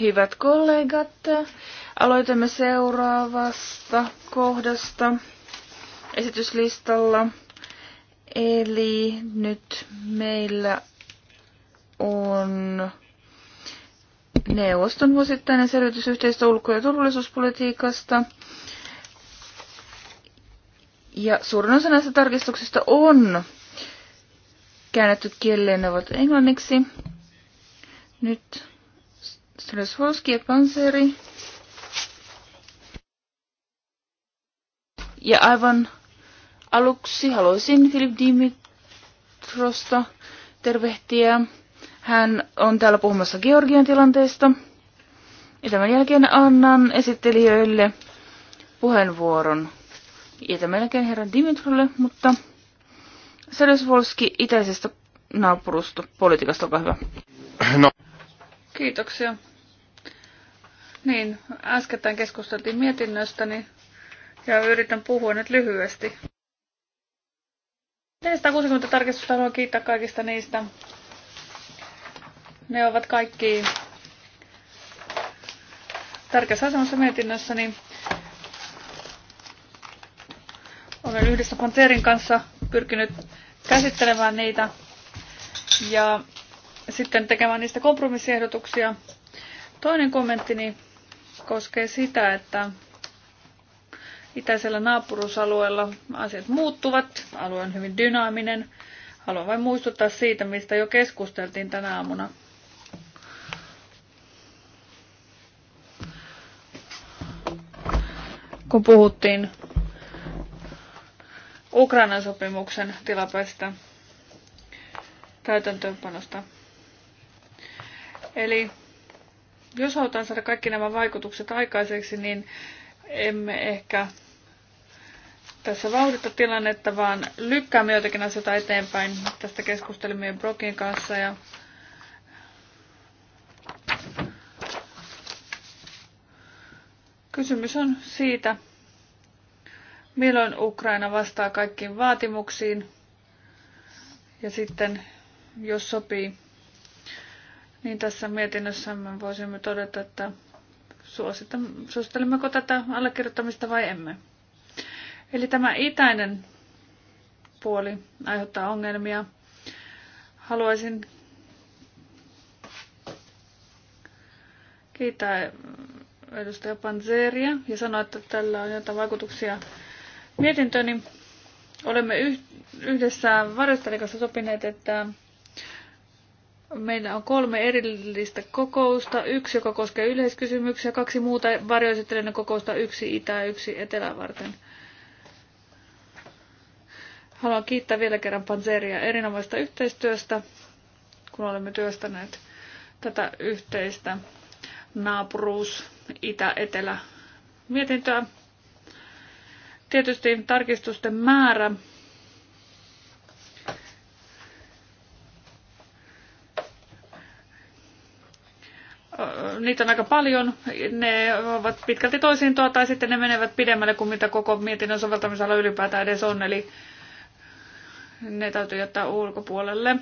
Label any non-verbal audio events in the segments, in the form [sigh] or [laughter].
Hyvät kollegat, aloitamme seuraavasta kohdasta esityslistalla. Eli nyt meillä on neuvoston vuosittainen selvitys yhteistä ulko- ja turvallisuuspolitiikasta. Ja suurin osa näistä tarkistuksista on käännetty kielleen ne ovat englanniksi. Nyt Strasowski ja Panseri. Ja aivan aluksi haluaisin Filip Dimitrosta tervehtiä. Hän on täällä puhumassa Georgian tilanteesta. Ja tämän jälkeen annan esittelijöille puheenvuoron. Ja tämän jälkeen herran Dimitrolle, mutta Volski itäisestä naapurusta politiikasta, olkaa hyvä. No. Kiitoksia. Niin, äskettäin keskusteltiin mietinnöstäni ja yritän puhua nyt lyhyesti. 460 tarkistusta haluan kiittää kaikista niistä. Ne ovat kaikki tärkeässä asemassa mietinnössäni. olen yhdessä Panterin kanssa pyrkinyt käsittelemään niitä ja sitten tekemään niistä kompromissiehdotuksia. Toinen kommenttini koskee sitä, että itäisellä naapurusalueella asiat muuttuvat, alue on hyvin dynaaminen. Haluan vain muistuttaa siitä, mistä jo keskusteltiin tänä aamuna. Kun puhuttiin Ukrainan sopimuksen tilapäistä täytäntöönpanosta. Eli jos halutaan saada kaikki nämä vaikutukset aikaiseksi, niin emme ehkä tässä vauhdita tilannetta, vaan lykkäämme jotakin asioita eteenpäin. Tästä keskustelimme Brokin kanssa ja kysymys on siitä, milloin Ukraina vastaa kaikkiin vaatimuksiin ja sitten, jos sopii, niin tässä mietinnössä me voisimme todeta, että suosittelemmeko tätä allekirjoittamista vai emme. Eli tämä itäinen puoli aiheuttaa ongelmia. Haluaisin kiittää edustaja Panzeria ja sanoa, että tällä on jotain vaikutuksia mietintöni. Niin olemme yhdessä varjostelikassa sopineet, että Meillä on kolme erillistä kokousta, yksi, joka koskee yleiskysymyksiä, kaksi muuta varjoesittelyiden kokousta, yksi itä ja yksi etelä varten. Haluan kiittää vielä kerran Panzeria erinomaista yhteistyöstä, kun olemme työstäneet tätä yhteistä naapuruus itä-etelä mietintöä. Tietysti tarkistusten määrä niitä on aika paljon. Ne ovat pitkälti toisiintoa tai sitten ne menevät pidemmälle kuin mitä koko mietinnön soveltamisala ylipäätään edes on. Eli ne täytyy jättää ulkopuolelle.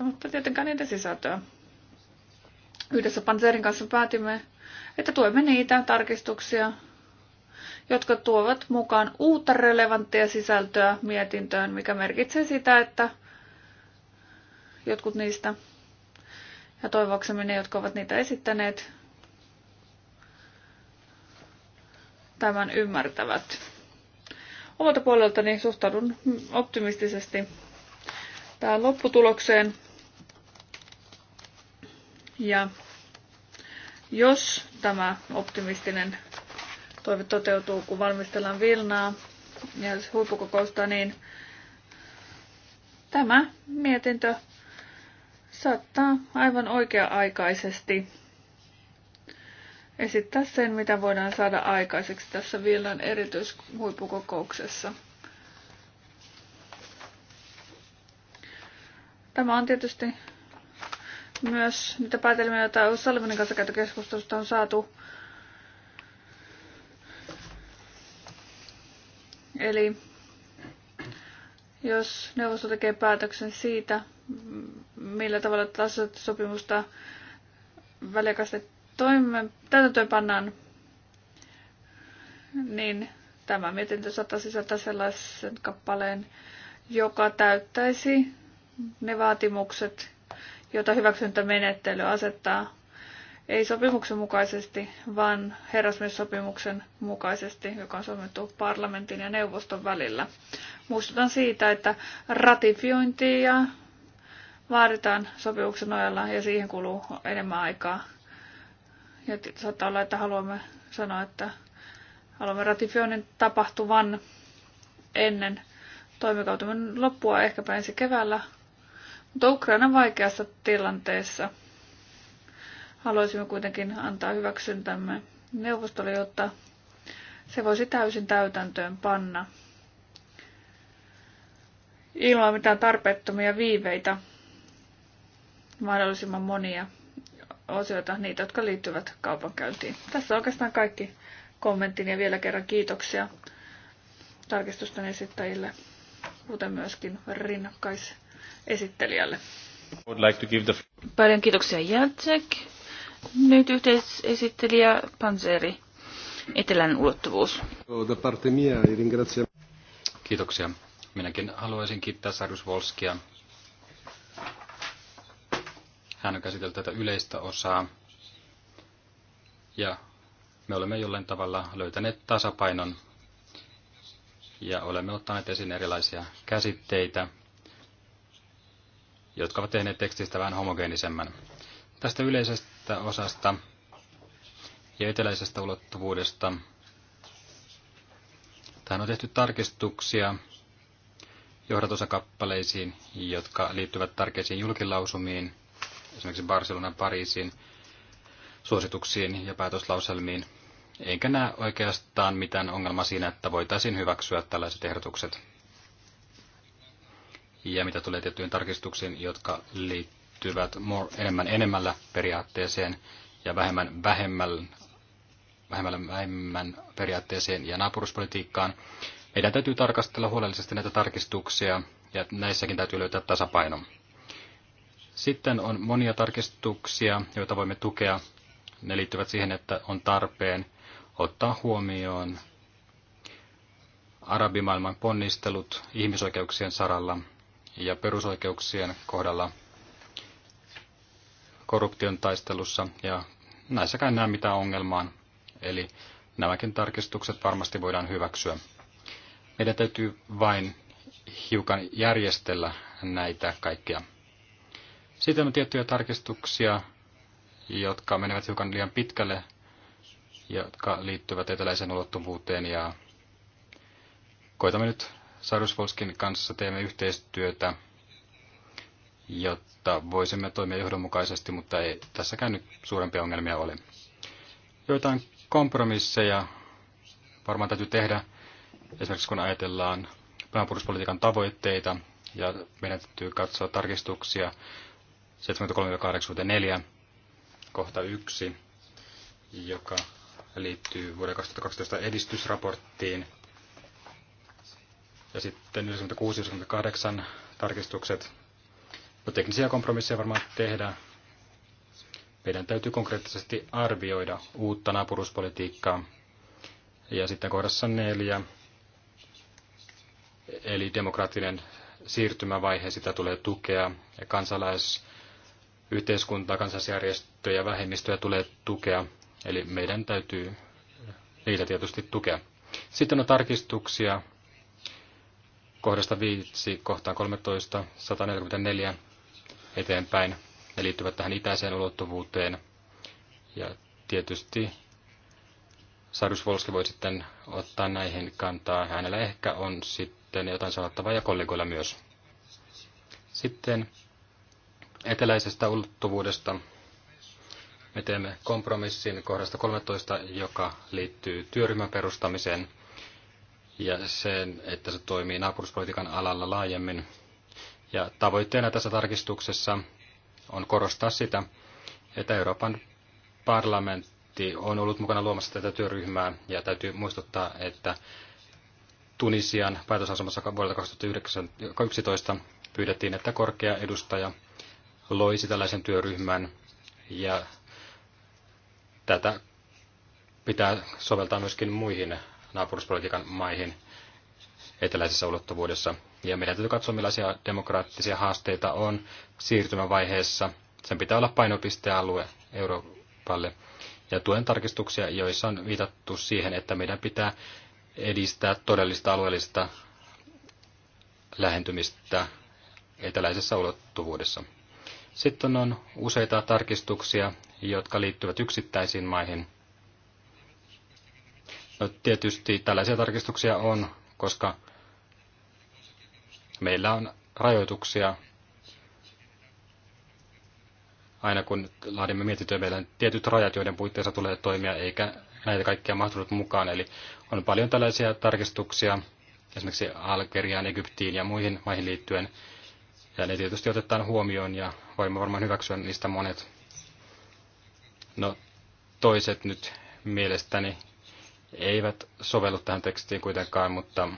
mutta tietenkään niiden sisältöä. Yhdessä Panzerin kanssa päätimme että tuemme niitä tarkistuksia, jotka tuovat mukaan uutta relevanttia sisältöä mietintöön, mikä merkitsee sitä, että jotkut niistä ja toivoksemme ne, jotka ovat niitä esittäneet, tämän ymmärtävät. Omalta puoleltani suhtaudun optimistisesti tähän lopputulokseen. Ja jos tämä optimistinen toive toteutuu, kun valmistellaan Vilnaa ja huippukokousta, niin tämä mietintö saattaa aivan oikea-aikaisesti esittää sen, mitä voidaan saada aikaiseksi tässä Vilnan erityishuippukokouksessa. Tämä on tietysti myös niitä päätelmiä, joita Salmonin kanssa käyty keskustelusta on saatu. Eli jos neuvosto tekee päätöksen siitä, millä tavalla sopimusta väliaikaisesti täytäntöön pannaan, niin tämä mietintö saattaa sisältää sellaisen kappaleen, joka täyttäisi ne vaatimukset, jota hyväksyntämenettely asettaa, ei sopimuksen mukaisesti, vaan herrasmiessopimuksen mukaisesti, joka on solmittu parlamentin ja neuvoston välillä. Muistutan siitä, että ratifiointia vaaditaan sopimuksen nojalla ja siihen kuluu enemmän aikaa. Ja saattaa olla, että haluamme sanoa, että haluamme ratifioinnin tapahtuvan ennen toimikautemme loppua, ehkäpä ensi keväällä, mutta Ukraina vaikeassa tilanteessa haluaisimme kuitenkin antaa hyväksyntämme neuvostolle, jotta se voisi täysin täytäntöön panna ilman mitään tarpeettomia viiveitä mahdollisimman monia osioita, niitä, jotka liittyvät kaupankäyntiin. Tässä on oikeastaan kaikki kommenttini ja vielä kerran kiitoksia tarkistusten esittäjille, kuten myöskin rinnakkaisille esittelijälle. Would like to give the... Paljon kiitoksia Jacek. Nyt yhteisesittelijä Panzeri, etelän ulottuvuus. E kiitoksia. Minäkin haluaisin kiittää Sarus Volskia. Hän on käsitellyt tätä yleistä osaa ja me olemme jollain tavalla löytäneet tasapainon ja olemme ottaneet esiin erilaisia käsitteitä, jotka ovat tehneet tekstistä vähän homogeenisemmän. Tästä yleisestä osasta ja eteläisestä ulottuvuudesta tähän on tehty tarkistuksia johdatusakappaleisiin, jotka liittyvät tärkeisiin julkilausumiin, esimerkiksi Barcelonan, Pariisin suosituksiin ja päätöslauselmiin. Enkä näe oikeastaan mitään ongelmaa siinä, että voitaisiin hyväksyä tällaiset ehdotukset ja mitä tulee tiettyihin tarkistuksiin, jotka liittyvät more, enemmän enemmällä periaatteeseen ja vähemmän vähemmällä, vähemmällä vähemmän periaatteeseen ja naapuruspolitiikkaan. Meidän täytyy tarkastella huolellisesti näitä tarkistuksia ja näissäkin täytyy löytää tasapaino. Sitten on monia tarkistuksia, joita voimme tukea. Ne liittyvät siihen, että on tarpeen ottaa huomioon arabimaailman ponnistelut ihmisoikeuksien saralla ja perusoikeuksien kohdalla korruption taistelussa ja näissäkään näe mitään ongelmaa. Eli nämäkin tarkistukset varmasti voidaan hyväksyä. Meidän täytyy vain hiukan järjestellä näitä kaikkia. Sitten on tiettyjä tarkistuksia, jotka menevät hiukan liian pitkälle, jotka liittyvät eteläisen ulottuvuuteen ja koitamme nyt Sarusvolskin kanssa teemme yhteistyötä, jotta voisimme toimia johdonmukaisesti, mutta ei tässäkään nyt suurempia ongelmia ole. Joitain kompromisseja varmaan täytyy tehdä, esimerkiksi kun ajatellaan pääpuruspolitiikan tavoitteita, ja meidän täytyy katsoa tarkistuksia 73.84, kohta 1, joka liittyy vuoden 2012 edistysraporttiin – ja sitten 96-98 tarkistukset. No teknisiä kompromisseja varmaan tehdään. Meidän täytyy konkreettisesti arvioida uutta naapuruspolitiikkaa. Ja sitten kohdassa neljä, eli demokraattinen siirtymävaihe, sitä tulee tukea. Ja kansalaisyhteiskuntaa, kansalaisjärjestöjä ja vähemmistöjä tulee tukea. Eli meidän täytyy niitä tietysti tukea. Sitten on tarkistuksia, kohdasta 5 kohtaan 13, 144 eteenpäin. Ne liittyvät tähän itäiseen ulottuvuuteen. Ja tietysti Sarus Volski voi sitten ottaa näihin kantaa. Hänellä ehkä on sitten jotain sanottavaa ja kollegoilla myös. Sitten eteläisestä ulottuvuudesta me teemme kompromissin kohdasta 13, joka liittyy työryhmän perustamiseen – ja sen, että se toimii naapuruspolitiikan alalla laajemmin. Ja tavoitteena tässä tarkistuksessa on korostaa sitä, että Euroopan parlamentti on ollut mukana luomassa tätä työryhmää ja täytyy muistuttaa, että Tunisian päätösasemassa vuodelta 2011 pyydettiin, että korkea edustaja loisi tällaisen työryhmän ja tätä pitää soveltaa myöskin muihin naapuruspolitiikan maihin eteläisessä ulottuvuudessa. Ja meidän täytyy katsoa, millaisia demokraattisia haasteita on siirtymävaiheessa. Sen pitää olla painopistealue Euroopalle. Ja tuen tarkistuksia, joissa on viitattu siihen, että meidän pitää edistää todellista alueellista lähentymistä eteläisessä ulottuvuudessa. Sitten on useita tarkistuksia, jotka liittyvät yksittäisiin maihin – No tietysti tällaisia tarkistuksia on, koska meillä on rajoituksia aina kun laadimme mietintöä, meillä on tietyt rajat, joiden puitteissa tulee toimia, eikä näitä kaikkia mahtunut mukaan. Eli on paljon tällaisia tarkistuksia, esimerkiksi Algeriaan, Egyptiin ja muihin maihin liittyen. Ja ne tietysti otetaan huomioon ja voimme varmaan hyväksyä niistä monet. No toiset nyt mielestäni eivät sovellu tähän tekstiin kuitenkaan, mutta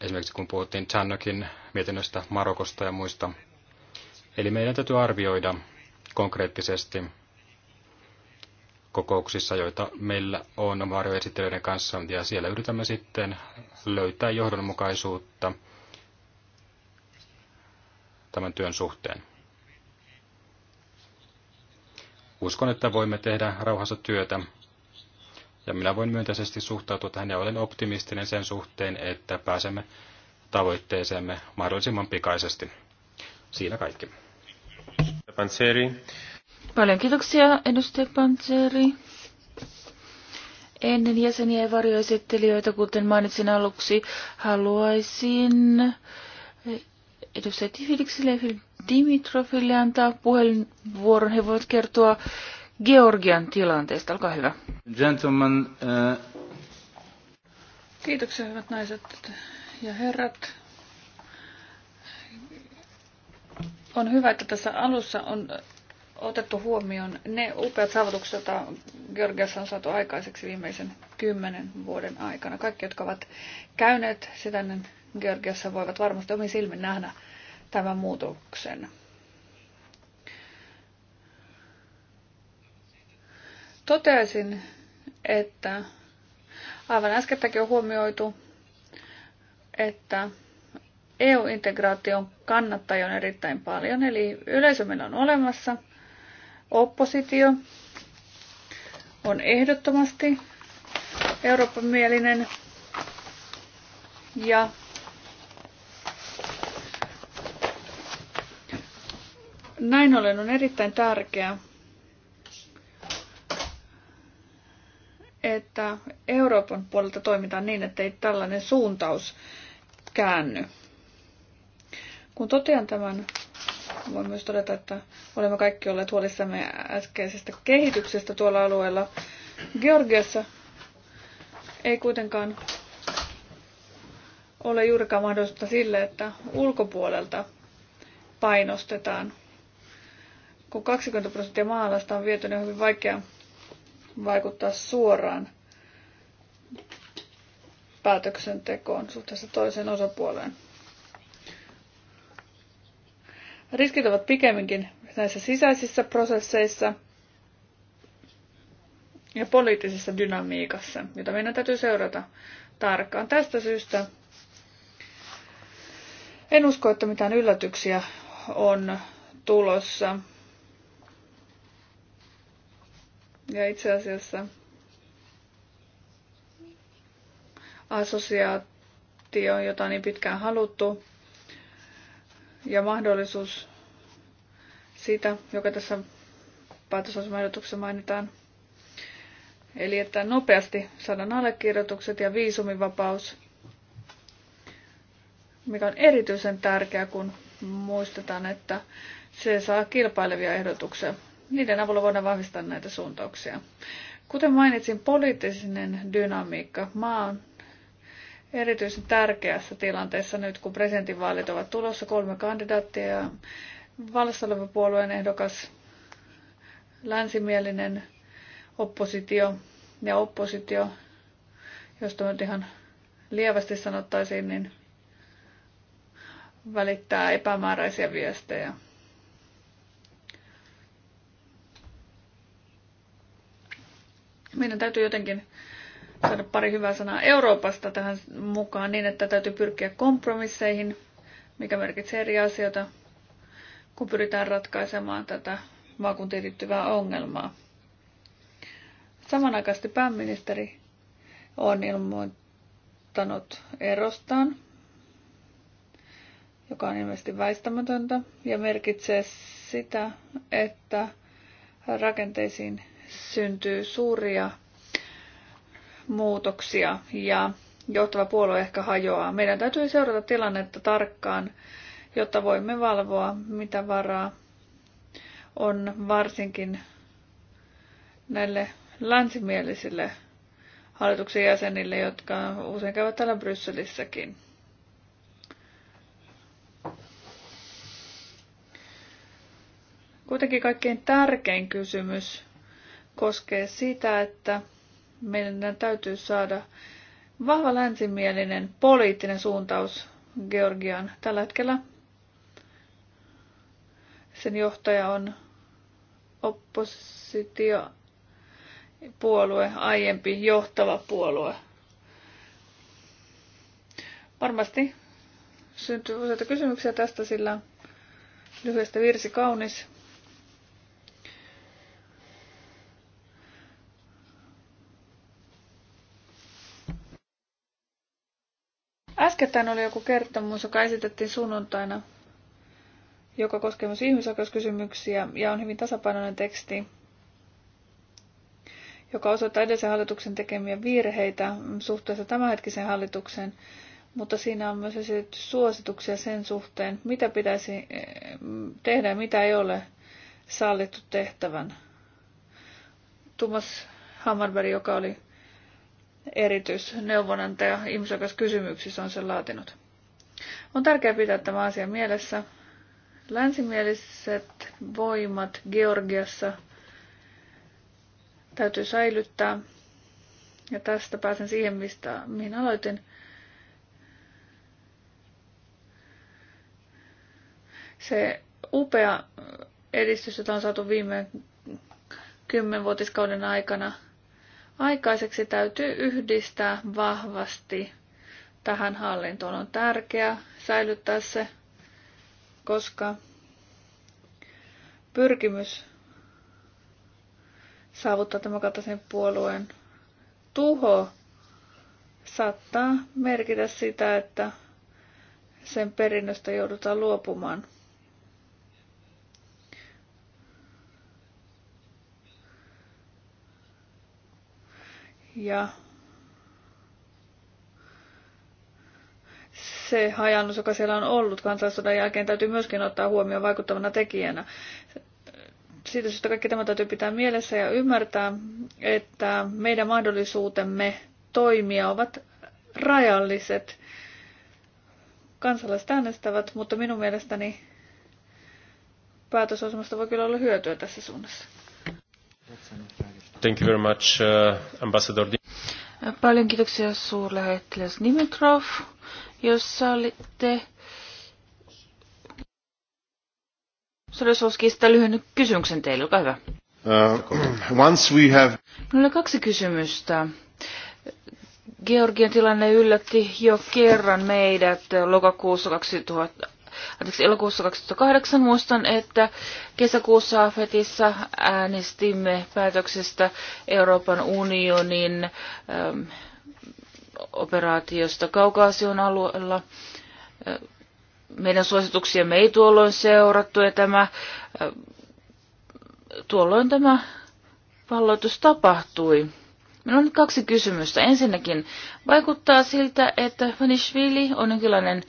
esimerkiksi kun puhuttiin Channokin mietinnöstä Marokosta ja muista. Eli meidän täytyy arvioida konkreettisesti kokouksissa, joita meillä on varjoesittelijöiden kanssa, ja siellä yritämme sitten löytää johdonmukaisuutta tämän työn suhteen. Uskon, että voimme tehdä rauhassa työtä ja minä voin myönteisesti suhtautua tähän ja olen optimistinen sen suhteen, että pääsemme tavoitteeseemme mahdollisimman pikaisesti. Siinä kaikki. Panseri. Paljon kiitoksia, edustaja Panseri. Ennen jäseniä ja varjoesittelijöitä, kuten mainitsin aluksi, haluaisin edustaja Tifiliksille ja Dimitrofille antaa puheenvuoron. He voivat kertoa Georgian tilanteesta. Olkaa hyvä. Gentlemen, uh... Kiitoksia hyvät naiset ja herrat. On hyvä, että tässä alussa on otettu huomioon ne upeat saavutukset, joita Georgiassa on saatu aikaiseksi viimeisen kymmenen vuoden aikana. Kaikki, jotka ovat käyneet sitä Georgiassa, voivat varmasti omin silmin nähdä tämän muutoksen. Toteaisin, että aivan äskettäkin on huomioitu, että EU-integraation kannattaja on erittäin paljon, eli yleisö meillä on olemassa. Oppositio on ehdottomasti Euroopan mielinen ja näin ollen on erittäin tärkeää, että Euroopan puolelta toimitaan niin, että ei tällainen suuntaus käänny. Kun totean tämän, voin myös todeta, että olemme kaikki olleet huolissamme äskeisestä kehityksestä tuolla alueella. Georgiassa ei kuitenkaan ole juurikaan mahdollista sille, että ulkopuolelta painostetaan. Kun 20 prosenttia maalasta on viety, niin on hyvin vaikea vaikuttaa suoraan päätöksentekoon suhteessa toiseen osapuoleen. Riskit ovat pikemminkin näissä sisäisissä prosesseissa ja poliittisessa dynamiikassa, jota meidän täytyy seurata tarkkaan. Tästä syystä en usko, että mitään yllätyksiä on tulossa Ja itse asiassa assosiaatio, jota niin pitkään haluttu, ja mahdollisuus siitä, joka tässä päätösasemahdotuksessa mainitaan, Eli että nopeasti saadaan allekirjoitukset ja viisumivapaus, mikä on erityisen tärkeää, kun muistetaan, että se saa kilpailevia ehdotuksia niiden avulla voidaan vahvistaa näitä suuntauksia. Kuten mainitsin, poliittinen dynamiikka. Maa on erityisen tärkeässä tilanteessa nyt, kun presidentinvaalit ovat tulossa, kolme kandidaattia ja vallassa oleva puolueen ehdokas, länsimielinen oppositio ja oppositio, josta nyt ihan lievästi sanottaisiin, niin välittää epämääräisiä viestejä Meidän täytyy jotenkin saada pari hyvää sanaa Euroopasta tähän mukaan niin, että täytyy pyrkiä kompromisseihin, mikä merkitsee eri asioita, kun pyritään ratkaisemaan tätä maakuntiin liittyvää ongelmaa. Samanaikaisesti pääministeri on ilmoittanut erostaan, joka on ilmeisesti väistämätöntä ja merkitsee sitä, että rakenteisiin syntyy suuria muutoksia ja johtava puolue ehkä hajoaa. Meidän täytyy seurata tilannetta tarkkaan, jotta voimme valvoa, mitä varaa on varsinkin näille länsimielisille hallituksen jäsenille, jotka usein käyvät täällä Brysselissäkin. Kuitenkin kaikkein tärkein kysymys koskee sitä, että meidän täytyy saada vahva länsimielinen poliittinen suuntaus Georgian Tällä hetkellä sen johtaja on oppositiopuolue, aiempi johtava puolue. Varmasti syntyy useita kysymyksiä tästä, sillä lyhyestä virsi kaunis. Äskettäin oli joku kertomus, joka esitettiin sunnuntaina, joka koskee myös ihmisoikeuskysymyksiä ja on hyvin tasapainoinen teksti, joka osoittaa edellisen hallituksen tekemiä virheitä suhteessa tämänhetkiseen hallitukseen, mutta siinä on myös esitetty suosituksia sen suhteen, mitä pitäisi eh, tehdä ja mitä ei ole sallittu tehtävän. Thomas Hammarberg, joka oli erityisneuvonantaja ihmisoikeuskysymyksissä on sen laatinut. On tärkeää pitää tämä asia mielessä. Länsimieliset voimat Georgiassa täytyy säilyttää. Ja tästä pääsen siihen, mistä, mihin aloitin. Se upea edistys, jota on saatu viime kymmenvuotiskauden aikana – aikaiseksi täytyy yhdistää vahvasti tähän hallintoon. On tärkeää säilyttää se, koska pyrkimys saavuttaa demokraattisen puolueen tuho saattaa merkitä sitä, että sen perinnöstä joudutaan luopumaan. Ja se hajannus, joka siellä on ollut kansallisodan jälkeen, täytyy myöskin ottaa huomioon vaikuttavana tekijänä. Siitä syystä kaikki tämä täytyy pitää mielessä ja ymmärtää, että meidän mahdollisuutemme toimia ovat rajalliset. Kansalaiset äänestävät, mutta minun mielestäni päätösosmasta voi kyllä olla hyötyä tässä suunnassa. Thank you very much, uh, Ambassador. Paljon kiitoksia suurlähettiläs Dimitrov. Jos olitte. Sodosuuskista lyhyen kysymyksen teille, olkaa hyvä. Uh, [clears throat] once we have... Minulla on kaksi kysymystä. Georgian tilanne yllätti jo kerran meidät lokakuussa 2000 anteeksi, elokuussa 2008 muistan, että kesäkuussa AFETissa äänestimme päätöksestä Euroopan unionin äm, operaatiosta Kaukaasion alueella. Äh, meidän me ei tuolloin seurattu ja tämä, äh, tuolloin tämä palloitus tapahtui. Minulla on nyt kaksi kysymystä. Ensinnäkin, vaikuttaa siltä, että Vanishvili on jonkinlainen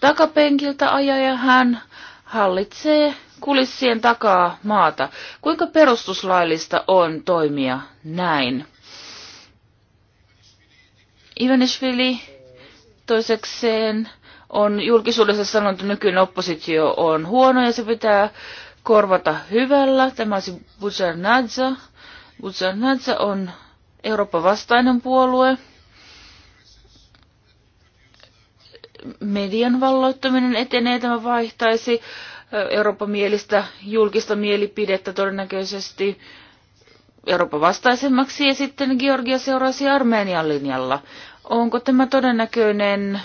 takapenkiltä ajaa ja hän hallitsee kulissien takaa maata. Kuinka perustuslaillista on toimia näin? Ivanishvili toisekseen on julkisuudessa sanonut, että nykyinen oppositio on huono ja se pitää korvata hyvällä. Tämä on Bujanadza. Bujanadza on Euroopan vastainen puolue. median valloittaminen etenee. Tämä vaihtaisi Euroopan mielistä julkista mielipidettä todennäköisesti Euroopan vastaisemmaksi ja sitten Georgia seuraisi Armenian linjalla. Onko tämä todennäköinen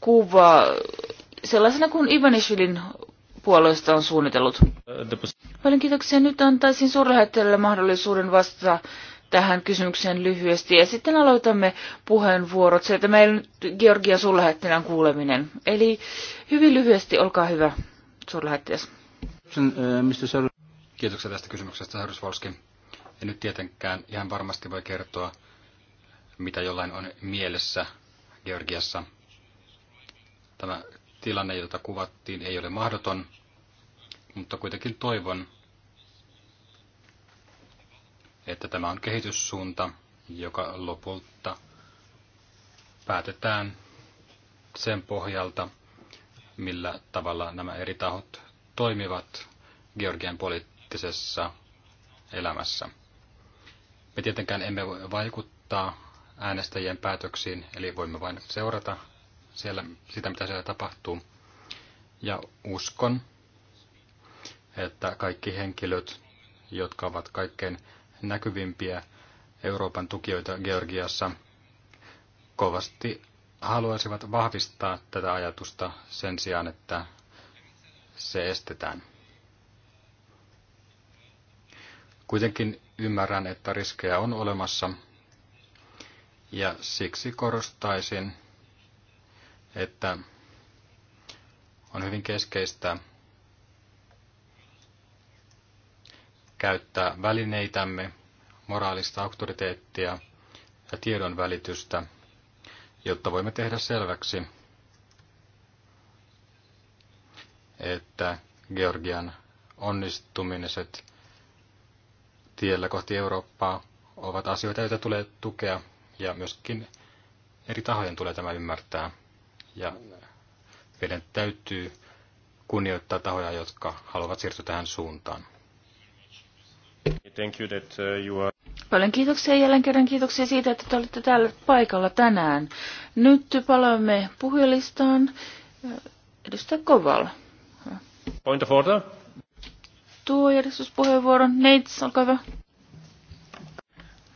kuva sellaisena kuin Ivanishvilin puolueesta on suunnitellut? Äh, Paljon kiitoksia. Nyt antaisin suurlähetteelle mahdollisuuden vastata tähän kysymykseen lyhyesti ja sitten aloitamme puheenvuorot. Se, että meillä nyt Georgia suurlähettilän kuuleminen. Eli hyvin lyhyesti, olkaa hyvä suurlähettiläs. Kiitoksia tästä kysymyksestä, Harjusvalski. En nyt tietenkään ihan varmasti voi kertoa, mitä jollain on mielessä Georgiassa. Tämä tilanne, jota kuvattiin, ei ole mahdoton, mutta kuitenkin toivon, että tämä on kehityssuunta, joka lopulta päätetään sen pohjalta, millä tavalla nämä eri tahot toimivat Georgian poliittisessa elämässä. Me tietenkään emme voi vaikuttaa äänestäjien päätöksiin, eli voimme vain seurata siellä, sitä, mitä siellä tapahtuu. Ja uskon, että kaikki henkilöt, jotka ovat kaikkein näkyvimpiä Euroopan tukijoita Georgiassa, kovasti haluaisivat vahvistaa tätä ajatusta sen sijaan, että se estetään. Kuitenkin ymmärrän, että riskejä on olemassa, ja siksi korostaisin, että on hyvin keskeistä, käyttää välineitämme, moraalista auktoriteettia ja tiedon välitystä, jotta voimme tehdä selväksi, että Georgian onnistumiset tiellä kohti Eurooppaa ovat asioita, joita tulee tukea ja myöskin eri tahojen tulee tämä ymmärtää. Ja meidän täytyy kunnioittaa tahoja, jotka haluavat siirtyä tähän suuntaan. Uh, Paljon kiitoksia jälleen kerran kiitoksia siitä, että te olette täällä paikalla tänään. Nyt palaamme puhujalistaan. Edustaja Koval. Point of order. Tuo järjestyspuheenvuoro. Neits, olkaa hyvä.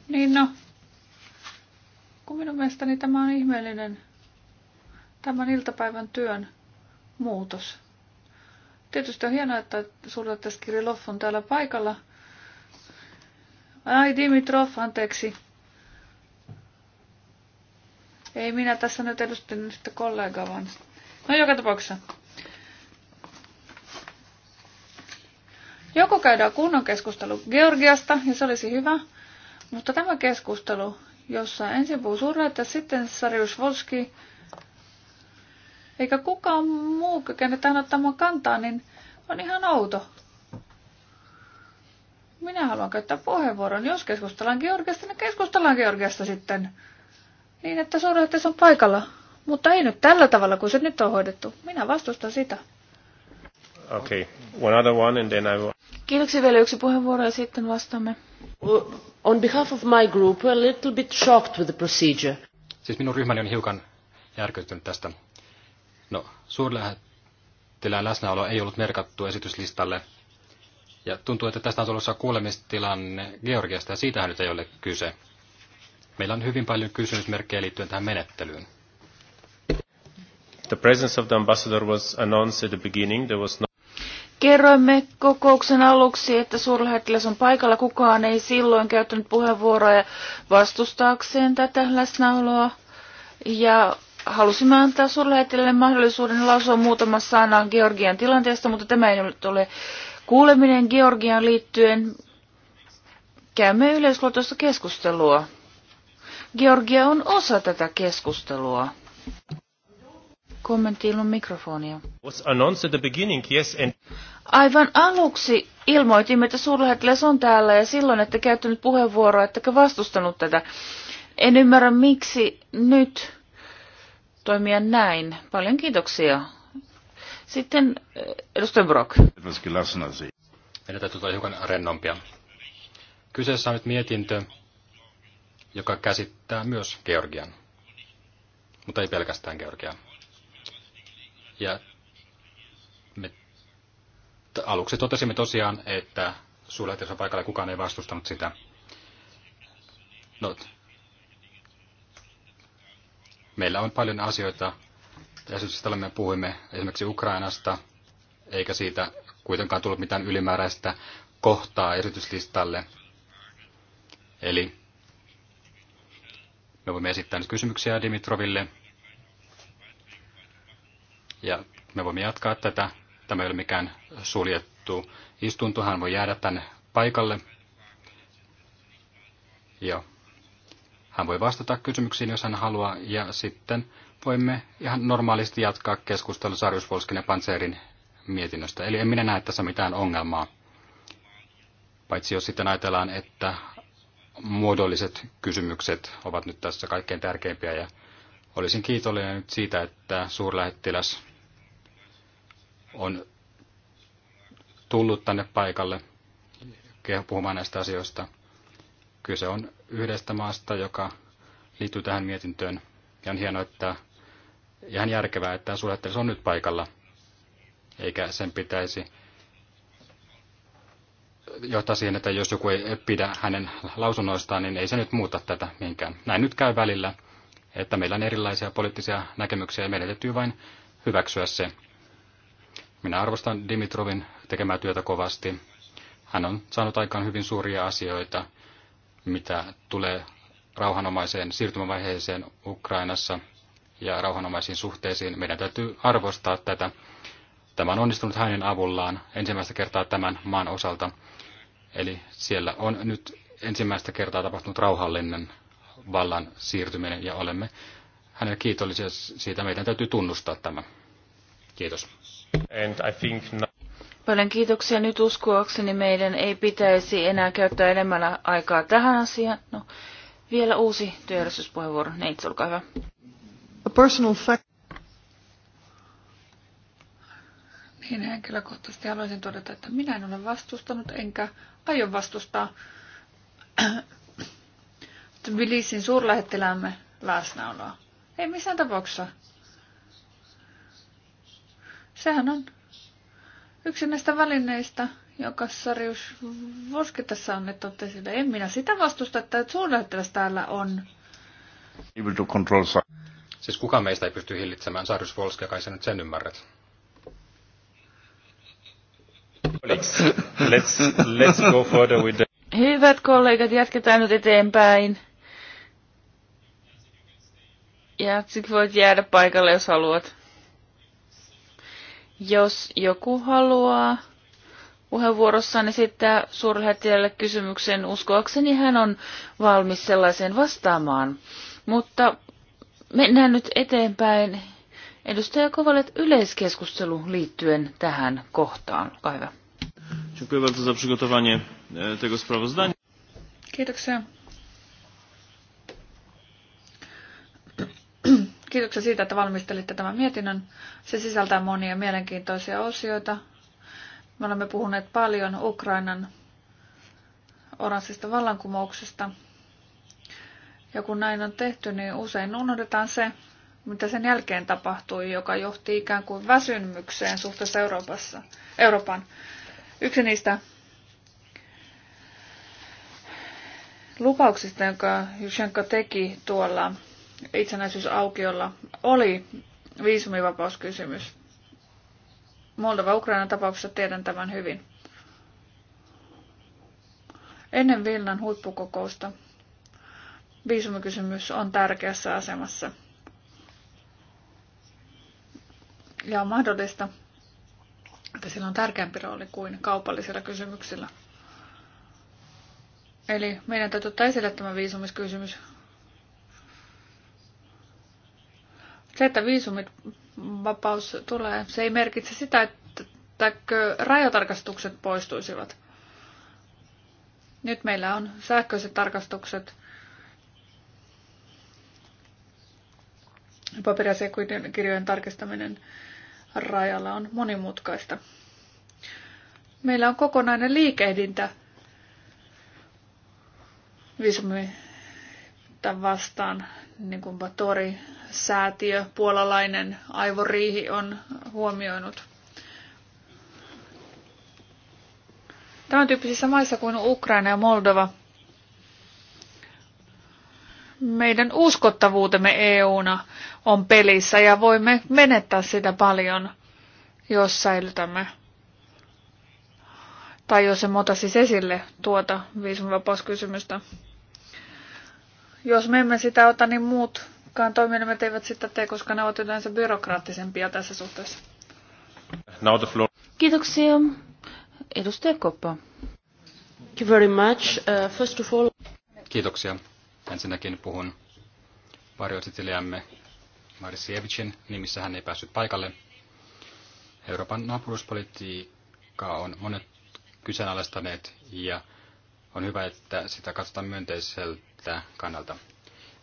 Niin no. Kun minun mielestäni tämä on ihmeellinen tämän iltapäivän työn muutos. Tietysti on hienoa, että tässä Kirillov on täällä paikalla – Ai Dimitrov, anteeksi. Ei minä tässä nyt edustin sitä kollegaa, vaan... No joka tapauksessa. Joko käydään kunnon keskustelu Georgiasta, ja se olisi hyvä, mutta tämä keskustelu, jossa ensin puhuu Surret ja sitten Sarius Volski, eikä kukaan muu kykene tähän ottamaan kantaa, niin on ihan outo. Minä haluan käyttää puheenvuoron. Jos keskustellaan Georgiasta, niin keskustellaan Georgiasta sitten. Niin, että suurlähettiläs on paikalla. Mutta ei nyt tällä tavalla, kun se nyt on hoidettu. Minä vastustan sitä. Okay. One other one and then I will... Kiitoksia vielä yksi puheenvuoro ja sitten vastaamme. On behalf of my group, we're a little bit shocked with the procedure. Siis minun ryhmäni on hiukan järkyttynyt tästä. No, suurlähettilään läsnäolo ei ollut merkattu esityslistalle, ja tuntuu, että tästä on tulossa kuulemistilanne Georgiasta, ja siitähän nyt ei ole kyse. Meillä on hyvin paljon kysymysmerkkejä liittyen tähän menettelyyn. The presence of the ambassador was announced at the beginning. There was no... Kerroimme kokouksen aluksi, että suurlähettiläs on paikalla. Kukaan ei silloin käyttänyt puheenvuoroja vastustaakseen tätä läsnäoloa. Ja halusimme antaa suurlähettilälle mahdollisuuden lausua muutama sana Georgian tilanteesta, mutta tämä ei ole kuuleminen Georgian liittyen. Käymme yleisluotoista keskustelua. Georgia on osa tätä keskustelua. Kommentti ilman mikrofonia. Was announced at the beginning, yes, and... Aivan aluksi ilmoitimme, että suurlähettiläs on täällä ja silloin että käyttänyt puheenvuoroa, että vastustanut tätä. En ymmärrä, miksi nyt toimia näin. Paljon kiitoksia. Sitten eh, edustaja Brock. Meidän täytyy olla hiukan rennompia. Kyseessä on nyt mietintö, joka käsittää myös Georgian, mutta ei pelkästään Georgian. Ja me aluksi totesimme tosiaan, että suurlähettiläs paikalla kukaan ei vastustanut sitä. No, meillä on paljon asioita, esityksestä me puhuimme esimerkiksi Ukrainasta, eikä siitä kuitenkaan tullut mitään ylimääräistä kohtaa esityslistalle. Eli me voimme esittää nyt kysymyksiä Dimitroville. Ja me voimme jatkaa tätä. Tämä ei ole mikään suljettu istunto. Hän voi jäädä tänne paikalle. Ja hän voi vastata kysymyksiin, jos hän haluaa. Ja sitten voimme ihan normaalisti jatkaa keskustelua Sarjus Volskin ja Panzerin mietinnöstä. Eli en minä näe tässä mitään ongelmaa. Paitsi jos sitten ajatellaan, että muodolliset kysymykset ovat nyt tässä kaikkein tärkeimpiä. Ja olisin kiitollinen nyt siitä, että suurlähettiläs on tullut tänne paikalle puhumaan näistä asioista. Kyse on yhdestä maasta, joka liittyy tähän mietintöön. Ja on hienoa, että ihan järkevää, että suunnittelija on nyt paikalla, eikä sen pitäisi johtaa siihen, että jos joku ei pidä hänen lausunnoistaan, niin ei se nyt muuta tätä minkään. Näin nyt käy välillä, että meillä on erilaisia poliittisia näkemyksiä ja meidän täytyy vain hyväksyä se. Minä arvostan Dimitrovin tekemää työtä kovasti. Hän on saanut aikaan hyvin suuria asioita, mitä tulee rauhanomaiseen siirtymävaiheeseen Ukrainassa – ja rauhanomaisiin suhteisiin. Meidän täytyy arvostaa tätä. Tämä on onnistunut hänen avullaan ensimmäistä kertaa tämän maan osalta. Eli siellä on nyt ensimmäistä kertaa tapahtunut rauhallinen vallan siirtyminen ja olemme hänelle kiitollisia siitä. Meidän täytyy tunnustaa tämä. Kiitos. And I think Paljon kiitoksia. Nyt uskoakseni meidän ei pitäisi enää käyttää enemmän aikaa tähän asiaan. No, vielä uusi työjärjestyspuheenvuoro. Neitsi, olkaa hyvä. A personal fact. Niin henkilökohtaisesti haluaisin todeta, että minä en ole vastustanut enkä aio vastustaa [clears throat] Tbilisin suurlähettiläämme läsnäoloa. Ei missään tapauksessa. Sehän on yksi näistä välineistä, joka Sarius Voski tässä on, että totesi, en minä sitä vastusta, että suurlähettiläs täällä on. Able to control Siis kuka meistä ei pysty hillitsemään Volskia, kai sä nyt sen ymmärrät. Let's, let's go further with the... Hyvät kollegat, jatketaan nyt eteenpäin. Ja sit voit jäädä paikalle, jos haluat. Jos joku haluaa puheenvuorossaan esittää suurlähettilälle kysymyksen, uskoakseni hän on valmis sellaiseen vastaamaan. Mutta Mennään nyt eteenpäin. Edustaja Kovalet, yleiskeskustelu liittyen tähän kohtaan. Olkaa hyvä. E, tego sprawozdania. Kiitoksia. Kiitoksia siitä, että valmistelitte tämän mietinnön. Se sisältää monia mielenkiintoisia osioita. Me olemme puhuneet paljon Ukrainan oranssista vallankumouksesta – ja kun näin on tehty, niin usein unohdetaan se, mitä sen jälkeen tapahtui, joka johti ikään kuin väsymykseen suhteessa Euroopassa, Euroopan. Yksi niistä lupauksista, jonka Jushenko teki tuolla itsenäisyysaukiolla, oli viisumivapauskysymys. Moldova Ukrainan tapauksessa tiedän tämän hyvin. Ennen Vilnan huippukokousta viisumikysymys on tärkeässä asemassa. Ja on mahdollista, että sillä on tärkeämpi rooli kuin kaupallisilla kysymyksillä. Eli meidän täytyy ottaa esille tämä viisumiskysymys. Se, että viisumit vapaus tulee, se ei merkitse sitä, että rajatarkastukset poistuisivat. Nyt meillä on sähköiset tarkastukset – paperiasiakirjojen tarkistaminen rajalla on monimutkaista. Meillä on kokonainen liikehdintä visumita vastaan, niin kuin Batori, säätiö, puolalainen aivoriihi on huomioinut. Tämän tyyppisissä maissa kuin Ukraina ja Moldova meidän uskottavuutemme EUna on pelissä ja voimme menettää sitä paljon, jos säilytämme tai jos en ota siis esille tuota viisumivapauskysymystä. Jos me emme sitä ota, niin muutkaan toimielimet eivät sitä tee, koska ne ovat yleensä byrokraattisempia tässä suhteessa. Kiitoksia. Edustaja Koppa. Thank you very much. Uh, first of all... Kiitoksia. Ensinnäkin puhun varjoesittelijämme Marisievicin nimissä. Hän ei päässyt paikalle. Euroopan naapuruuspolitiikkaa on monet kyseenalaistaneet ja on hyvä, että sitä katsotaan myönteiseltä kannalta.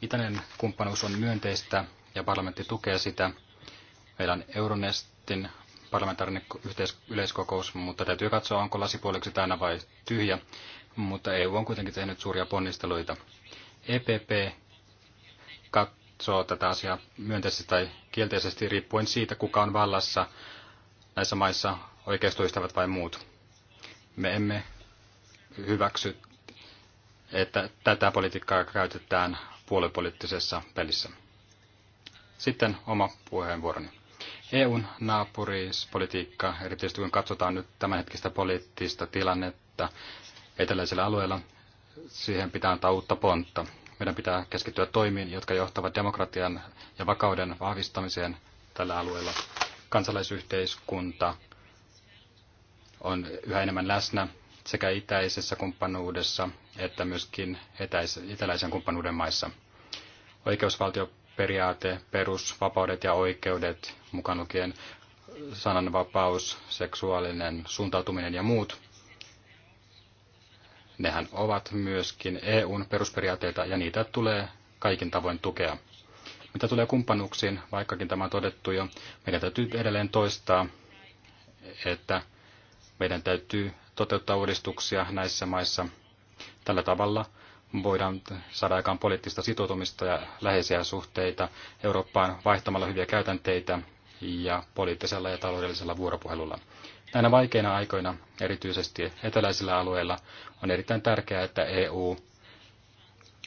Itäinen kumppanuus on myönteistä ja parlamentti tukee sitä. Meillä on Euronestin parlamentaarinen yhteis- yleiskokous, mutta täytyy katsoa, onko lasipuoliksi täynnä vai tyhjä. Mutta EU on kuitenkin tehnyt suuria ponnisteluita. EPP katsoo tätä asiaa myönteisesti tai kielteisesti riippuen siitä, kuka on vallassa näissä maissa, oikeistoystävät vai muut. Me emme hyväksy, että tätä politiikkaa käytetään puoluepoliittisessa pelissä. Sitten oma puheenvuoroni. EUn naapuriispolitiikka, erityisesti kun katsotaan nyt tämänhetkistä poliittista tilannetta eteläisellä alueella, siihen pitää antaa uutta pontta. Meidän pitää keskittyä toimiin, jotka johtavat demokratian ja vakauden vahvistamiseen tällä alueella. Kansalaisyhteiskunta on yhä enemmän läsnä sekä itäisessä kumppanuudessa että myöskin etäis- itäläisen kumppanuuden maissa. Oikeusvaltioperiaate, perusvapaudet ja oikeudet, mukaan lukien sananvapaus, seksuaalinen suuntautuminen ja muut, Nehän ovat myöskin EUn perusperiaatteita ja niitä tulee kaikin tavoin tukea. Mitä tulee kumppanuuksiin, vaikkakin tämä on todettu jo, meidän täytyy edelleen toistaa, että meidän täytyy toteuttaa uudistuksia näissä maissa. Tällä tavalla voidaan saada aikaan poliittista sitoutumista ja läheisiä suhteita Eurooppaan vaihtamalla hyviä käytänteitä ja poliittisella ja taloudellisella vuoropuhelulla. Näinä vaikeina aikoina, erityisesti eteläisillä alueilla, on erittäin tärkeää, että EU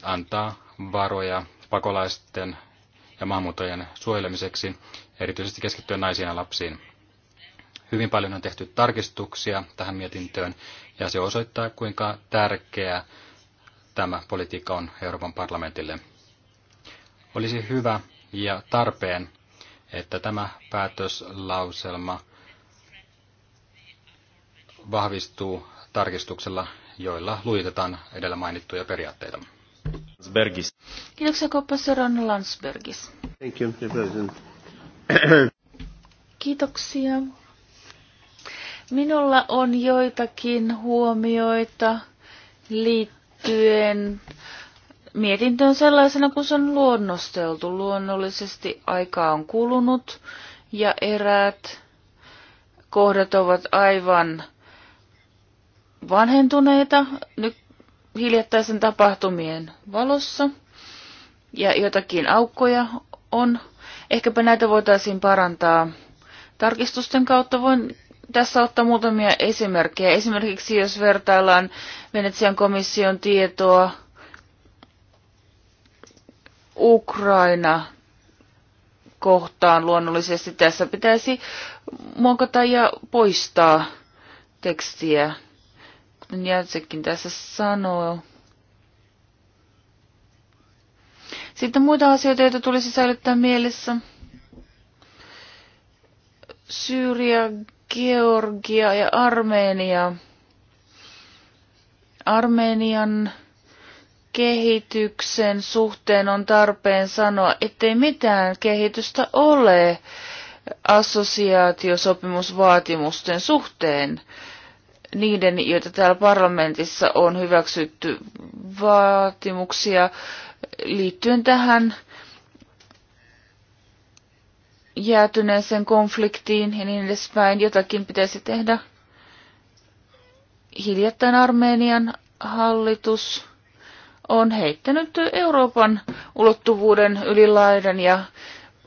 antaa varoja pakolaisten ja maahanmuuttajien suojelemiseksi, erityisesti keskittyen naisiin ja lapsiin. Hyvin paljon on tehty tarkistuksia tähän mietintöön, ja se osoittaa, kuinka tärkeää tämä politiikka on Euroopan parlamentille. Olisi hyvä ja tarpeen, että tämä päätöslauselma vahvistuu tarkistuksella, joilla luitetaan edellä mainittuja periaatteita. Landsbergis. Kiitoksia koppasoron Landsbergis. Thank you, [clears throat] Kiitoksia. Minulla on joitakin huomioita liittyen mietintöön sellaisena kun se on luonnosteltu. Luonnollisesti aikaa on kulunut ja eräät kohdat ovat aivan vanhentuneita nyt hiljattaisen tapahtumien valossa ja jotakin aukkoja on. Ehkäpä näitä voitaisiin parantaa tarkistusten kautta. Voin tässä ottaa muutamia esimerkkejä. Esimerkiksi jos vertaillaan Venetsian komission tietoa Ukraina kohtaan luonnollisesti tässä pitäisi muokata ja poistaa tekstiä kuten Jatsekin tässä sanoo. Sitten muita asioita, joita tulisi säilyttää mielessä. Syyria, Georgia ja Armenia. Armenian kehityksen suhteen on tarpeen sanoa, ettei mitään kehitystä ole assosiaatiosopimusvaatimusten suhteen niiden, joita täällä parlamentissa on hyväksytty vaatimuksia liittyen tähän jäätyneeseen konfliktiin ja niin edespäin. Jotakin pitäisi tehdä. Hiljattain Armenian hallitus on heittänyt Euroopan ulottuvuuden ylilaidan ja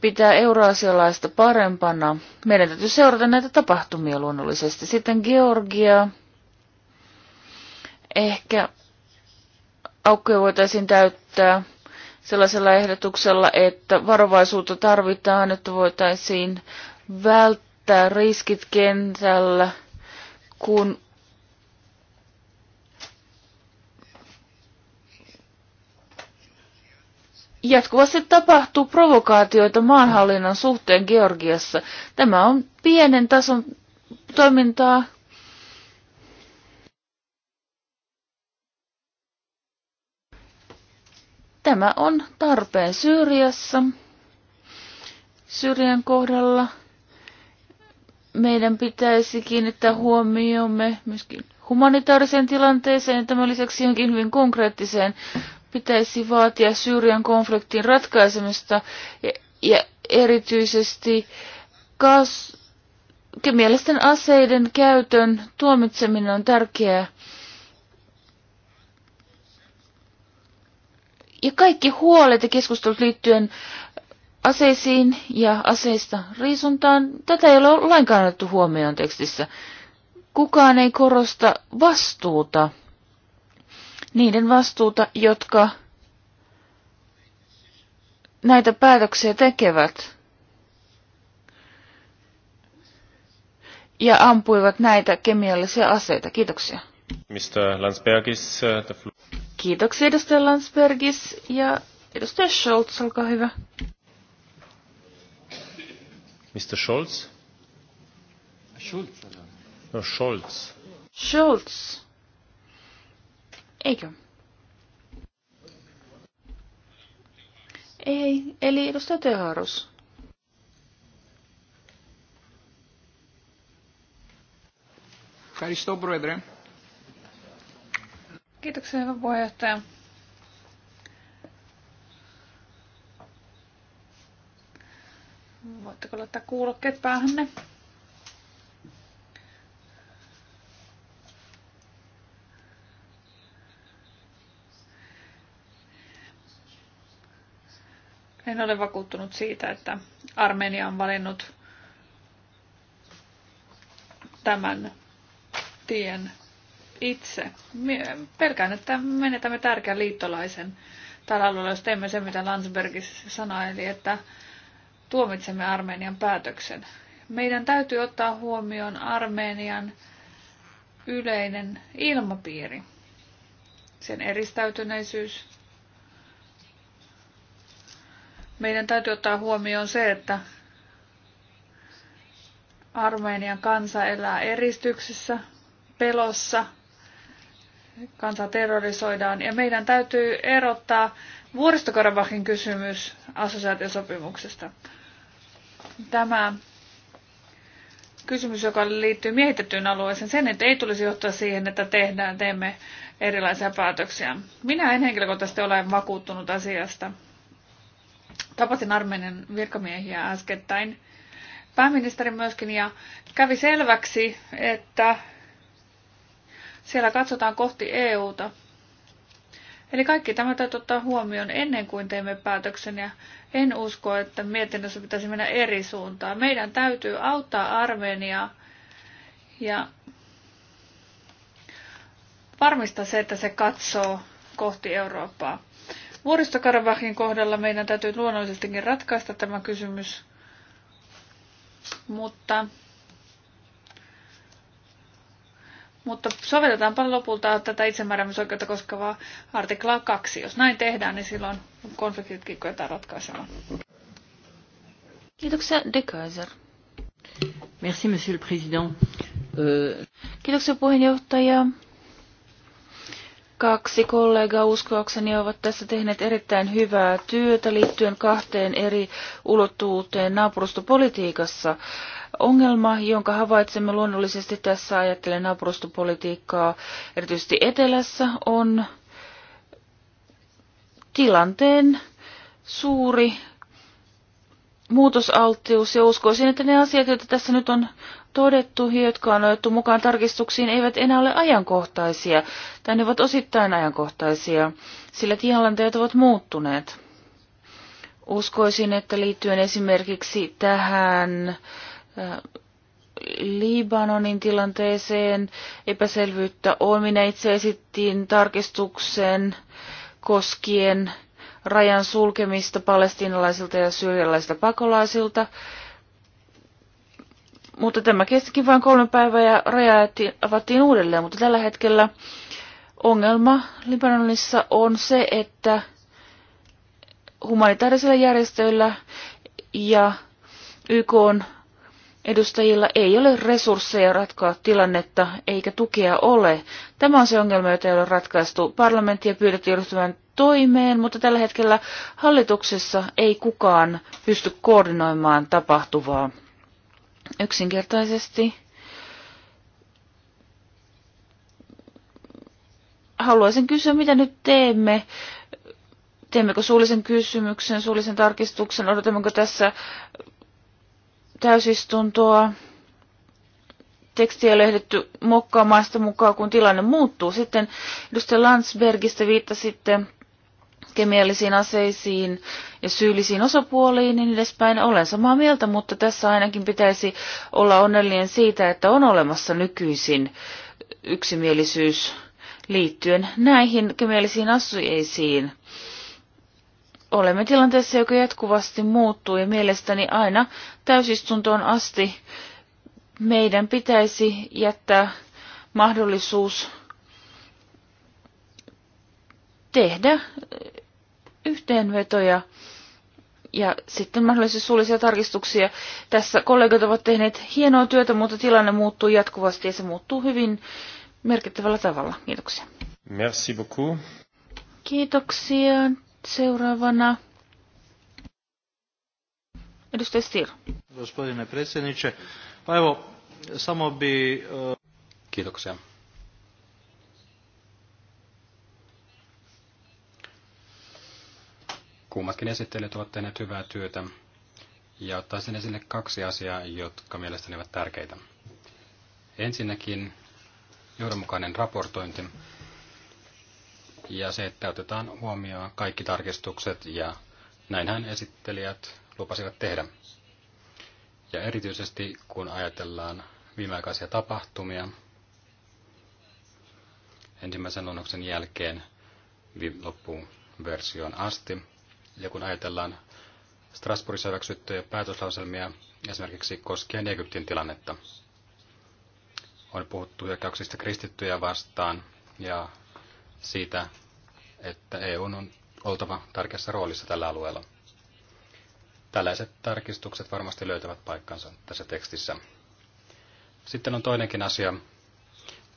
pitää euroasialaista parempana. Meidän täytyy seurata näitä tapahtumia luonnollisesti. Sitten Georgia. Ehkä aukkoja voitaisiin täyttää sellaisella ehdotuksella, että varovaisuutta tarvitaan, että voitaisiin välttää riskit kentällä, kun jatkuvasti tapahtuu provokaatioita maanhallinnan suhteen Georgiassa. Tämä on pienen tason toimintaa. Tämä on tarpeen Syyriassa. Syyrian kohdalla meidän pitäisi kiinnittää huomiomme myöskin humanitaariseen tilanteeseen tämän lisäksi jonkin hyvin konkreettiseen pitäisi vaatia Syyrian konfliktin ratkaisemista ja, ja erityisesti kaas, kemiallisten aseiden käytön tuomitseminen on tärkeää. Ja kaikki huolet ja keskustelut liittyen aseisiin ja aseista riisuntaan, tätä ei ole lainkaan otettu huomioon tekstissä. Kukaan ei korosta vastuuta niiden vastuuta, jotka näitä päätöksiä tekevät ja ampuivat näitä kemiallisia aseita. Kiitoksia. Mr. Landsbergis, uh, the floor. Kiitoksia edustaja Landsbergis ja edustaja Scholz, olkaa hyvä. Mr. Scholz? Schulz. No, Scholz. Scholz. Eikö? Ei, eli edustaja Teharus. Ευχαριστώ, Πρόεδρε. Κοίταξε, hyvä puheenjohtaja. Voitteko laittaa kuulokkeet päähänne? En ole vakuuttunut siitä, että Armenia on valinnut tämän tien itse. Pelkään, että menetämme tärkeän liittolaisen tällä alueella, jos teemme sen, mitä Landsbergis sanoi, eli että tuomitsemme Armenian päätöksen. Meidän täytyy ottaa huomioon Armenian yleinen ilmapiiri, sen eristäytyneisyys, Meidän täytyy ottaa huomioon se, että Armeenian kansa elää eristyksessä, pelossa, kansa terrorisoidaan ja meidän täytyy erottaa Vuoristokarabahin kysymys assosiaatiosopimuksesta. Tämä kysymys, joka liittyy miehitettyyn alueeseen, sen että ei tulisi johtaa siihen, että tehdään, teemme erilaisia päätöksiä. Minä en henkilökohtaisesti ole vakuuttunut asiasta. Tapasin Armenian virkamiehiä äskettäin. Pääministeri myöskin ja kävi selväksi, että siellä katsotaan kohti EUta. Eli kaikki tämä täytyy ottaa huomioon ennen kuin teemme päätöksen ja en usko, että mietinnössä pitäisi mennä eri suuntaan. Meidän täytyy auttaa Armeniaa ja varmistaa se, että se katsoo kohti Eurooppaa. Vuoristokaravahin kohdalla meidän täytyy luonnollisestikin ratkaista tämä kysymys, mutta, mutta sovelletaanpa lopulta tätä itsemääräämisoikeutta koskevaa artiklaa 2. Jos näin tehdään, niin silloin konfliktitkin kyetään ratkaisemaan. Kiitoksia, De Kaiser. Merci, monsieur le président. Euh, Kiitoksia puheenjohtaja. Kaksi kollegaa uskoakseni ovat tässä tehneet erittäin hyvää työtä liittyen kahteen eri ulottuvuuteen naapurustopolitiikassa. Ongelma, jonka havaitsemme luonnollisesti tässä ajattelen naapurustopolitiikkaa erityisesti etelässä, on tilanteen suuri muutosalttius ja uskoisin, että ne asiat, joita tässä nyt on todettu jotka on otettu mukaan tarkistuksiin, eivät enää ole ajankohtaisia, tai ne ovat osittain ajankohtaisia, sillä tilanteet ovat muuttuneet. Uskoisin, että liittyen esimerkiksi tähän äh, Libanonin tilanteeseen epäselvyyttä on. Minä itse esittiin tarkistuksen koskien rajan sulkemista palestiinalaisilta ja syyrialaisilta pakolaisilta mutta tämä kestikin vain kolme päivää ja raja avattiin uudelleen, mutta tällä hetkellä ongelma Libanonissa on se, että humanitaarisilla järjestöillä ja YK on edustajilla ei ole resursseja ratkoa tilannetta eikä tukea ole. Tämä on se ongelma, jota ei ole ratkaistu. Parlamenttia pyydettiin ryhtymään toimeen, mutta tällä hetkellä hallituksessa ei kukaan pysty koordinoimaan tapahtuvaa yksinkertaisesti haluaisin kysyä, mitä nyt teemme. Teemmekö suullisen kysymyksen, suullisen tarkistuksen, odotammeko tässä täysistuntoa? tekstiä lehdetty mokkaamaan sitä mukaan, kun tilanne muuttuu. Sitten edustaja Landsbergistä viittasitte kemiallisiin aseisiin ja syyllisiin osapuoliin niin edespäin. Olen samaa mieltä, mutta tässä ainakin pitäisi olla onnellinen siitä, että on olemassa nykyisin yksimielisyys liittyen näihin kemiallisiin aseisiin. Olemme tilanteessa, joka jatkuvasti muuttuu ja mielestäni aina täysistuntoon asti meidän pitäisi jättää mahdollisuus tehdä yhteenvetoja ja sitten mahdollisesti suullisia tarkistuksia. Tässä kollegat ovat tehneet hienoa työtä, mutta tilanne muuttuu jatkuvasti ja se muuttuu hyvin merkittävällä tavalla. Kiitoksia. Merci beaucoup. Kiitoksia. Seuraavana Edustaja Stier. pa evo, samo bi... E, Kiitoksia. Kummatkin esittelijät ovat tehneet hyvää työtä ja ottaisin esille kaksi asiaa, jotka mielestäni ovat tärkeitä. Ensinnäkin johdonmukainen raportointi ja se, että otetaan huomioon kaikki tarkistukset ja näinhän esittelijät lupasivat tehdä. Ja erityisesti kun ajatellaan viimeaikaisia tapahtumia ensimmäisen luonnoksen jälkeen loppuversioon asti, ja kun ajatellaan Strasbourgissa hyväksyttyjä päätöslauselmia esimerkiksi koskien Egyptin tilannetta, on puhuttu hyökkäyksistä kristittyjä vastaan ja siitä, että EU on oltava tärkeässä roolissa tällä alueella. Tällaiset tarkistukset varmasti löytävät paikkansa tässä tekstissä. Sitten on toinenkin asia.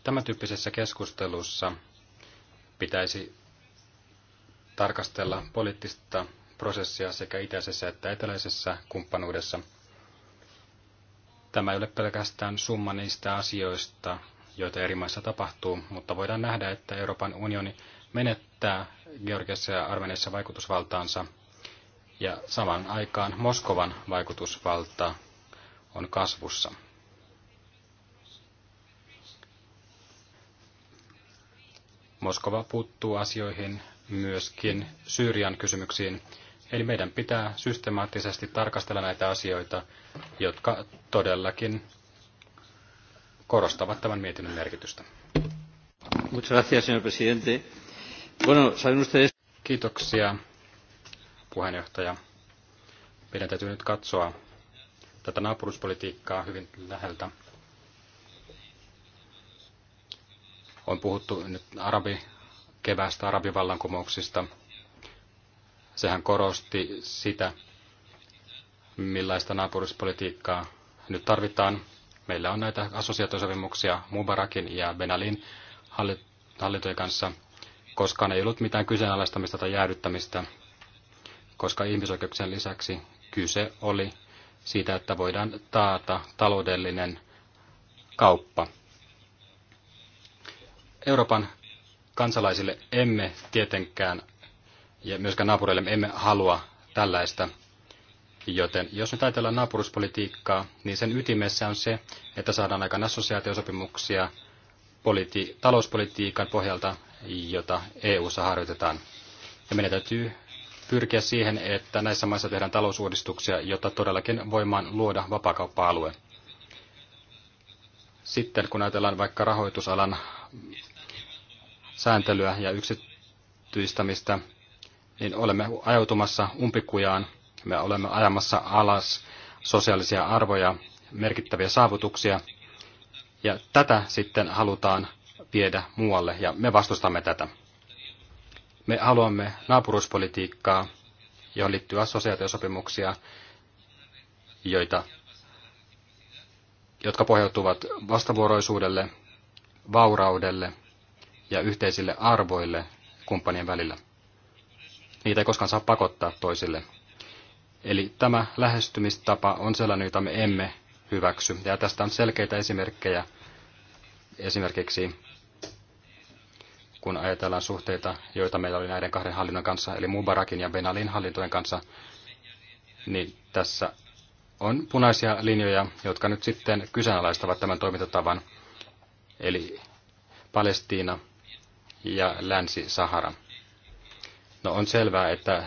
Tämän tyyppisessä keskustelussa pitäisi tarkastella poliittista prosessia sekä itäisessä että eteläisessä kumppanuudessa. Tämä ei ole pelkästään summa niistä asioista, joita eri maissa tapahtuu, mutta voidaan nähdä, että Euroopan unioni menettää Georgiassa ja Armeniassa vaikutusvaltaansa ja saman aikaan Moskovan vaikutusvalta on kasvussa. Moskova puuttuu asioihin myöskin Syyrian kysymyksiin. Eli meidän pitää systemaattisesti tarkastella näitä asioita, jotka todellakin korostavat tämän mietinnön merkitystä. Kiitoksia, puheenjohtaja. Meidän täytyy nyt katsoa tätä naapuruspolitiikkaa hyvin läheltä. On puhuttu nyt arabi keväästä arabivallankumouksista. Sehän korosti sitä, millaista naapurispolitiikkaa nyt tarvitaan. Meillä on näitä assosiaatiosopimuksia Mubarakin ja Benalin hallintojen kanssa. Koskaan ei ollut mitään kyseenalaistamista tai jäädyttämistä, koska ihmisoikeuksien lisäksi kyse oli siitä, että voidaan taata taloudellinen kauppa. Euroopan kansalaisille emme tietenkään ja myöskään naapureille emme halua tällaista. Joten jos nyt ajatellaan naapuruspolitiikkaa, niin sen ytimessä on se, että saadaan aikaan assosiaatiosopimuksia politi- talouspolitiikan pohjalta, jota EU-ssa harjoitetaan. Ja meidän täytyy pyrkiä siihen, että näissä maissa tehdään talousuudistuksia, jotta todellakin voimaan luoda vapaa alue Sitten kun ajatellaan vaikka rahoitusalan sääntelyä ja yksityistämistä, niin olemme ajautumassa umpikujaan. Me olemme ajamassa alas sosiaalisia arvoja, merkittäviä saavutuksia, ja tätä sitten halutaan viedä muualle, ja me vastustamme tätä. Me haluamme naapuruuspolitiikkaa, johon liittyy assosiaatiosopimuksia, joita, jotka pohjautuvat vastavuoroisuudelle, vauraudelle ja yhteisille arvoille kumppanien välillä. Niitä ei koskaan saa pakottaa toisille. Eli tämä lähestymistapa on sellainen, jota me emme hyväksy. Ja tästä on selkeitä esimerkkejä. Esimerkiksi kun ajatellaan suhteita, joita meillä oli näiden kahden hallinnon kanssa, eli Mubarakin ja Benalin hallintojen kanssa, niin tässä on punaisia linjoja, jotka nyt sitten kyseenalaistavat tämän toimintatavan. Eli Palestiina ja Länsi-Sahara. No on selvää, että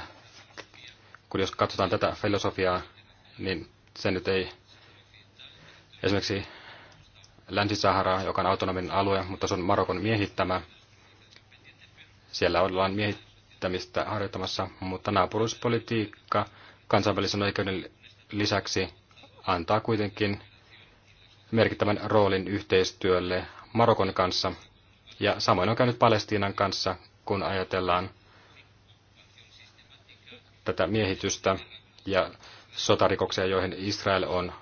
kun jos katsotaan tätä filosofiaa, niin se nyt ei esimerkiksi Länsi-Sahara, joka on autonominen alue, mutta se on Marokon miehittämä. Siellä ollaan miehittämistä harjoittamassa, mutta naapuruuspolitiikka kansainvälisen oikeuden lisäksi antaa kuitenkin merkittävän roolin yhteistyölle Marokon kanssa, ja samoin on käynyt Palestiinan kanssa, kun ajatellaan tätä miehitystä ja sotarikoksia, joihin Israel on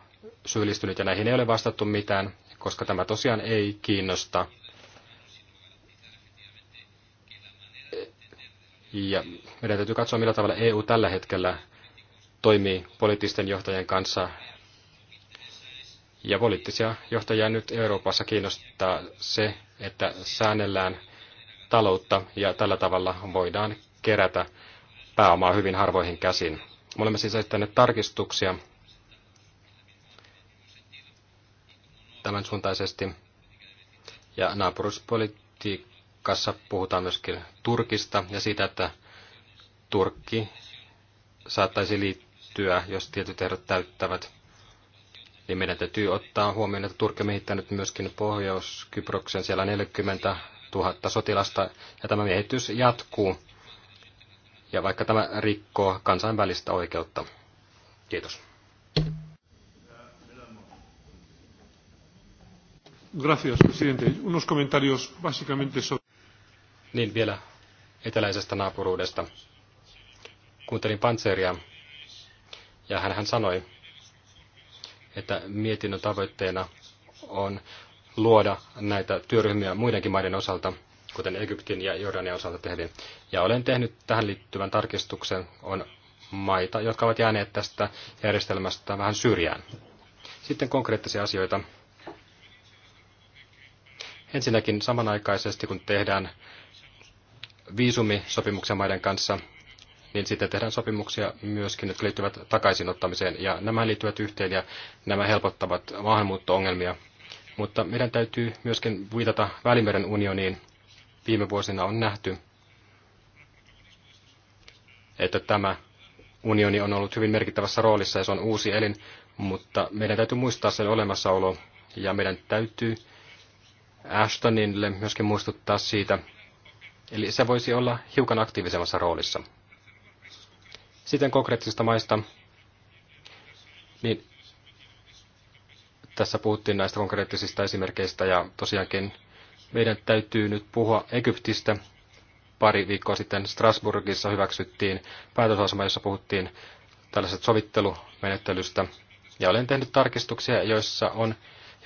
syyllistynyt, ja näihin ei ole vastattu mitään, koska tämä tosiaan ei kiinnosta. Ja meidän täytyy katsoa, millä tavalla EU tällä hetkellä toimii poliittisten johtajien kanssa. Ja poliittisia johtajia nyt Euroopassa kiinnostaa se, että säännellään taloutta ja tällä tavalla voidaan kerätä pääomaa hyvin harvoihin käsiin. Me olemme siis esittäneet tarkistuksia tämän suuntaisesti. Ja naapuruspolitiikassa puhutaan myöskin Turkista ja siitä, että Turkki saattaisi liittyä, jos tietyt ehdot täyttävät niin meidän täytyy ottaa huomioon, että Turkki on miehittänyt myöskin Pohjois-Kyproksen siellä 40 000 sotilasta, ja tämä miehitys jatkuu, ja vaikka tämä rikkoo kansainvälistä oikeutta. Kiitos. Gracias, presidente. Unos comentarios básicamente sobre... Niin, vielä eteläisestä naapuruudesta. Kuuntelin Panseria, ja hän, hän sanoi, että mietinnön tavoitteena on luoda näitä työryhmiä muidenkin maiden osalta, kuten Egyptin ja Jordanian osalta tehdin. Ja olen tehnyt tähän liittyvän tarkistuksen, on maita, jotka ovat jääneet tästä järjestelmästä vähän syrjään. Sitten konkreettisia asioita. Ensinnäkin samanaikaisesti, kun tehdään viisumisopimuksen maiden kanssa, niin sitten tehdään sopimuksia myöskin, jotka liittyvät takaisinottamiseen. Ja nämä liittyvät yhteen ja nämä helpottavat maahanmuutto-ongelmia. Mutta meidän täytyy myöskin viitata Välimeren unioniin. Viime vuosina on nähty, että tämä unioni on ollut hyvin merkittävässä roolissa ja se on uusi elin, mutta meidän täytyy muistaa sen olemassaolo ja meidän täytyy Ashtonille myöskin muistuttaa siitä. Eli se voisi olla hiukan aktiivisemmassa roolissa. Sitten konkreettisista maista, niin tässä puhuttiin näistä konkreettisista esimerkkeistä ja tosiaankin meidän täytyy nyt puhua Egyptistä. Pari viikkoa sitten Strasbourgissa hyväksyttiin päätösasema, jossa puhuttiin tällaisesta sovittelumenettelystä. Ja olen tehnyt tarkistuksia, joissa on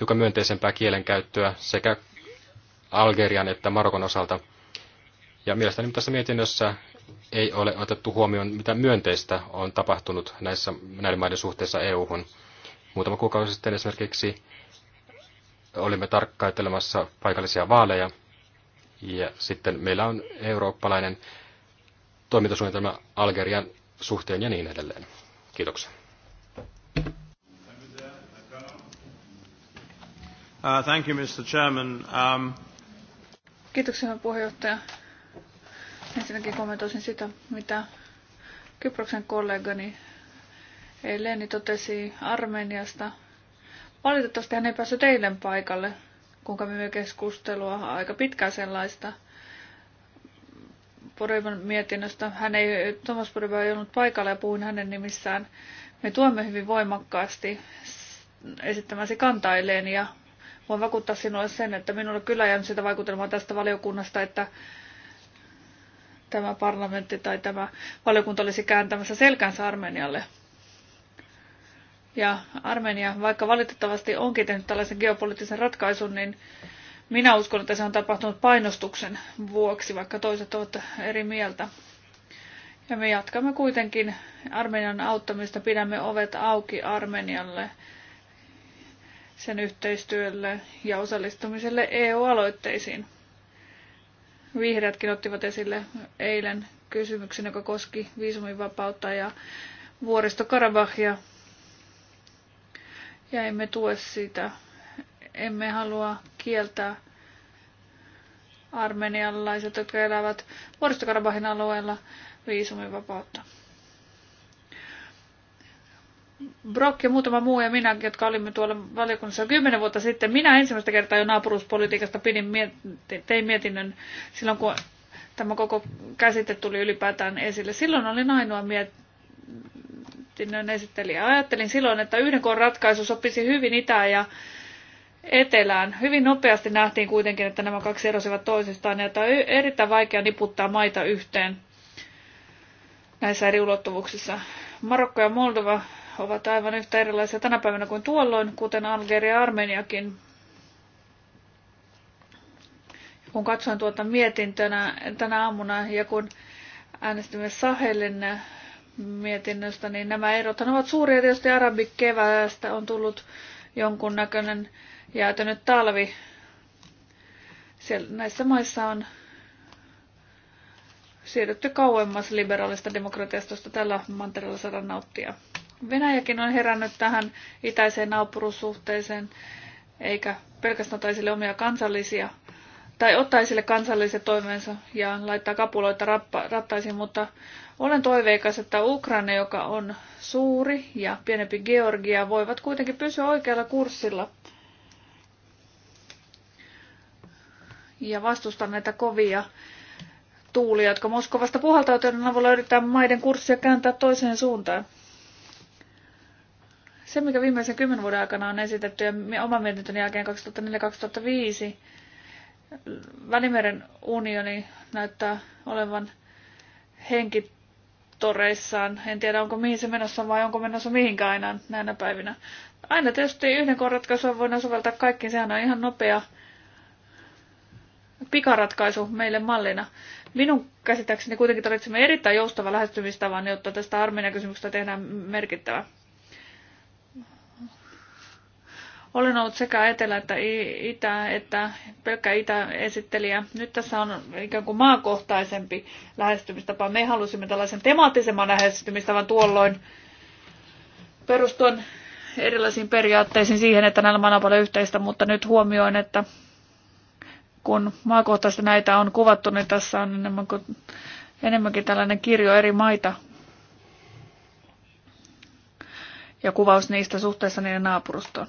hiukan myönteisempää kielenkäyttöä sekä Algerian että Marokon osalta. Ja mielestäni tässä mietinnössä ei ole otettu huomioon, mitä myönteistä on tapahtunut näissä, näiden maiden suhteessa EU-hun. Muutama kuukausi sitten esimerkiksi olimme tarkkailemassa paikallisia vaaleja, ja sitten meillä on eurooppalainen toimintasuunnitelma Algerian suhteen ja niin edelleen. Kiitoksia. Uh, thank you, Mr. Chairman. Um... Kiitoksia, puheenjohtaja. Ensinnäkin kommentoisin sitä, mitä Kyproksen kollegani Eleni totesi Armeniasta. Valitettavasti hän ei päässyt eilen paikalle, kun kävimme keskustelua aika pitkää sellaista Porevan mietinnöstä. Hän ei, Thomas Poreva ei ollut paikalla ja puhuin hänen nimissään. Me tuemme hyvin voimakkaasti esittämäsi kantaileen ja voin vakuuttaa sinulle sen, että minulla kyllä jäänyt sitä vaikutelmaa tästä valiokunnasta, että tämä parlamentti tai tämä valiokunta olisi kääntämässä selkänsä Armenialle. Ja Armenia, vaikka valitettavasti onkin tehnyt tällaisen geopoliittisen ratkaisun, niin minä uskon, että se on tapahtunut painostuksen vuoksi, vaikka toiset ovat eri mieltä. Ja me jatkamme kuitenkin Armenian auttamista, pidämme ovet auki Armenialle, sen yhteistyölle ja osallistumiselle EU-aloitteisiin. Vihreätkin ottivat esille eilen kysymyksen, joka koski viisumivapautta ja vuoristo Karabahia. Ja emme tue sitä. Emme halua kieltää armenialaiset, jotka elävät vuoristokarabahin alueella viisumivapautta. Brock ja muutama muu ja minä, jotka olimme tuolla valiokunnassa kymmenen vuotta sitten, minä ensimmäistä kertaa jo naapuruuspolitiikasta pidin, tein mietinnön silloin, kun tämä koko käsite tuli ylipäätään esille. Silloin olin ainoa mietinnön esittelijä. Ajattelin silloin, että yhden koon ratkaisu sopisi hyvin itään ja etelään. Hyvin nopeasti nähtiin kuitenkin, että nämä kaksi erosivat toisistaan ja että on erittäin vaikea niputtaa maita yhteen näissä eri ulottuvuuksissa. Marokko ja Moldova ovat aivan yhtä erilaisia tänä päivänä kuin tuolloin, kuten Algeria ja Armeniakin. Kun katsoin tuota mietintönä tänä aamuna ja kun äänestimme Sahelin mietinnöstä, niin nämä erot ovat suuria. Tietysti arabikeväästä on tullut jonkunnäköinen jäätynyt talvi. Siellä, näissä maissa on siirrytty kauemmas liberaalista demokratiasta, josta tällä mantereella saadaan nauttia. Venäjäkin on herännyt tähän itäiseen naapuruussuhteeseen, eikä pelkästään otaisille omia kansallisia, tai ottaisille kansalliset toimensa ja laittaa kapuloita rappa, rattaisiin, mutta olen toiveikas, että Ukraina, joka on suuri ja pienempi Georgia, voivat kuitenkin pysyä oikealla kurssilla ja vastustaa näitä kovia tuulia, jotka Moskovasta puhaltautuneen avulla yritetään maiden kurssia kääntää toiseen suuntaan. Se, mikä viimeisen kymmenen vuoden aikana on esitetty ja oma mietintöni jälkeen 2004-2005, Välimeren unioni näyttää olevan henkitoreissaan. En tiedä, onko mihin se menossa vai onko menossa mihinkään aina näinä päivinä. Aina tietysti yhden korratkaisun voidaan soveltaa kaikki. Sehän on ihan nopea pikaratkaisu meille mallina. Minun käsittääkseni kuitenkin tarvitsemme erittäin joustava lähestymistavan, jotta tästä armeijan kysymyksestä tehdään merkittävä. Olen ollut sekä etelä että itä, että pelkkä itä-esittelijä. Nyt tässä on ikään kuin maakohtaisempi lähestymistapa. Me halusimme tällaisen temaattisemman lähestymistavan tuolloin perustuen erilaisiin periaatteisiin siihen, että näillä on paljon yhteistä, mutta nyt huomioin, että kun maakohtaisesti näitä on kuvattu, niin tässä on enemmän kuin, enemmänkin tällainen kirjo eri maita ja kuvaus niistä suhteessa niiden naapurustoon.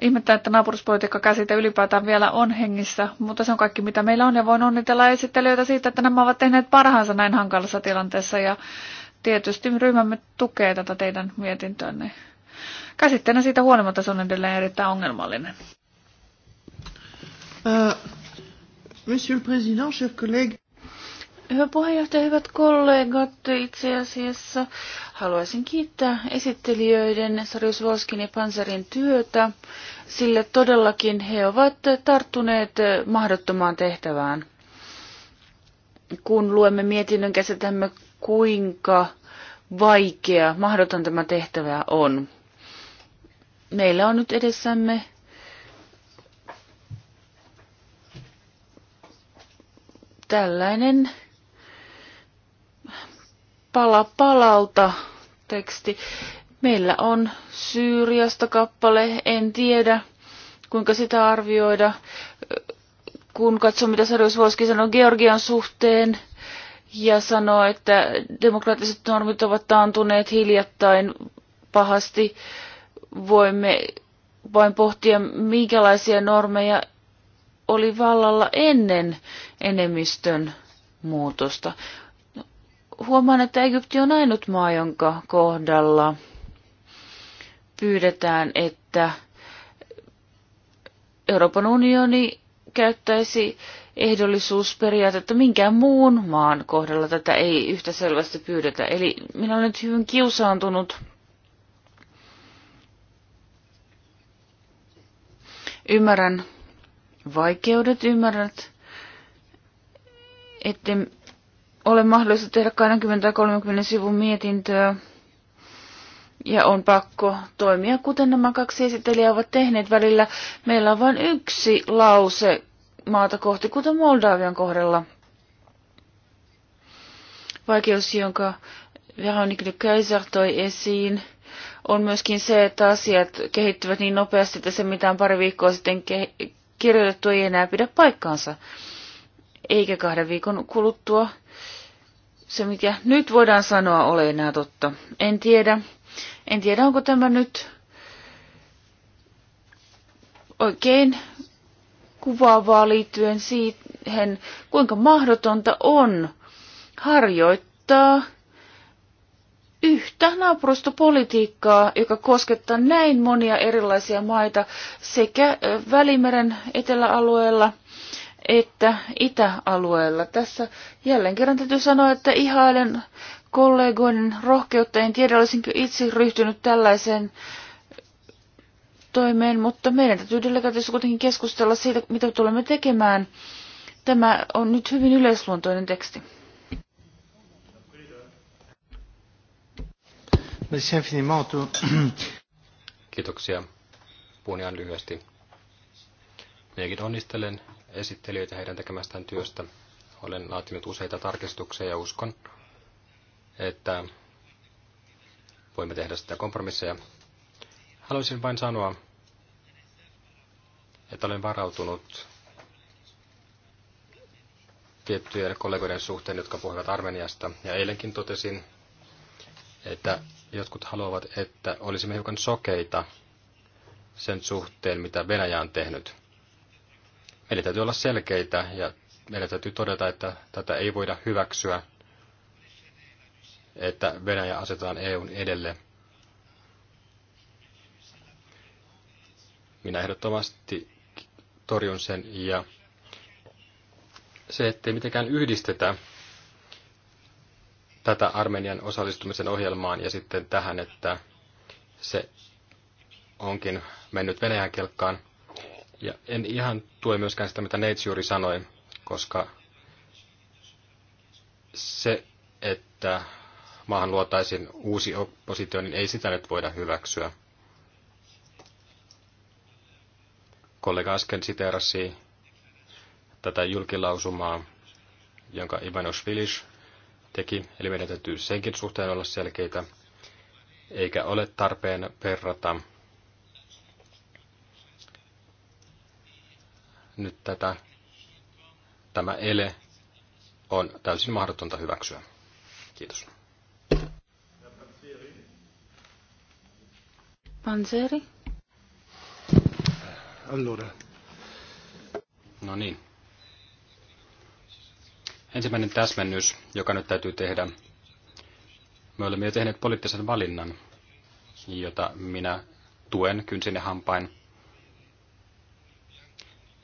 Ihmettää, että naapuruspolitiikka käsite ylipäätään vielä on hengissä, mutta se on kaikki mitä meillä on ja voin onnitella esittelijöitä siitä, että nämä ovat tehneet parhaansa näin hankalassa tilanteessa ja tietysti ryhmämme tukee tätä teidän mietintöänne. Käsitteenä siitä huolimatta se on edelleen erittäin ongelmallinen. Uh, monsieur le Président, chers collègues. Hyvä puheenjohtaja, hyvät kollegat, itse asiassa haluaisin kiittää esittelijöiden Sarjus Volskin ja Panzerin työtä, sillä todellakin he ovat tarttuneet mahdottomaan tehtävään. Kun luemme mietinnön, käsitämme kuinka vaikea, mahdoton tämä tehtävä on. Meillä on nyt edessämme tällainen pala palalta teksti. Meillä on Syyriasta kappale, en tiedä kuinka sitä arvioida. Kun katsoo, mitä Sarjus Voski sanoi Georgian suhteen, ja sanoo, että demokraattiset normit ovat taantuneet hiljattain pahasti. Voimme vain pohtia, minkälaisia normeja oli vallalla ennen enemmistön muutosta huomaan, että Egypti on ainut maa, jonka kohdalla pyydetään, että Euroopan unioni käyttäisi ehdollisuusperiaatetta minkään muun maan kohdalla tätä ei yhtä selvästi pyydetä. Eli minä olen nyt hyvin kiusaantunut ymmärrän vaikeudet, ymmärrät, että ole mahdollista tehdä 20 tai 30 sivun mietintöä. Ja on pakko toimia, kuten nämä kaksi esittelijää ovat tehneet välillä. Meillä on vain yksi lause maata kohti, kuten Moldavian kohdalla. Vaikeus, jonka Veronique de Kaiser toi esiin, on myöskin se, että asiat kehittyvät niin nopeasti, että se mitä on pari viikkoa sitten kirjoitettu ei enää pidä paikkaansa eikä kahden viikon kuluttua se, mitä nyt voidaan sanoa, ole enää totta. En tiedä, en tiedä onko tämä nyt oikein kuvaavaa liittyen siihen, kuinka mahdotonta on harjoittaa yhtä naapurustopolitiikkaa, joka koskettaa näin monia erilaisia maita sekä Välimeren eteläalueella – että itäalueella. Tässä jälleen kerran täytyy sanoa, että ihailen kollegoiden rohkeutta. En tiedä, olisinko itse ryhtynyt tällaiseen toimeen, mutta meidän täytyy delegaatiossa kuitenkin keskustella siitä, mitä tulemme tekemään. Tämä on nyt hyvin yleisluontoinen teksti. Kiitoksia. Puhun ihan lyhyesti. Minäkin onnistelen esittelijöitä heidän tekemästään työstä. Olen laatinut useita tarkistuksia ja uskon, että voimme tehdä sitä kompromisseja. Haluaisin vain sanoa, että olen varautunut tiettyjen kollegoiden suhteen, jotka puhuvat Armeniasta. Ja eilenkin totesin, että jotkut haluavat, että olisimme hiukan sokeita sen suhteen, mitä Venäjä on tehnyt. Meidän täytyy olla selkeitä ja meidän täytyy todeta, että tätä ei voida hyväksyä, että Venäjä asetetaan EUn edelle. Minä ehdottomasti torjun sen ja se, ettei mitenkään yhdistetä tätä Armenian osallistumisen ohjelmaan ja sitten tähän, että se onkin mennyt Venäjän kelkkaan – ja en ihan tue myöskään sitä, mitä Neitsi juuri sanoi, koska se, että maahan luotaisiin uusi oppositio, niin ei sitä nyt voida hyväksyä. Kollega äsken siteerasi tätä julkilausumaa, jonka Ivanos Vilis teki, eli meidän täytyy senkin suhteen olla selkeitä, eikä ole tarpeen verrata nyt tätä, tämä ele on täysin mahdotonta hyväksyä. Kiitos. Panseri. Allora. No niin. Ensimmäinen täsmennys, joka nyt täytyy tehdä. Me olemme jo tehneet poliittisen valinnan, jota minä tuen kynsin ja hampain.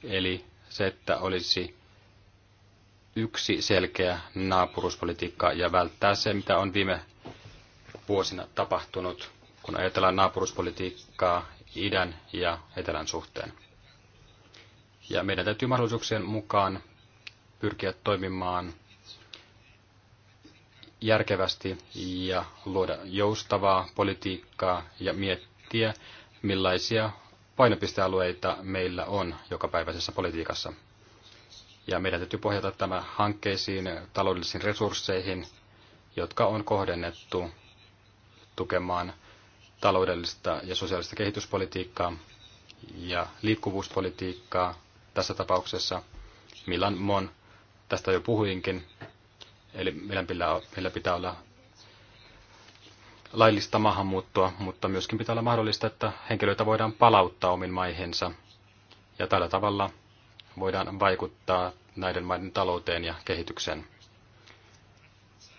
Eli se, että olisi yksi selkeä naapuruspolitiikka ja välttää se, mitä on viime vuosina tapahtunut, kun ajatellaan naapuruspolitiikkaa idän ja etelän suhteen. Ja meidän täytyy mahdollisuuksien mukaan pyrkiä toimimaan järkevästi ja luoda joustavaa politiikkaa ja miettiä, millaisia painopistealueita meillä on jokapäiväisessä politiikassa. Ja meidän täytyy pohjata tämä hankkeisiin, taloudellisiin resursseihin, jotka on kohdennettu tukemaan taloudellista ja sosiaalista kehityspolitiikkaa ja liikkuvuuspolitiikkaa tässä tapauksessa. Milan Mon tästä jo puhuinkin, eli meillä pitää olla laillista maahanmuuttoa, mutta myöskin pitää olla mahdollista, että henkilöitä voidaan palauttaa omin maihinsa. Ja tällä tavalla voidaan vaikuttaa näiden maiden talouteen ja kehitykseen.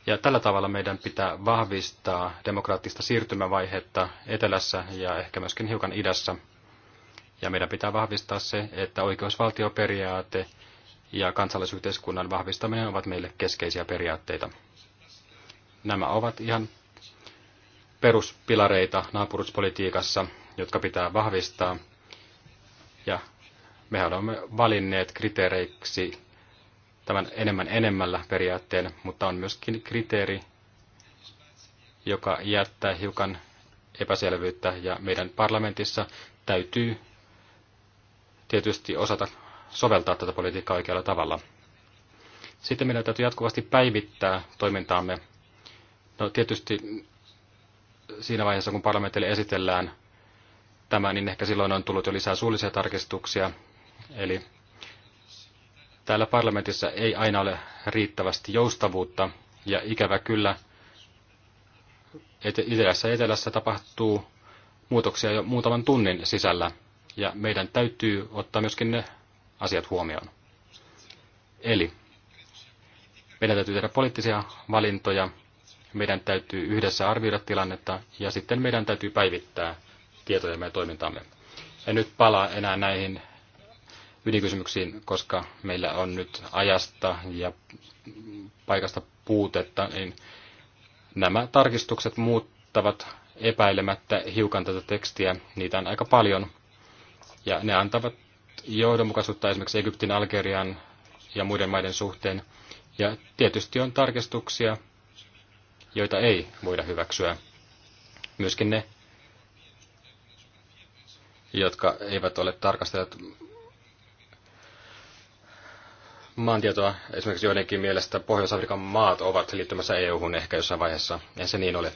Ja tällä tavalla meidän pitää vahvistaa demokraattista siirtymävaihetta etelässä ja ehkä myöskin hiukan idässä. Ja meidän pitää vahvistaa se, että oikeusvaltioperiaate ja kansalaisyhteiskunnan vahvistaminen ovat meille keskeisiä periaatteita. Nämä ovat ihan peruspilareita naapuruspolitiikassa, jotka pitää vahvistaa. Ja me olemme valinneet kriteereiksi tämän enemmän enemmällä periaatteen, mutta on myöskin kriteeri, joka jättää hiukan epäselvyyttä ja meidän parlamentissa täytyy tietysti osata soveltaa tätä politiikkaa oikealla tavalla. Sitten meidän täytyy jatkuvasti päivittää toimintaamme. No tietysti siinä vaiheessa, kun parlamentille esitellään tämä, niin ehkä silloin on tullut jo lisää suullisia tarkistuksia. Eli täällä parlamentissa ei aina ole riittävästi joustavuutta, ja ikävä kyllä etelässä etelässä tapahtuu muutoksia jo muutaman tunnin sisällä, ja meidän täytyy ottaa myöskin ne asiat huomioon. Eli meidän täytyy tehdä poliittisia valintoja, meidän täytyy yhdessä arvioida tilannetta ja sitten meidän täytyy päivittää tietoja meidän toimintamme. En nyt palaa enää näihin ydinkysymyksiin, koska meillä on nyt ajasta ja paikasta puutetta, niin nämä tarkistukset muuttavat epäilemättä hiukan tätä tekstiä. Niitä on aika paljon ja ne antavat johdonmukaisuutta esimerkiksi Egyptin, Algerian ja muiden maiden suhteen. Ja tietysti on tarkistuksia, joita ei voida hyväksyä. Myöskin ne, jotka eivät ole tarkastelleet maantietoa. Esimerkiksi joidenkin mielestä Pohjois-Afrikan maat ovat liittymässä EU-hun ehkä jossain vaiheessa. Ei se niin ole.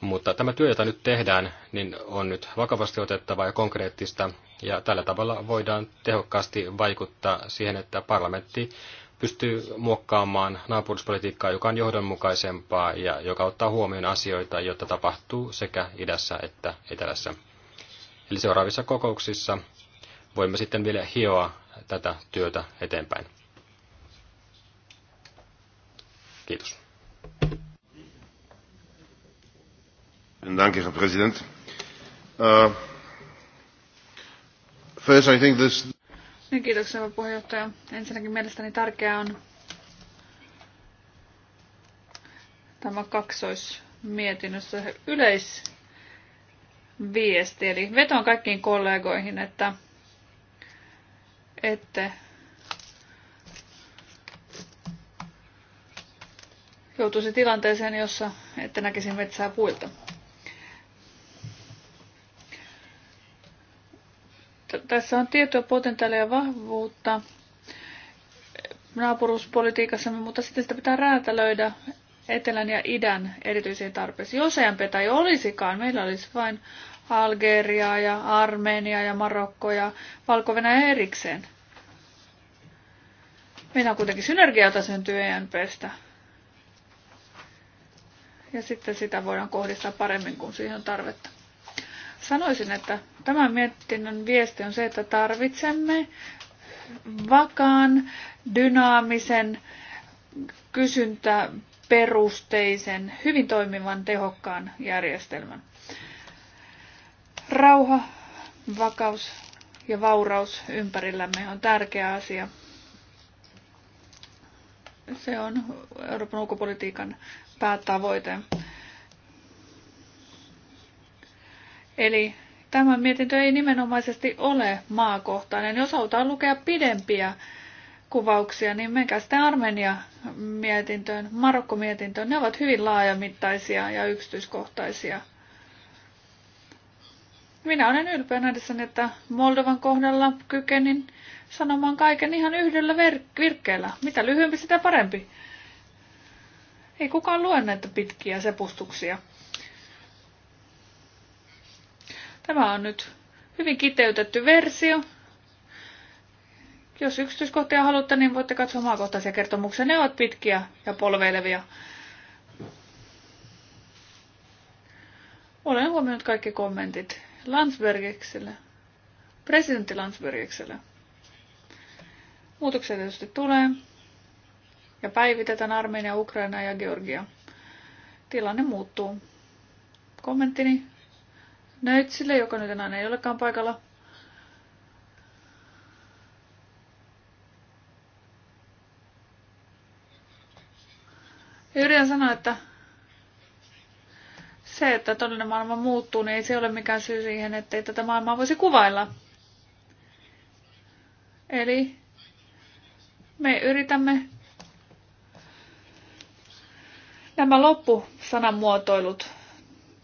Mutta tämä työ, jota nyt tehdään, niin on nyt vakavasti otettava ja konkreettista, ja tällä tavalla voidaan tehokkaasti vaikuttaa siihen, että parlamentti pystyy muokkaamaan naapuruspolitiikkaa, joka on johdonmukaisempaa ja joka ottaa huomioon asioita, joita tapahtuu sekä idässä että etelässä. Eli seuraavissa kokouksissa voimme sitten vielä hioa tätä työtä eteenpäin. Kiitos. Danke, Uh, first, I think this kiitoksia, hyvä puheenjohtaja. Ensinnäkin mielestäni tärkeää on tämä kaksoismietinnössä yleisviesti. Eli vetoan kaikkiin kollegoihin, että ette joutuisi tilanteeseen, jossa ette näkisi metsää puilta. tässä on tiettyä potentiaalia ja vahvuutta naapuruuspolitiikassamme, mutta sitten sitä pitää räätälöidä etelän ja idän erityisiin tarpeisiin. Jos EMPtä ei olisikaan, meillä olisi vain Algeria ja Armenia ja Marokko ja valko erikseen. Meillä on kuitenkin synergia, syntyy ENPstä. Ja sitten sitä voidaan kohdistaa paremmin, kuin siihen on tarvetta. Sanoisin, että tämän mietinnön viesti on se, että tarvitsemme vakaan, dynaamisen, kysyntäperusteisen, hyvin toimivan, tehokkaan järjestelmän. Rauha, vakaus ja vauraus ympärillämme on tärkeä asia. Se on Euroopan ulkopolitiikan päätavoite. Eli tämä mietintö ei nimenomaisesti ole maakohtainen. Jos halutaan lukea pidempiä kuvauksia, niin menkää sitten Armenia-mietintöön, Marokko-mietintöön. Ne ovat hyvin laajamittaisia ja yksityiskohtaisia. Minä olen ylpeä nähdessäni, että Moldovan kohdalla kykenin sanomaan kaiken ihan yhdellä ver- virkkeellä. Mitä lyhyempi, sitä parempi. Ei kukaan lue näitä pitkiä sepustuksia. Tämä on nyt hyvin kiteytetty versio. Jos yksityiskohtia haluatte, niin voitte katsoa maakohtaisia kertomuksia. Ne ovat pitkiä ja polveilevia. Olen huomioinut kaikki kommentit Landsbergikselle, presidentti Landsbergikselle. Muutoksia tietysti tulee ja päivitetään Armenia, Ukraina ja Georgia. Tilanne muuttuu. Kommenttini Neitsille, no joka nyt enää ei olekaan paikalla. Yritän sanoa, että se, että todellinen maailma muuttuu, niin ei se ole mikään syy siihen, ettei tätä maailmaa voisi kuvailla. Eli me yritämme nämä loppusanamuotoilut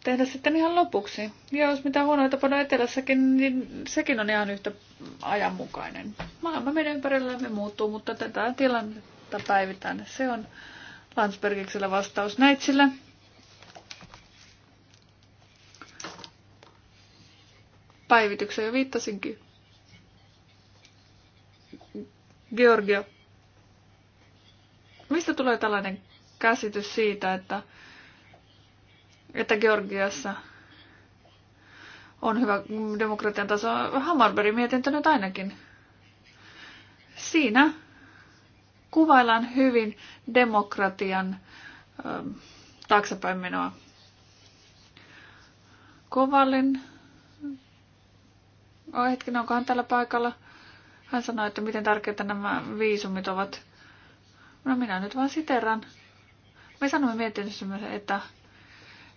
tehdä sitten ihan lopuksi. Ja jos mitä huonoita tapana etelässäkin, niin sekin on ihan yhtä ajanmukainen. Maailma meidän ympärillämme muuttuu, mutta tätä tilannetta päivitään. Se on Landsbergiksellä vastaus näitsillä. Päivityksen jo viittasinkin. Georgia, mistä tulee tällainen käsitys siitä, että että Georgiassa on hyvä demokratian taso. Hammarbergin mietintö nyt ainakin. Siinä kuvaillaan hyvin demokratian ö, ähm, taaksepäin menoa. Kovalin, oh, hetkinen, onkohan tällä paikalla? Hän sanoi, että miten tärkeitä nämä viisumit ovat. No minä nyt vaan siteran. Me sanomme mietinnössä myös, että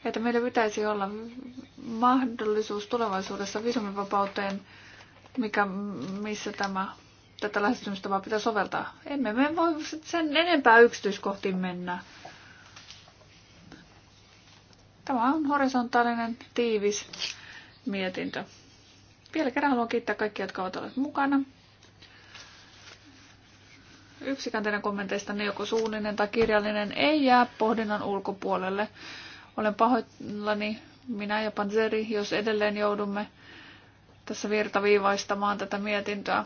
että meillä pitäisi olla mahdollisuus tulevaisuudessa visumivapauteen, mikä, missä tämä, tätä lähestymistapaa pitää soveltaa. Emme me voi sen enempää yksityiskohtiin mennä. Tämä on horisontaalinen, tiivis mietintö. Vielä kerran haluan kiittää kaikkia, jotka ovat olleet mukana. Yksikään teidän kommenteista, ne joko suunninen tai kirjallinen, ei jää pohdinnan ulkopuolelle. Olen pahoillani, minä ja Panzeri, jos edelleen joudumme tässä virtaviivaistamaan tätä mietintöä.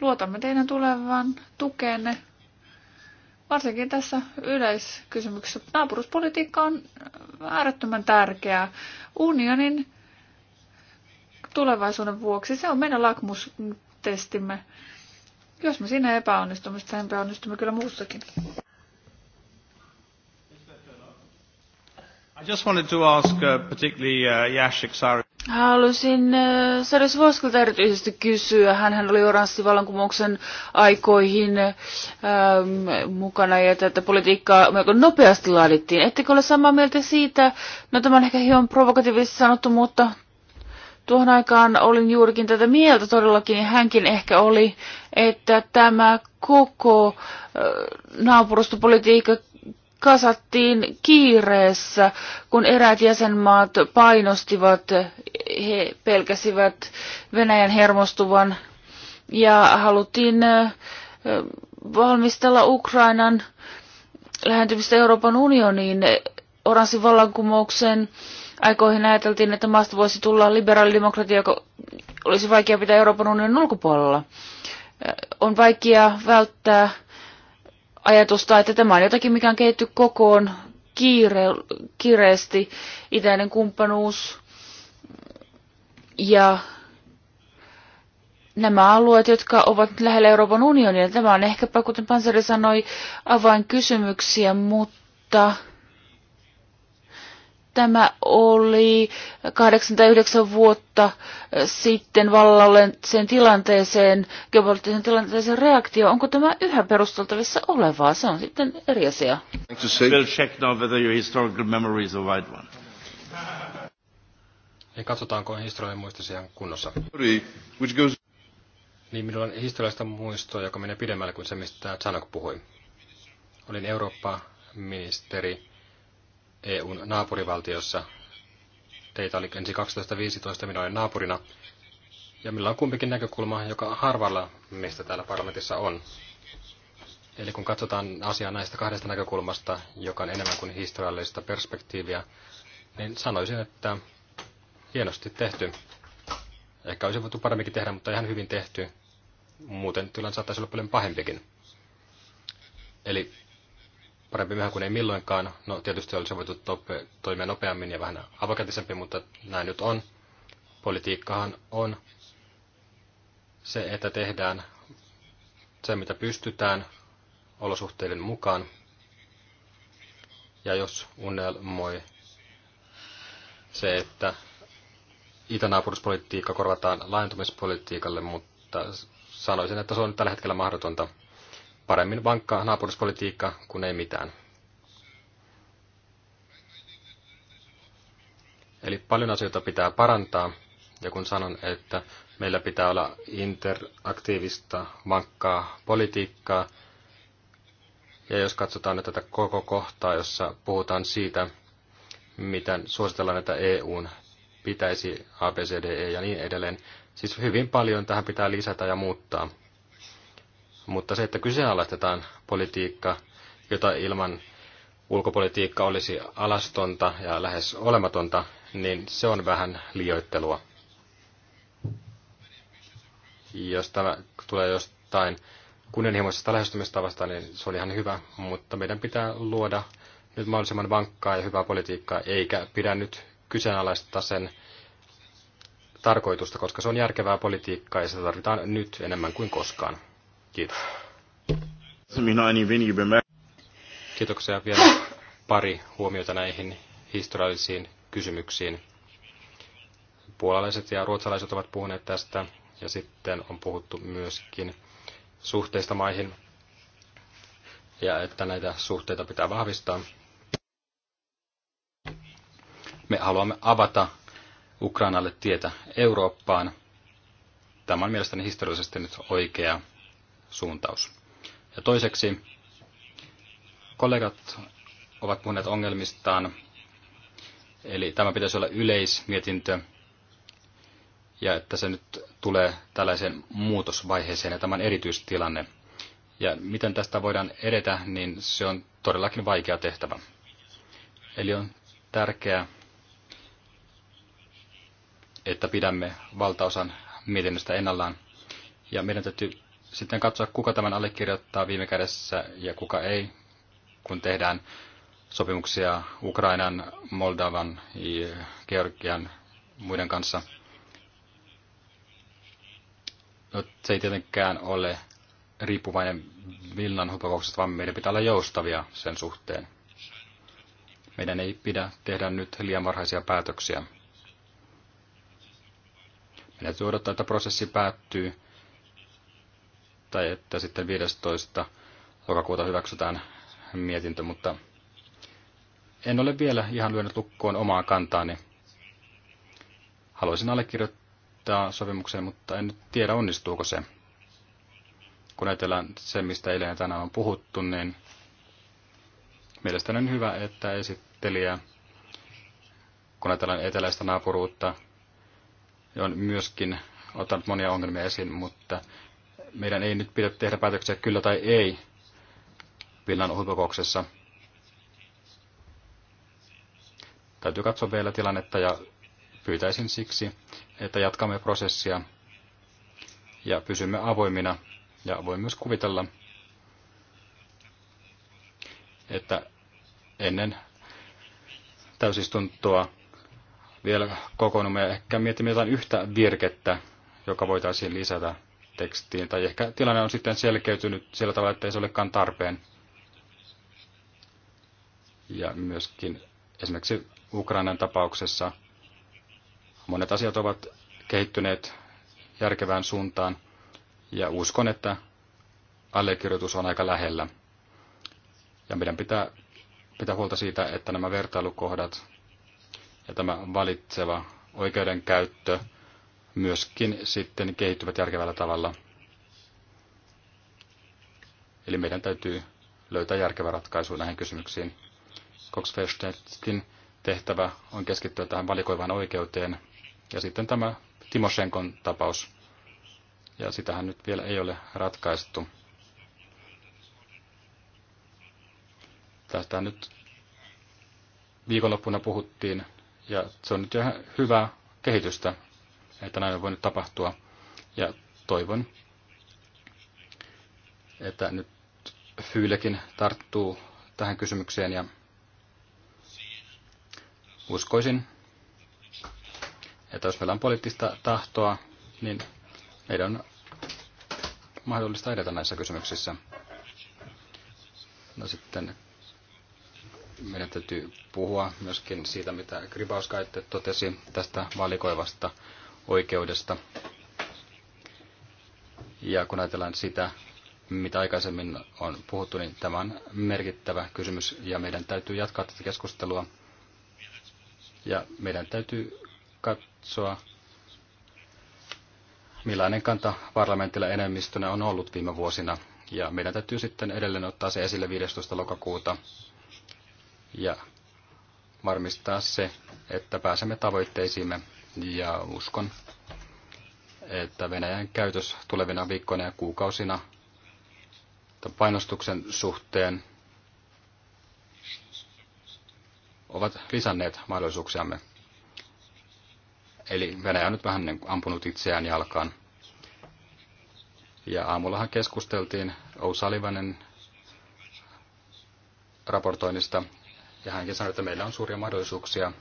Luotamme teidän tulevan tukeenne, varsinkin tässä yleiskysymyksessä. Naapuruspolitiikka on äärettömän tärkeää unionin tulevaisuuden vuoksi. Se on meidän lakmustestimme. Jos me siinä epäonnistumme, sitten epäonnistumme kyllä muussakin. I just wanted to ask uh, particularly uh, Jashik uh, Sari. Halusin erityisesti kysyä. hän oli oranssivallankumouksen aikoihin ähm, mukana ja tätä politiikkaa melko nopeasti laadittiin. Ettekö ole samaa mieltä siitä? No tämä on ehkä hieman provokatiivisesti sanottu, mutta tuohon aikaan olin juurikin tätä mieltä todellakin ja hänkin ehkä oli, että tämä koko äh, naapurustopolitiikka kasattiin kiireessä, kun eräät jäsenmaat painostivat, he pelkäsivät Venäjän hermostuvan ja haluttiin valmistella Ukrainan lähentymistä Euroopan unioniin. Oranssin vallankumouksen aikoihin ajateltiin, että maasta voisi tulla liberaalidemokratia, joka olisi vaikea pitää Euroopan unionin ulkopuolella. On vaikea välttää ajatusta, että tämä on jotakin, mikä on kehitty kokoon kiire, kiireesti, itäinen kumppanuus ja nämä alueet, jotka ovat lähellä Euroopan unionia. Tämä on ehkäpä, kuten Panseri sanoi, avainkysymyksiä, mutta Tämä oli 89 vuotta sitten vallalle sen tilanteeseen, geopoliittisen tilanteeseen reaktio. Onko tämä yhä perusteltavissa olevaa? Se on sitten eri asia. Ei katsotaanko historiallinen muistosi ihan kunnossa. Niin minulla on historiallista muistoa, joka menee pidemmälle kuin se, mistä Chanok puhui. Olin Eurooppa-ministeri EUn naapurivaltiossa. Teitä oli ensin 12-15, naapurina. Ja meillä on kumpikin näkökulma, joka harvalla mistä täällä parlamentissa on. Eli kun katsotaan asiaa näistä kahdesta näkökulmasta, joka on enemmän kuin historiallista perspektiiviä, niin sanoisin, että hienosti tehty. Ehkä olisi voitu paremminkin tehdä, mutta ihan hyvin tehty. Muuten tilanne saattaisi olla paljon pahempikin. Eli parempi myöhään kuin ei milloinkaan. No tietysti olisi voitu toimia nopeammin ja vähän avokätisempi, mutta näin nyt on. Politiikkahan on se, että tehdään se, mitä pystytään olosuhteiden mukaan. Ja jos unelmoi se, että itänaapuruspolitiikka korvataan laajentumispolitiikalle, mutta sanoisin, että se on tällä hetkellä mahdotonta – paremmin vankkaa naapuruspolitiikka kuin ei mitään. Eli paljon asioita pitää parantaa, ja kun sanon, että meillä pitää olla interaktiivista, vankkaa politiikkaa, ja jos katsotaan nyt tätä koko kohtaa, jossa puhutaan siitä, miten suositellaan, että EUn pitäisi ABCDE ja niin edelleen, siis hyvin paljon tähän pitää lisätä ja muuttaa. Mutta se, että kyseenalaistetaan politiikka, jota ilman ulkopolitiikka olisi alastonta ja lähes olematonta, niin se on vähän liioittelua. Jos tämä tulee jostain kunnianhimoisesta lähestymistavasta, niin se oli ihan hyvä, mutta meidän pitää luoda nyt mahdollisimman vankkaa ja hyvää politiikkaa, eikä pidä nyt kyseenalaistaa sen tarkoitusta, koska se on järkevää politiikkaa ja sitä tarvitaan nyt enemmän kuin koskaan. Kiitos. Kiitoksia vielä pari huomiota näihin historiallisiin kysymyksiin. Puolalaiset ja ruotsalaiset ovat puhuneet tästä ja sitten on puhuttu myöskin suhteista maihin ja että näitä suhteita pitää vahvistaa. Me haluamme avata Ukrainalle tietä Eurooppaan. Tämä on mielestäni historiallisesti nyt oikea suuntaus. Ja toiseksi kollegat ovat puhuneet ongelmistaan, eli tämä pitäisi olla yleismietintö, ja että se nyt tulee tällaiseen muutosvaiheeseen, ja tämä on erityistilanne. Ja miten tästä voidaan edetä, niin se on todellakin vaikea tehtävä. Eli on tärkeää, että pidämme valtaosan mietinnöstä ennallaan. Ja meidän täytyy sitten katsoa, kuka tämän allekirjoittaa viime kädessä ja kuka ei, kun tehdään sopimuksia Ukrainan, Moldavan, Georgian, muiden kanssa. No, se ei tietenkään ole riippuvainen Vilnan huippukokouksesta, vaan meidän pitää olla joustavia sen suhteen. Meidän ei pidä tehdä nyt liian varhaisia päätöksiä. Meidän täytyy odottaa, että prosessi päättyy tai että sitten 15. lokakuuta hyväksytään mietintö, mutta en ole vielä ihan lyönyt lukkoon omaa kantaani. Haluaisin allekirjoittaa sopimukseen, mutta en nyt tiedä onnistuuko se. Kun ajatellaan se, mistä eilen ja tänään on puhuttu, niin mielestäni on hyvä, että esittelijä, kun ajatellaan eteläistä naapuruutta, on myöskin ottanut monia ongelmia esiin, mutta meidän ei nyt pidä tehdä päätöksiä kyllä tai ei Vilnan huippukouksessa. Täytyy katsoa vielä tilannetta ja pyytäisin siksi, että jatkamme prosessia ja pysymme avoimina. Ja voin myös kuvitella, että ennen täysistuntoa vielä kokoonnumme ja ehkä mietimme jotain yhtä virkettä, joka voitaisiin lisätä tekstiin, tai ehkä tilanne on sitten selkeytynyt sillä tavalla, että ei se olekaan tarpeen. Ja myöskin esimerkiksi Ukrainan tapauksessa monet asiat ovat kehittyneet järkevään suuntaan, ja uskon, että allekirjoitus on aika lähellä. Ja meidän pitää pitää huolta siitä, että nämä vertailukohdat ja tämä valitseva oikeudenkäyttö – myöskin sitten kehittyvät järkevällä tavalla. Eli meidän täytyy löytää järkevä ratkaisu näihin kysymyksiin. Cox tehtävä on keskittyä tähän valikoivaan oikeuteen. Ja sitten tämä Timoshenkon tapaus. Ja sitähän nyt vielä ei ole ratkaistu. Tästä nyt viikonloppuna puhuttiin, ja se on nyt ihan hyvää kehitystä että näin on voinut tapahtua. Ja toivon, että nyt Fyylekin tarttuu tähän kysymykseen ja uskoisin, että jos meillä on poliittista tahtoa, niin meidän on mahdollista edetä näissä kysymyksissä. No sitten meidän täytyy puhua myöskin siitä, mitä Gribauskaite totesi tästä valikoivasta oikeudesta. Ja kun ajatellaan sitä, mitä aikaisemmin on puhuttu, niin tämä on merkittävä kysymys ja meidän täytyy jatkaa tätä keskustelua. Ja meidän täytyy katsoa, millainen kanta parlamentilla enemmistönä on ollut viime vuosina. Ja meidän täytyy sitten edelleen ottaa se esille 15. lokakuuta ja varmistaa se, että pääsemme tavoitteisiimme ja uskon, että Venäjän käytös tulevina viikkoina ja kuukausina painostuksen suhteen ovat lisänneet mahdollisuuksiamme. Eli Venäjä on nyt vähän niin ampunut itseään jalkaan. Ja aamullahan keskusteltiin Ousalivanen raportoinnista, ja hänkin sanoi, että meillä on suuria mahdollisuuksia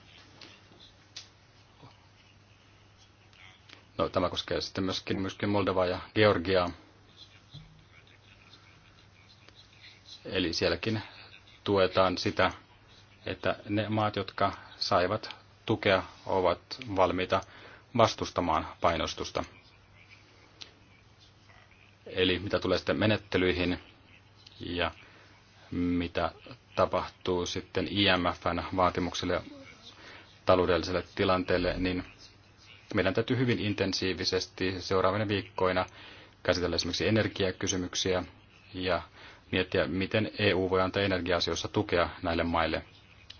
No, tämä koskee sitten myöskin, myöskin Moldovaa ja Georgiaa. Eli sielläkin tuetaan sitä, että ne maat, jotka saivat tukea, ovat valmiita vastustamaan painostusta. Eli mitä tulee sitten menettelyihin ja mitä tapahtuu sitten IMFn vaatimukselle taloudelliselle tilanteelle, niin meidän täytyy hyvin intensiivisesti seuraavina viikkoina käsitellä esimerkiksi energiakysymyksiä ja miettiä, miten EU voi antaa energia-asioissa tukea näille maille.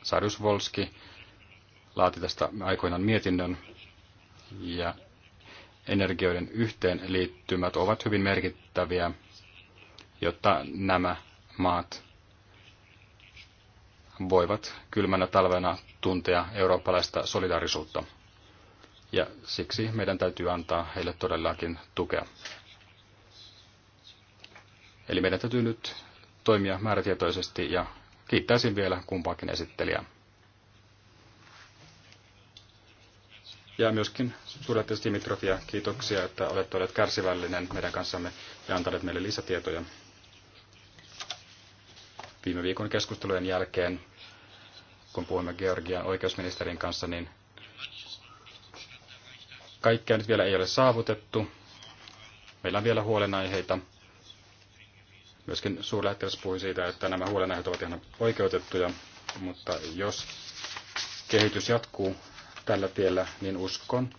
Sarius Volski laati tästä aikoinaan mietinnön ja energioiden yhteenliittymät ovat hyvin merkittäviä, jotta nämä maat voivat kylmänä talvena tuntea eurooppalaista solidarisuutta ja siksi meidän täytyy antaa heille todellakin tukea. Eli meidän täytyy nyt toimia määrätietoisesti ja kiittäisin vielä kumpaakin esittelijää. Ja myöskin suurlähettiläs Dimitrofia, kiitoksia, että olette olleet kärsivällinen meidän kanssamme ja antaneet meille lisätietoja. Viime viikon keskustelujen jälkeen, kun puhuimme Georgian oikeusministerin kanssa, niin Kaikkea nyt vielä ei ole saavutettu. Meillä on vielä huolenaiheita. Myöskin suurlähettiläs puhui siitä, että nämä huolenaiheet ovat ihan oikeutettuja, mutta jos kehitys jatkuu tällä tiellä, niin uskon,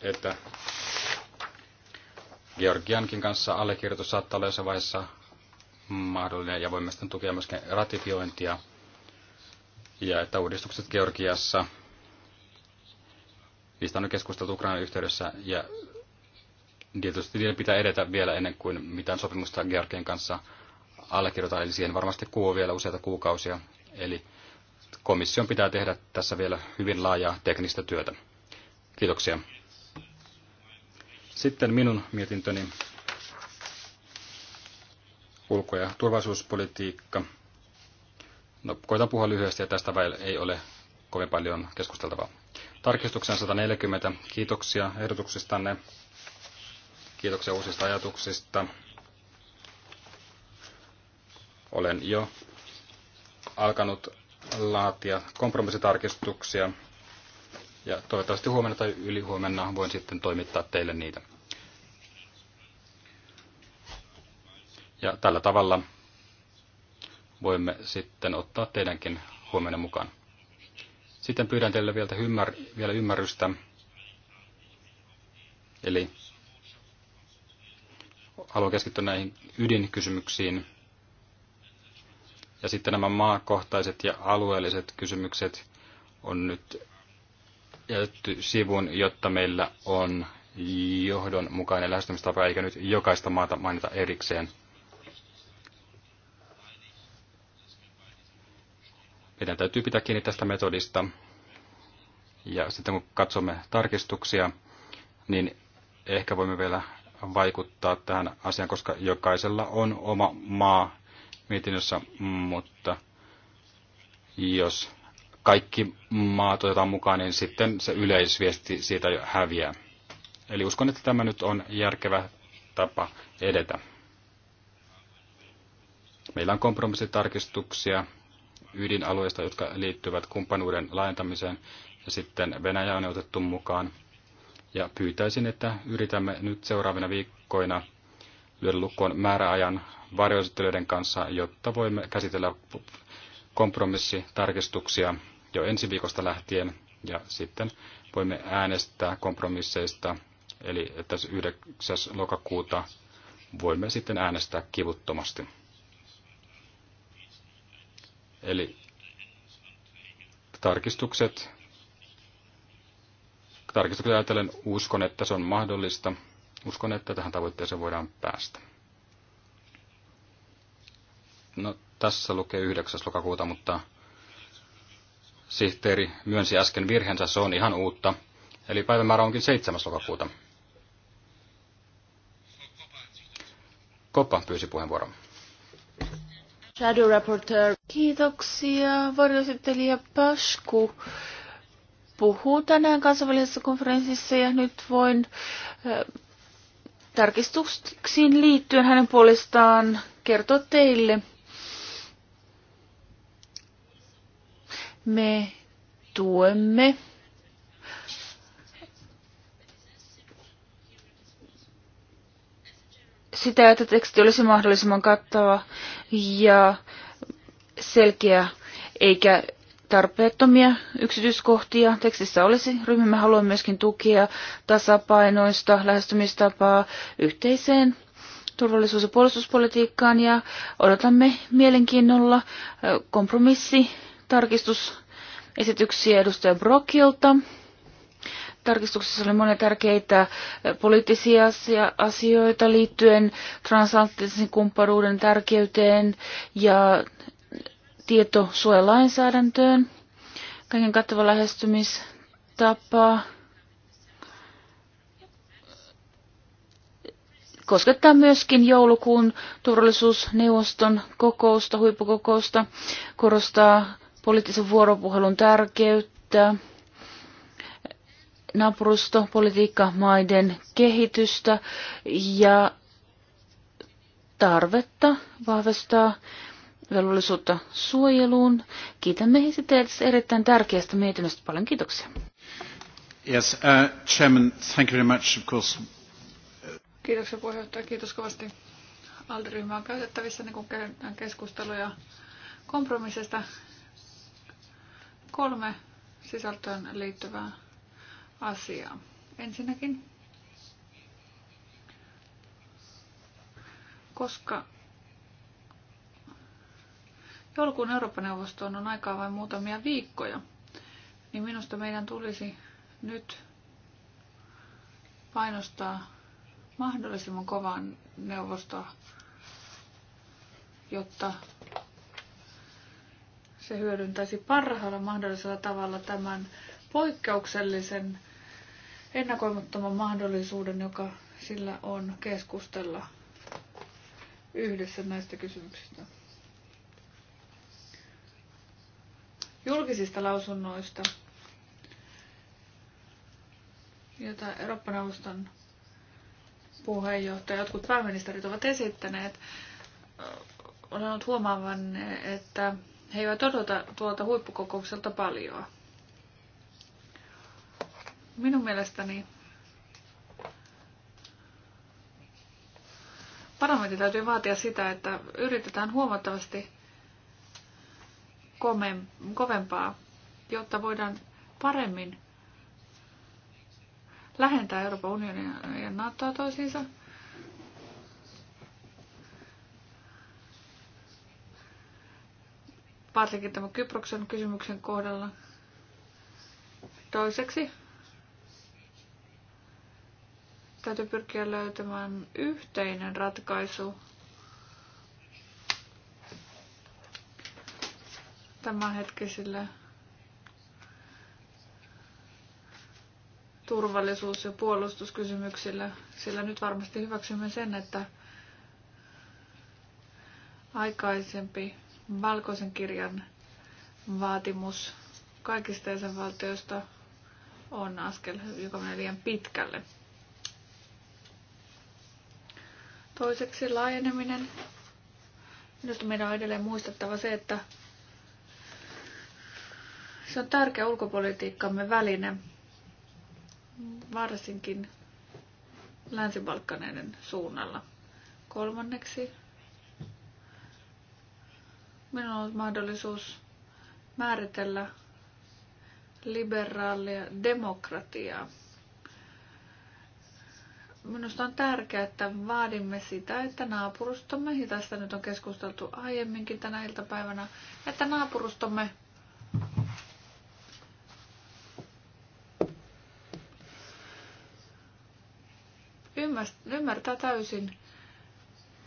että Georgiankin kanssa allekirjoitus saattaa olla jossain vaiheessa mahdollinen ja voimme sitten tukea myöskin ratifiointia ja että uudistukset Georgiassa Niistä on keskusteltu Ukrainan yhteydessä ja tietysti niiden pitää edetä vielä ennen kuin mitään sopimusta Georgien kanssa allekirjoitetaan. Eli siihen varmasti kuuluu vielä useita kuukausia. Eli komission pitää tehdä tässä vielä hyvin laajaa teknistä työtä. Kiitoksia. Sitten minun mietintöni ulko- ja turvallisuuspolitiikka. No, koitan puhua lyhyesti ja tästä ei ole kovin paljon keskusteltavaa tarkistuksen 140. Kiitoksia ehdotuksistanne. Kiitoksia uusista ajatuksista. Olen jo alkanut laatia kompromissitarkistuksia ja toivottavasti huomenna tai ylihuomenna voin sitten toimittaa teille niitä. Ja tällä tavalla voimme sitten ottaa teidänkin huomenna mukaan. Sitten pyydän teille vielä, ymmär, vielä ymmärrystä. Eli haluan keskittyä näihin ydinkysymyksiin. Ja sitten nämä maakohtaiset ja alueelliset kysymykset on nyt jätetty sivun, jotta meillä on johdonmukainen lähestymistapa, eikä nyt jokaista maata mainita erikseen. Meidän täytyy pitää kiinni tästä metodista. Ja sitten kun katsomme tarkistuksia, niin ehkä voimme vielä vaikuttaa tähän asiaan, koska jokaisella on oma maa mietinnössä, mutta jos kaikki maat otetaan mukaan, niin sitten se yleisviesti siitä jo häviää. Eli uskon, että tämä nyt on järkevä tapa edetä. Meillä on kompromissitarkistuksia, ydinalueista, jotka liittyvät kumppanuuden laajentamiseen, ja sitten Venäjä on otettu mukaan. Ja pyytäisin, että yritämme nyt seuraavina viikkoina lyödä lukkoon määräajan varjoesittelyiden kanssa, jotta voimme käsitellä kompromissitarkistuksia jo ensi viikosta lähtien, ja sitten voimme äänestää kompromisseista, eli että 9. lokakuuta voimme sitten äänestää kivuttomasti. Eli tarkistukset, tarkistukset ajatellen uskon, että se on mahdollista. Uskon, että tähän tavoitteeseen voidaan päästä. No, tässä lukee 9. lokakuuta, mutta sihteeri myönsi äsken virheensä, se on ihan uutta. Eli päivämäärä onkin 7. lokakuuta. Koppa pyysi puheenvuoron. Shadow reporter. Kiitoksia. Varjoesittelijä Pasku puhuu tänään kansainvälisessä konferenssissa ja nyt voin tarkistuksiin liittyen hänen puolestaan kertoa teille. Me tuemme sitä, että teksti olisi mahdollisimman kattava ja selkeä, eikä tarpeettomia yksityiskohtia tekstissä olisi. Ryhmämme haluaa myöskin tukea tasapainoista lähestymistapaa yhteiseen turvallisuus- ja puolustuspolitiikkaan ja odotamme mielenkiinnolla äh, kompromissi tarkistusesityksiä edustaja Brokilta tarkistuksessa oli monia tärkeitä eh, poliittisia asioita liittyen transatlanttisen kumppanuuden tärkeyteen ja tietosuojalainsäädäntöön. Kaiken kattava lähestymistapa koskettaa myöskin joulukuun turvallisuusneuvoston kokousta, huippukokousta, korostaa poliittisen vuoropuhelun tärkeyttä naapurustopolitiikka maiden kehitystä ja tarvetta vahvistaa velvollisuutta suojeluun. Kiitämme esittäjät erittäin tärkeästä mietinnöstä. Paljon kiitoksia. Yes, uh, Chairman, thank you very much, of course. Kiitoksia puheenjohtaja, kiitos kovasti. Alderyhmä on käytettävissä niin kun keskusteluja kompromissista. Kolme sisältöön liittyvää asiaa. Ensinnäkin, koska joulukuun Eurooppa-neuvostoon on aikaa vain muutamia viikkoja, niin minusta meidän tulisi nyt painostaa mahdollisimman kovaan neuvostoa, jotta se hyödyntäisi parhaalla mahdollisella tavalla tämän poikkeuksellisen ennakoimattoman mahdollisuuden, joka sillä on keskustella yhdessä näistä kysymyksistä. Julkisista lausunnoista, joita Eurooppa-neuvoston puheenjohtaja, jotkut pääministerit ovat esittäneet, olen ollut huomaavan, että he eivät odota tuolta huippukokoukselta paljoa. Minun mielestäni parlamentti täytyy vaatia sitä, että yritetään huomattavasti kovempaa, jotta voidaan paremmin lähentää Euroopan unionia ja NATOa toisiinsa. Varsinkin tämän Kyproksen kysymyksen kohdalla. Toiseksi Täytyy pyrkiä löytämään yhteinen ratkaisu. Tämänhetkisille turvallisuus- ja puolustuskysymyksille. sillä nyt varmasti hyväksymme sen, että aikaisempi valkoisen kirjan vaatimus kaikista jäsenvaltioista on askel, joka menee liian pitkälle. Toiseksi laajeneminen. Minusta meidän on edelleen muistettava se, että se on tärkeä ulkopolitiikkamme väline, varsinkin länsi suunnalla. Kolmanneksi minulla on ollut mahdollisuus määritellä liberaalia demokratiaa Minusta on tärkeää, että vaadimme sitä, että naapurustomme, ja tästä nyt on keskusteltu aiemminkin tänä iltapäivänä, että naapurustomme ymmärtää täysin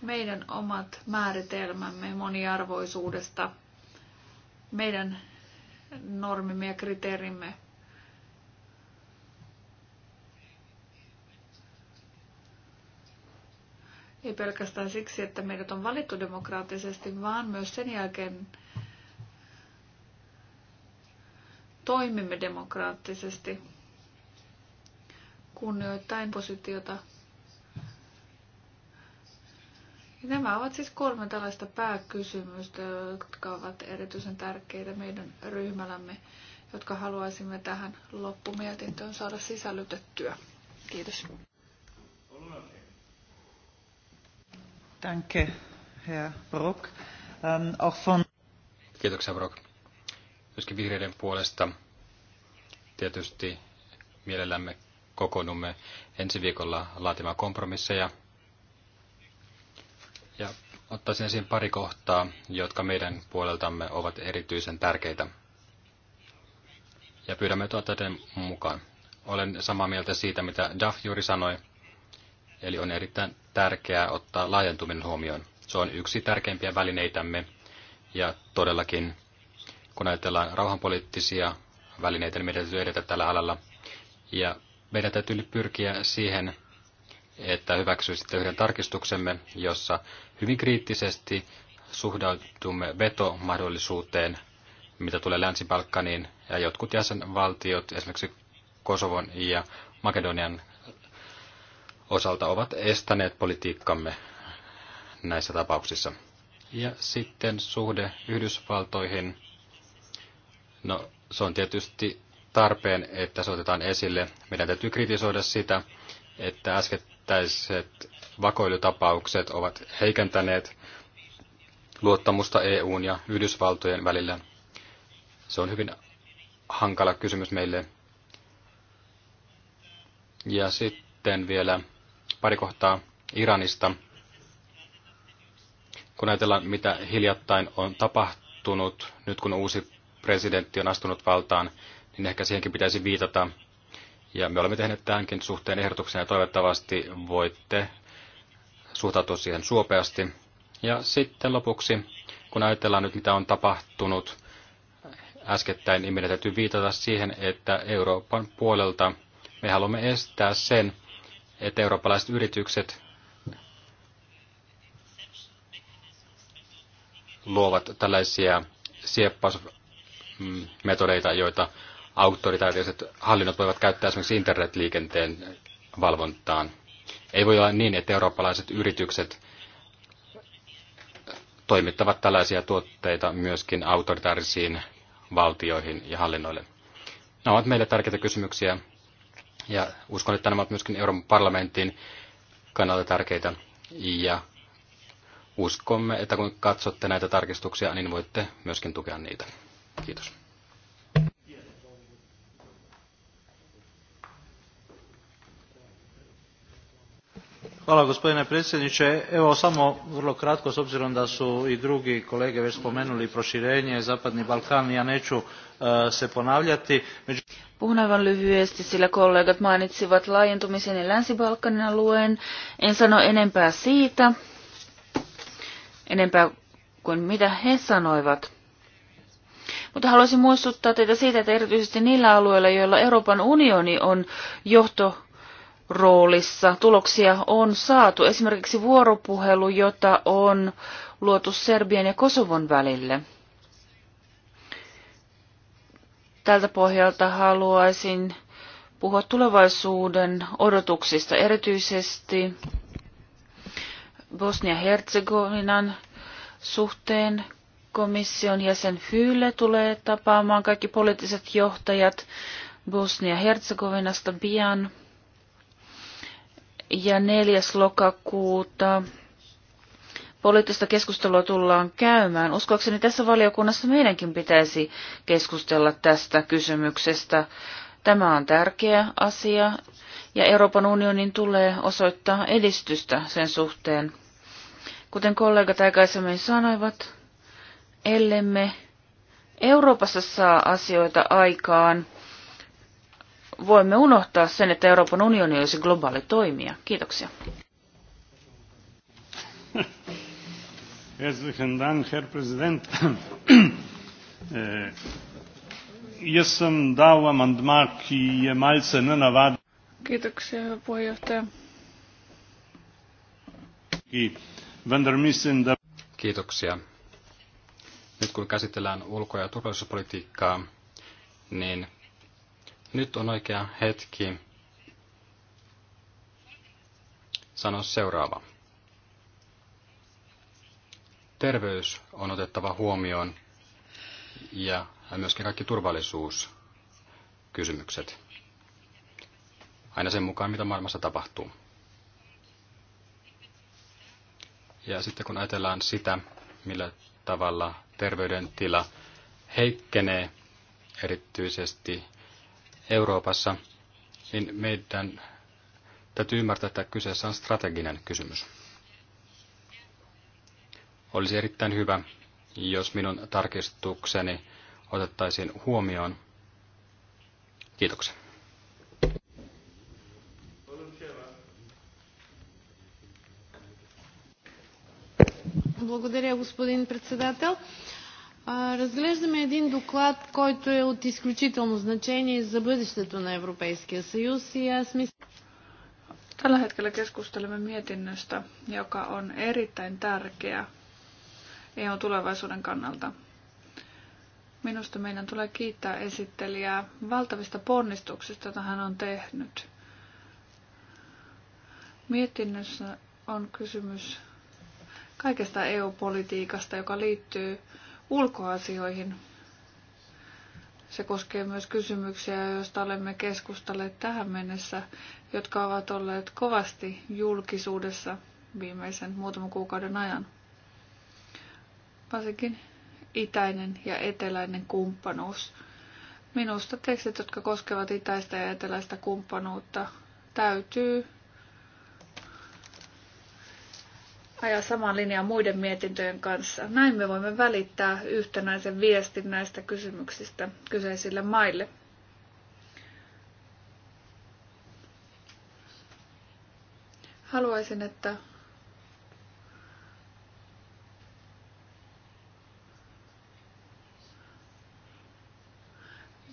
meidän omat määritelmämme moniarvoisuudesta, meidän normimme ja kriteerimme Ei pelkästään siksi, että meidät on valittu demokraattisesti, vaan myös sen jälkeen toimimme demokraattisesti kunnioittain positiota. Ja nämä ovat siis kolme tällaista pääkysymystä, jotka ovat erityisen tärkeitä meidän ryhmällämme, jotka haluaisimme tähän loppumietintöön saada sisällytettyä. Kiitos. Ähm, Kiitoksia, Brock. Myöskin vihreiden puolesta tietysti mielellämme kokoonnumme ensi viikolla laatimaan kompromisseja. Ja ottaisin esiin pari kohtaa, jotka meidän puoleltamme ovat erityisen tärkeitä. Ja pyydämme tuota mukaan. Olen samaa mieltä siitä, mitä Duff juuri sanoi. Eli on erittäin tärkeää ottaa laajentuminen huomioon. Se on yksi tärkeimpiä välineitämme ja todellakin, kun ajatellaan rauhanpoliittisia välineitä, niin meidän täytyy edetä tällä alalla. Ja meidän täytyy pyrkiä siihen, että hyväksyisitte yhden tarkistuksemme, jossa hyvin kriittisesti suhdautumme vetomahdollisuuteen, mitä tulee Länsi-Balkaniin ja jotkut jäsenvaltiot, esimerkiksi Kosovon ja Makedonian osalta ovat estäneet politiikkamme näissä tapauksissa. Ja sitten suhde Yhdysvaltoihin. No, se on tietysti tarpeen, että se otetaan esille. Meidän täytyy kritisoida sitä, että äskettäiset vakoilutapaukset ovat heikentäneet luottamusta EUn ja Yhdysvaltojen välillä. Se on hyvin hankala kysymys meille. Ja sitten vielä pari kohtaa Iranista. Kun ajatellaan, mitä hiljattain on tapahtunut, nyt kun uusi presidentti on astunut valtaan, niin ehkä siihenkin pitäisi viitata. Ja me olemme tehneet tämänkin suhteen ehdotuksen ja toivottavasti voitte suhtautua siihen suopeasti. Ja sitten lopuksi, kun ajatellaan nyt mitä on tapahtunut äskettäin, niin meidän täytyy viitata siihen, että Euroopan puolelta me haluamme estää sen, että eurooppalaiset yritykset luovat tällaisia sieppausmetodeita, joita autoritaatiset hallinnot voivat käyttää esimerkiksi internetliikenteen valvontaan. Ei voi olla niin, että eurooppalaiset yritykset toimittavat tällaisia tuotteita myöskin autoritaarisiin valtioihin ja hallinnoille. Nämä ovat meille tärkeitä kysymyksiä ja uskon, että nämä ovat myöskin Euroopan parlamentin kannalta tärkeitä. Ja uskomme, että kun katsotte näitä tarkistuksia, niin voitte myöskin tukea niitä. Kiitos. gospodine predsjednie Evo samo vrlo kratko s obzirom da su i drugi kolege ve spomenuli proirenje Zapadni Balkan, ja neu e, se ponavljati. Među... Puhun aivan lyhyesti, sillä kollegat mainitsivat laajentumisen ja Länsi-Balkanin alueen. En sano enempää siitä, enempää kuin mitä he sanoivat. Mutta haluaisin muistuttaa teitä siitä, että erityisesti niillä alueilla, joilla Euroopan unioni on johto roolissa. Tuloksia on saatu. Esimerkiksi vuoropuhelu, jota on luotu Serbian ja Kosovon välille. Tältä pohjalta haluaisin puhua tulevaisuuden odotuksista, erityisesti Bosnia-Herzegovinan suhteen. Komission jäsen Fyle tulee tapaamaan kaikki poliittiset johtajat Bosnia-Herzegovinasta pian ja 4. lokakuuta poliittista keskustelua tullaan käymään. Uskoakseni tässä valiokunnassa meidänkin pitäisi keskustella tästä kysymyksestä. Tämä on tärkeä asia ja Euroopan unionin tulee osoittaa edistystä sen suhteen. Kuten kollegat aikaisemmin sanoivat, ellemme Euroopassa saa asioita aikaan, voimme unohtaa sen, että Euroopan unioni olisi globaali toimija. Kiitoksia. Herzlichen Dank, Herr Präsident. Äh, Kiitoksia, hyvä puheenjohtaja. Kiitoksia. Nyt kun käsitellään ulko- ja turvallisuuspolitiikkaa, niin nyt on oikea hetki sanoa seuraava. Terveys on otettava huomioon ja myöskin kaikki turvallisuuskysymykset. Aina sen mukaan, mitä maailmassa tapahtuu. Ja sitten kun ajatellaan sitä, millä tavalla terveydentila heikkenee erityisesti Euroopassa, niin meidän täytyy ymmärtää, että kyseessä on strateginen kysymys. Olisi erittäin hyvä, jos minun tarkistukseni otettaisiin huomioon. Kiitoksia. Благодаря, господин председател. Разглеждаме един доклад, който е от изключително значение за бъдещето на Европейския съюз и аз мисля... Tällä hetkellä keskustelemme mietinnöstä, joka on erittäin tärkeä EUn tulevaisuuden kannalta. Minusta meidän tulee kiittää esittelijää valtavista ponnistuksista, joita hän on tehnyt. Mietinnössä on kysymys kaikesta EU-politiikasta, joka liittyy ulkoasioihin. Se koskee myös kysymyksiä, joista olemme keskustelleet tähän mennessä, jotka ovat olleet kovasti julkisuudessa viimeisen muutaman kuukauden ajan. Varsinkin itäinen ja eteläinen kumppanuus. Minusta tekstit, jotka koskevat itäistä ja eteläistä kumppanuutta, täytyy ajaa samaan linjaan muiden mietintöjen kanssa. Näin me voimme välittää yhtenäisen viestin näistä kysymyksistä kyseisille maille. Haluaisin, että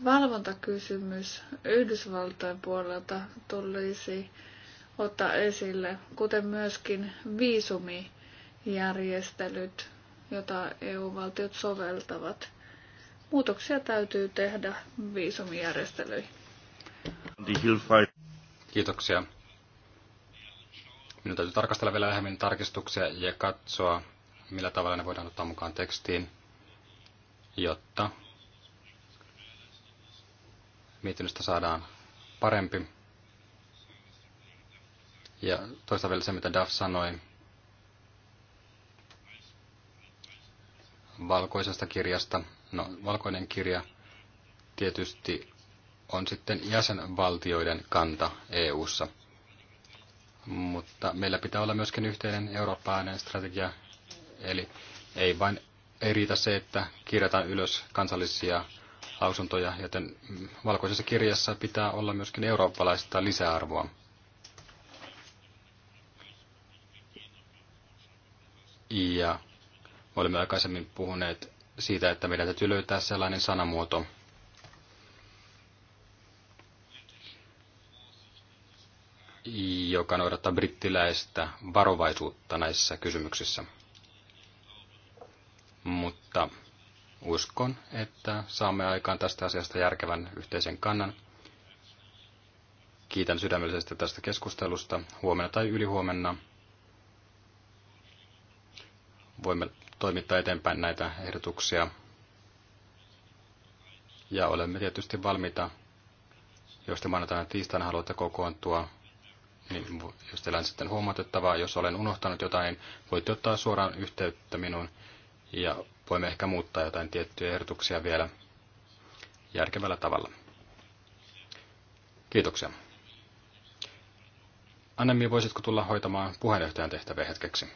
valvontakysymys Yhdysvaltojen puolelta tulisi ottaa esille, kuten myöskin viisumijärjestelyt, jota EU-valtiot soveltavat. Muutoksia täytyy tehdä viisumijärjestelyihin. Kiitoksia. Minun täytyy tarkastella vielä lähemmin tarkistuksia ja katsoa, millä tavalla ne voidaan ottaa mukaan tekstiin, jotta mietinnöstä saadaan parempi ja toista vielä se, mitä Duff sanoi valkoisesta kirjasta. No, valkoinen kirja tietysti on sitten jäsenvaltioiden kanta EU:ssa. Mutta meillä pitää olla myöskin yhteinen eurooppalainen strategia, eli ei vain ei riitä se, että kirjataan ylös kansallisia lausuntoja, joten valkoisessa kirjassa pitää olla myöskin eurooppalaista lisäarvoa. Ja olemme aikaisemmin puhuneet siitä, että meidän täytyy löytää sellainen sanamuoto, joka noudattaa brittiläistä varovaisuutta näissä kysymyksissä. Mutta uskon, että saamme aikaan tästä asiasta järkevän yhteisen kannan. Kiitän sydämellisesti tästä keskustelusta. Huomenna tai ylihuomenna voimme toimittaa eteenpäin näitä ehdotuksia. Ja olemme tietysti valmiita, jos te maanantaina tiistaina haluatte kokoontua, niin jos teillä on sitten huomautettavaa, jos olen unohtanut jotain, voitte ottaa suoraan yhteyttä minuun ja voimme ehkä muuttaa jotain tiettyjä ehdotuksia vielä järkevällä tavalla. Kiitoksia. Annemmi, voisitko tulla hoitamaan puheenjohtajan tehtäviä hetkeksi?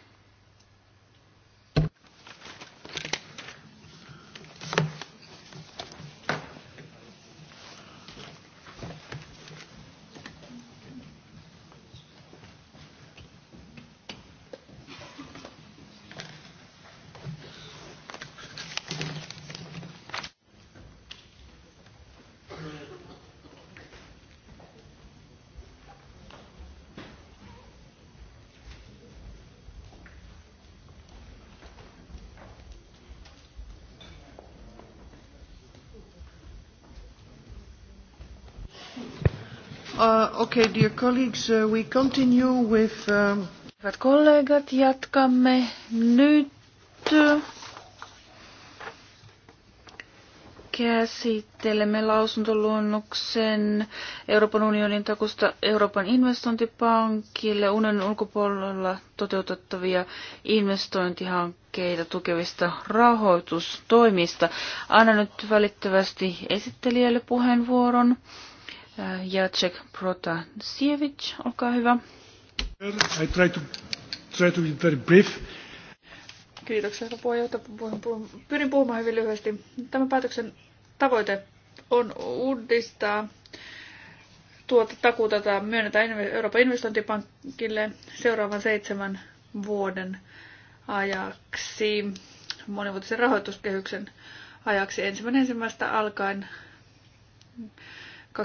Okay, dear colleagues, uh, we continue with... Um... Hyvät kollegat, jatkamme nyt käsittelemme lausuntoluonnoksen Euroopan unionin takusta Euroopan investointipankille unionin ulkopuolella toteutettavia investointihankkeita tukevista rahoitustoimista. Anna nyt välittävästi esittelijälle puheenvuoron. Jacek Protasiewicz, olkaa hyvä. I try to, try to be very brief. Kiitoksia, herra puheenjohtaja. Pyrin puhumaan hyvin lyhyesti. Tämän päätöksen tavoite on uudistaa tuota takuuta, tai myönnetä Euroopan investointipankille seuraavan seitsemän vuoden ajaksi monivuotisen rahoituskehyksen ajaksi ensimmäinen ensimmäistä alkaen 2014-2020.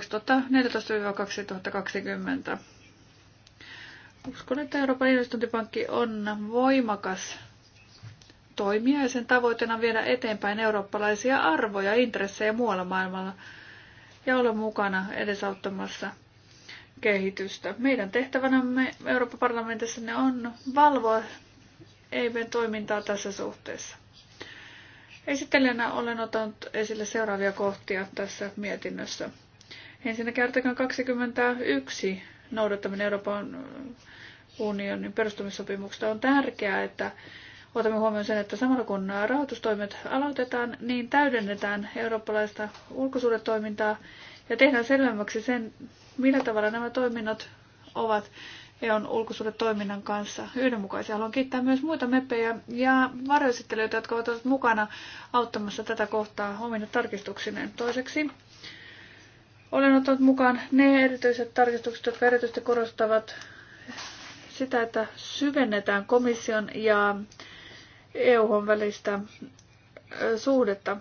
Uskon, että Euroopan investointipankki on voimakas toimija ja sen tavoitteena viedä eteenpäin eurooppalaisia arvoja, intressejä muualla maailmalla ja olla mukana edesauttamassa kehitystä. Meidän tehtävänämme Euroopan parlamentissa ne on valvoa EIBn toimintaa tässä suhteessa. Esittelijänä olen ottanut esille seuraavia kohtia tässä mietinnössä. Ensinnäkin artiklan 21 noudattaminen Euroopan unionin perustumissopimuksesta on tärkeää, että otamme huomioon sen, että samalla kun rahoitustoimet aloitetaan, niin täydennetään eurooppalaista ulkosuudetoimintaa ja tehdään selvemmäksi sen, millä tavalla nämä toiminnot ovat EUn ulkosuudetoiminnan kanssa yhdenmukaisia. Haluan kiittää myös muita meppejä ja varjoesittelijöitä, jotka ovat olleet mukana auttamassa tätä kohtaa omina tarkistuksineen. Toiseksi olen ottanut mukaan ne erityiset tarkistukset, jotka erityisesti korostavat sitä, että syvennetään komission ja EU:n välistä suhdetta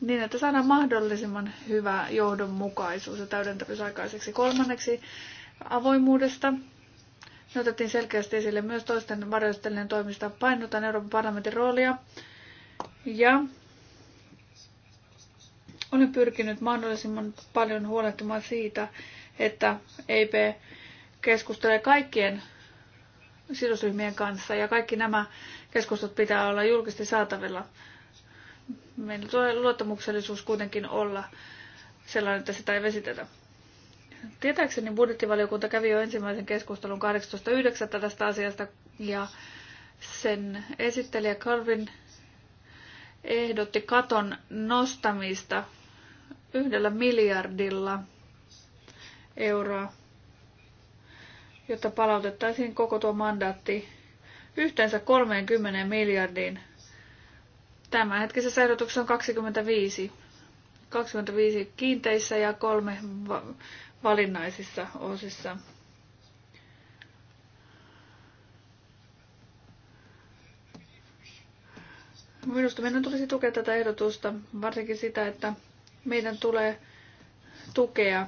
niin, että saadaan mahdollisimman hyvä johdonmukaisuus ja täydentävyys aikaiseksi. Kolmanneksi avoimuudesta. Me otettiin selkeästi esille myös toisten varjoistelijan toimista. Painotan Euroopan parlamentin roolia ja olen pyrkinyt mahdollisimman paljon huolehtimaan siitä, että EIP keskustelee kaikkien sidosryhmien kanssa ja kaikki nämä keskustelut pitää olla julkisesti saatavilla. Meillä tulee luottamuksellisuus kuitenkin olla sellainen, että sitä ei vesitetä. Tietääkseni budjettivaliokunta kävi jo ensimmäisen keskustelun 18.9. tästä asiasta ja sen esittelijä Calvin ehdotti katon nostamista yhdellä miljardilla euroa, jotta palautettaisiin koko tuo mandaatti yhteensä 30 miljardiin. Tämänhetkisessä ehdotuksessa on 25. 25 kiinteissä ja kolme valinnaisissa osissa. Minusta meidän tulisi tukea tätä ehdotusta, varsinkin sitä, että meidän tulee tukea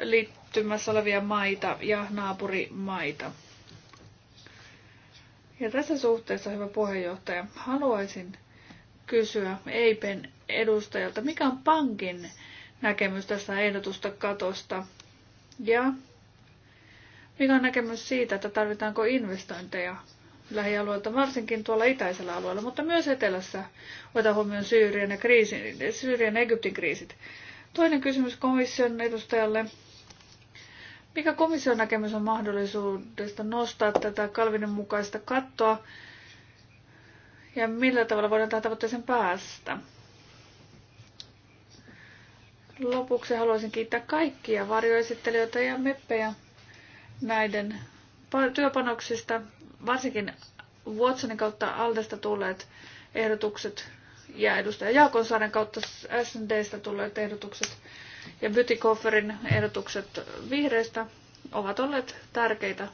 liittymässä olevia maita ja naapurimaita. Ja tässä suhteessa, hyvä puheenjohtaja, haluaisin kysyä EIPen edustajalta, mikä on pankin näkemys tästä ehdotusta katosta ja mikä on näkemys siitä, että tarvitaanko investointeja lähialueilta, varsinkin tuolla itäisellä alueella, mutta myös etelässä. Ota huomioon Syyrian ja, kriisin, Syyrian ja Egyptin kriisit. Toinen kysymys komission edustajalle. Mikä komission näkemys on mahdollisuudesta nostaa tätä Kalvinin mukaista kattoa ja millä tavalla voidaan tähän tavoitteeseen päästä? Lopuksi haluaisin kiittää kaikkia varjoesittelijöitä ja meppejä näiden työpanoksista varsinkin Watsonin kautta Aldesta tulleet ehdotukset ja edustaja Jaakonsaaren kautta SNDstä tulleet ehdotukset ja Bytikofferin ehdotukset vihreistä ovat olleet tärkeitä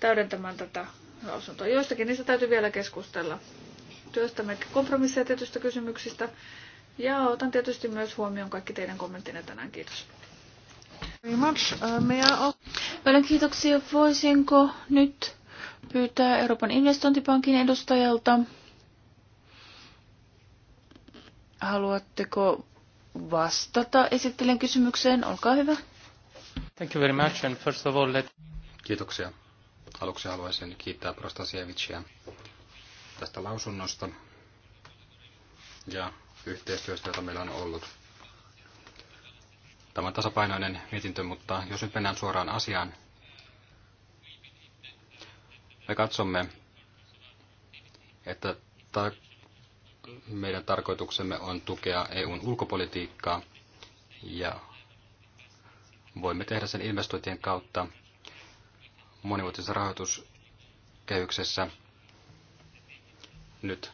täydentämään tätä lausuntoa. Joistakin niistä täytyy vielä keskustella. Työstämme kompromisseja tietystä kysymyksistä ja otan tietysti myös huomioon kaikki teidän kommenttinne tänään. Kiitos. Uh, Paljon kiitoksia. Voisinko nyt pyytää Euroopan investointipankin edustajalta. Haluatteko vastata esittelen kysymykseen? Olkaa hyvä. Thank you very much and first of all let... Kiitoksia. Aluksi haluaisin kiittää Prostasievicia tästä lausunnosta ja yhteistyöstä, jota meillä on ollut. Tämä on tasapainoinen mietintö, mutta jos nyt mennään suoraan asiaan, me katsomme, että ta- meidän tarkoituksemme on tukea EUn ulkopolitiikkaa ja voimme tehdä sen investointien kautta monivuotisessa rahoituskehyksessä. Nyt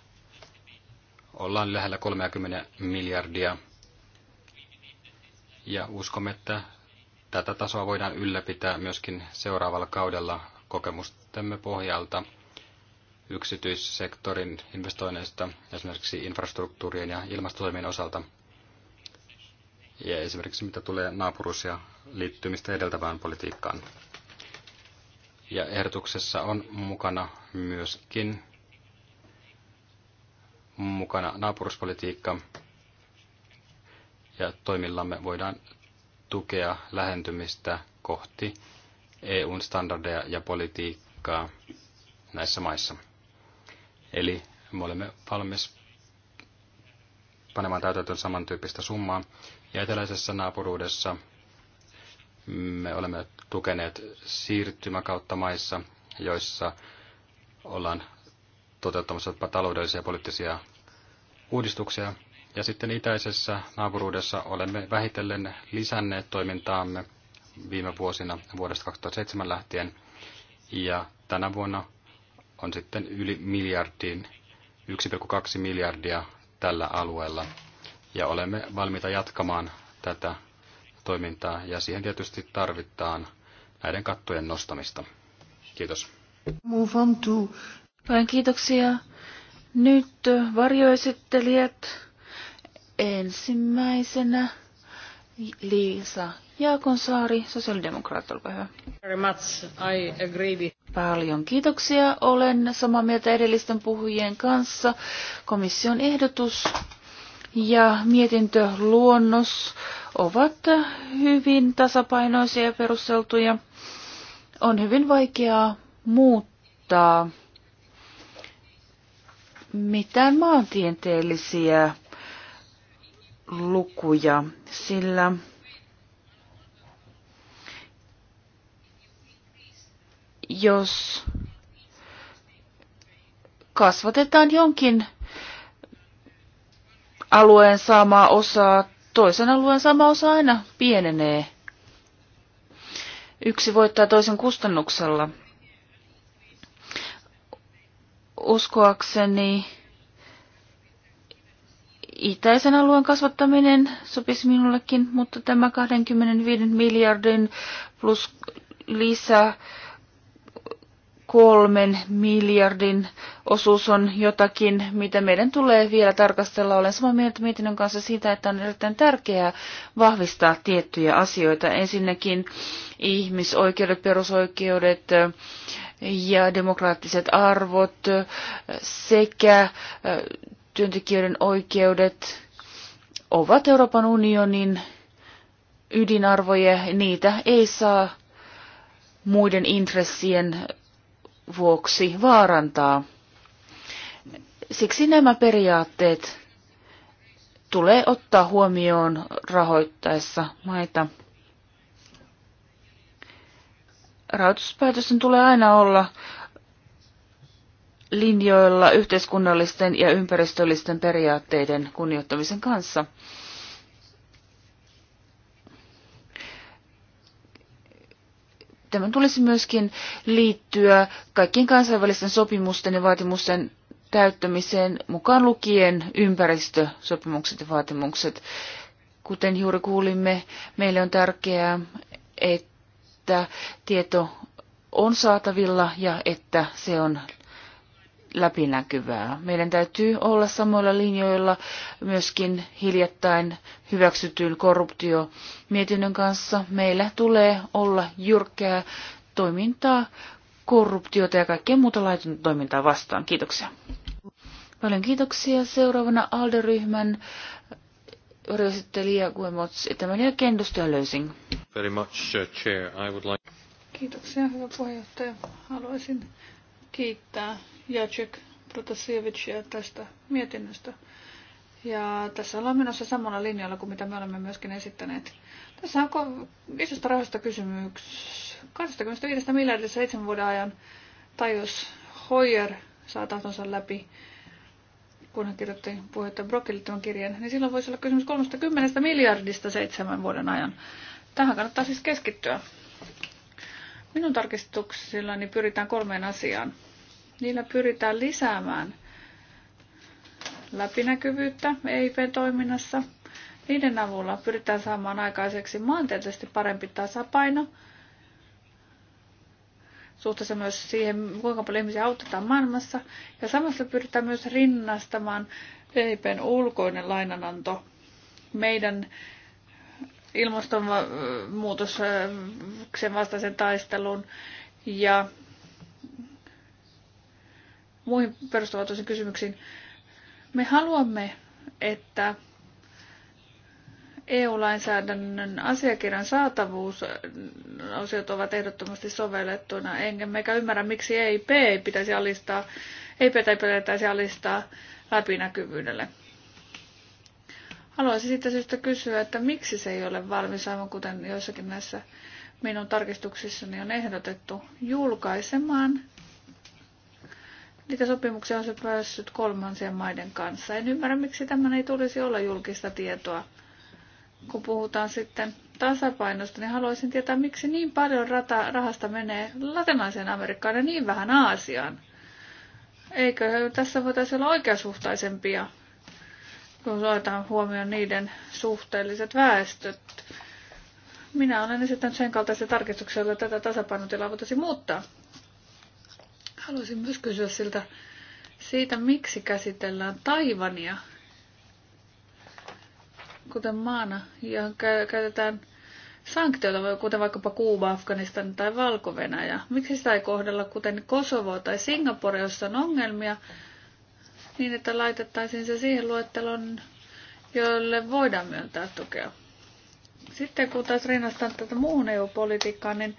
ollaan lähellä 30 miljardia ja uskomme, että tätä tasoa voidaan ylläpitää myöskin seuraavalla kaudella kokemustemme pohjalta yksityissektorin investoinneista esimerkiksi infrastruktuurien ja ilmastotoimien osalta. Ja esimerkiksi mitä tulee naapuruus- ja liittymistä edeltävään politiikkaan. Ja ehdotuksessa on mukana myöskin mukana naapuruspolitiikka. Ja toimillamme voidaan tukea lähentymistä kohti EUn standardeja ja politiikkaa näissä maissa. Eli me olemme valmis panemaan täytäntöön samantyyppistä summaa. Ja eteläisessä naapuruudessa me olemme tukeneet siirtymäkautta maissa, joissa ollaan toteuttamassa taloudellisia ja poliittisia uudistuksia. Ja sitten itäisessä naapuruudessa olemme vähitellen lisänneet toimintaamme viime vuosina vuodesta 2007 lähtien. Ja tänä vuonna on sitten yli miljardin, 1,2 miljardia tällä alueella. Ja olemme valmiita jatkamaan tätä toimintaa ja siihen tietysti tarvitaan näiden kattojen nostamista. Kiitos. Move on to... Paljon kiitoksia. Nyt varjoesittelijät ensimmäisenä. Liisa Jaakonsaari, sosiaalidemokraat, olkaa hyvä. Very much. I agree with... Paljon kiitoksia. Olen samaa mieltä edellisten puhujien kanssa. Komission ehdotus ja mietintöluonnos ovat hyvin tasapainoisia ja perusteltuja. On hyvin vaikeaa muuttaa mitään maantieteellisiä lukuja, sillä jos kasvatetaan jonkin alueen sama osaa, toisen alueen sama osa aina pienenee. Yksi voittaa toisen kustannuksella. Uskoakseni itäisen alueen kasvattaminen sopisi minullekin, mutta tämä 25 miljardin plus lisä kolmen miljardin osuus on jotakin, mitä meidän tulee vielä tarkastella. Olen samaa mieltä mietinnön kanssa siitä, että on erittäin tärkeää vahvistaa tiettyjä asioita. Ensinnäkin ihmisoikeudet, perusoikeudet ja demokraattiset arvot sekä työntekijöiden oikeudet ovat Euroopan unionin ydinarvoja. Niitä ei saa muiden intressien vuoksi vaarantaa. Siksi nämä periaatteet tulee ottaa huomioon rahoittaessa maita. Rahoituspäätösten tulee aina olla linjoilla yhteiskunnallisten ja ympäristöllisten periaatteiden kunnioittamisen kanssa. Tämän tulisi myöskin liittyä kaikkien kansainvälisten sopimusten ja vaatimusten täyttämiseen mukaan lukien ympäristösopimukset ja vaatimukset. Kuten juuri kuulimme, meille on tärkeää, että tieto on saatavilla ja että se on läpinäkyvää. Meidän täytyy olla samoilla linjoilla myöskin hiljattain hyväksytyn korruptiomietinnön kanssa. Meillä tulee olla jyrkkää toimintaa, korruptiota ja kaikkea muuta laitonta toimintaa vastaan. Kiitoksia. Paljon kiitoksia. Seuraavana Alderyhmän ryhmän Guemots ja tämän jälkeen edustaja Löysing. Very much, uh, chair. I would like... Kiitoksia, hyvä puheenjohtaja. Haluaisin kiittää Jacek Protasevicia tästä mietinnöstä. Ja tässä ollaan menossa samalla linjalla kuin mitä me olemme myöskin esittäneet. Tässä on isosta rahasta kysymys. 25 miljardissa seitsemän vuoden ajan, tai jos Hoyer saa tahtonsa läpi, kun hän kirjoitti puheenjohtaja Brockille tämän kirjeen, niin silloin voisi olla kysymys 30 miljardista seitsemän vuoden ajan. Tähän kannattaa siis keskittyä. Minun tarkistuksillani pyritään kolmeen asiaan. Niillä pyritään lisäämään läpinäkyvyyttä EIP-toiminnassa. Niiden avulla pyritään saamaan aikaiseksi maantieteellisesti parempi tasapaino suhteessa myös siihen, kuinka paljon ihmisiä autetaan maailmassa. Ja samassa pyritään myös rinnastamaan EIPn ulkoinen lainananto meidän ilmastonmuutoksen vastaisen taistelun ja muihin perustavanlaatuisiin kysymyksiin. Me haluamme, että EU-lainsäädännön asiakirjan saatavuusosiot äh, ovat ehdottomasti sovellettuna, enkä meikä ymmärrä, miksi EIP ei pitäisi alistaa, EIP ei pitäisi alistaa läpinäkyvyydelle. Haluaisin siitä syystä kysyä, että miksi se ei ole valmis, aivan kuten joissakin näissä minun tarkistuksissani on ehdotettu, julkaisemaan Niitä sopimuksia on päässyt kolmansien maiden kanssa. En ymmärrä, miksi tämän ei tulisi olla julkista tietoa. Kun puhutaan sitten tasapainosta, niin haluaisin tietää, miksi niin paljon rata, rahasta menee latinalaiseen Amerikkaan ja niin vähän Aasiaan. Eikö tässä voitaisiin olla oikeasuhtaisempia, kun otetaan huomioon niiden suhteelliset väestöt? Minä olen esittänyt sen kaltaisia tarkistuksia, joilla tätä tasapainotilaa voitaisiin muuttaa. Haluaisin myös kysyä siltä siitä, miksi käsitellään Taivania kuten maana, johon käytetään sanktioita, kuten vaikkapa Kuuba, Afganistan tai valko -Venäjä. Miksi sitä ei kohdella kuten Kosovo tai Singapore, jossa on ongelmia, niin että laitettaisiin se siihen luetteloon, jolle voidaan myöntää tukea. Sitten kun taas rinnastan tätä muuhun EU-politiikkaan, niin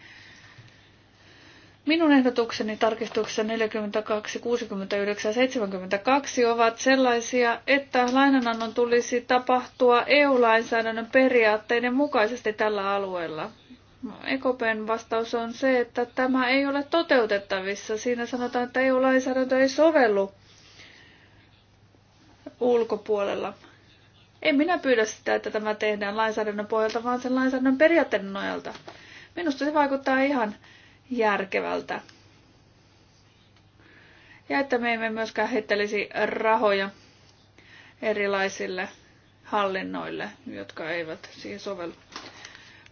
Minun ehdotukseni tarkistuksessa 42, 69 ja 72 ovat sellaisia, että lainanannon tulisi tapahtua EU-lainsäädännön periaatteiden mukaisesti tällä alueella. EKPn vastaus on se, että tämä ei ole toteutettavissa. Siinä sanotaan, että EU-lainsäädäntö ei sovellu ulkopuolella. En minä pyydä sitä, että tämä tehdään lainsäädännön pohjalta, vaan sen lainsäädännön periaatteiden nojalta. Minusta se vaikuttaa ihan järkevältä. Ja että me emme myöskään heittelisi rahoja erilaisille hallinnoille, jotka eivät siihen sovellu.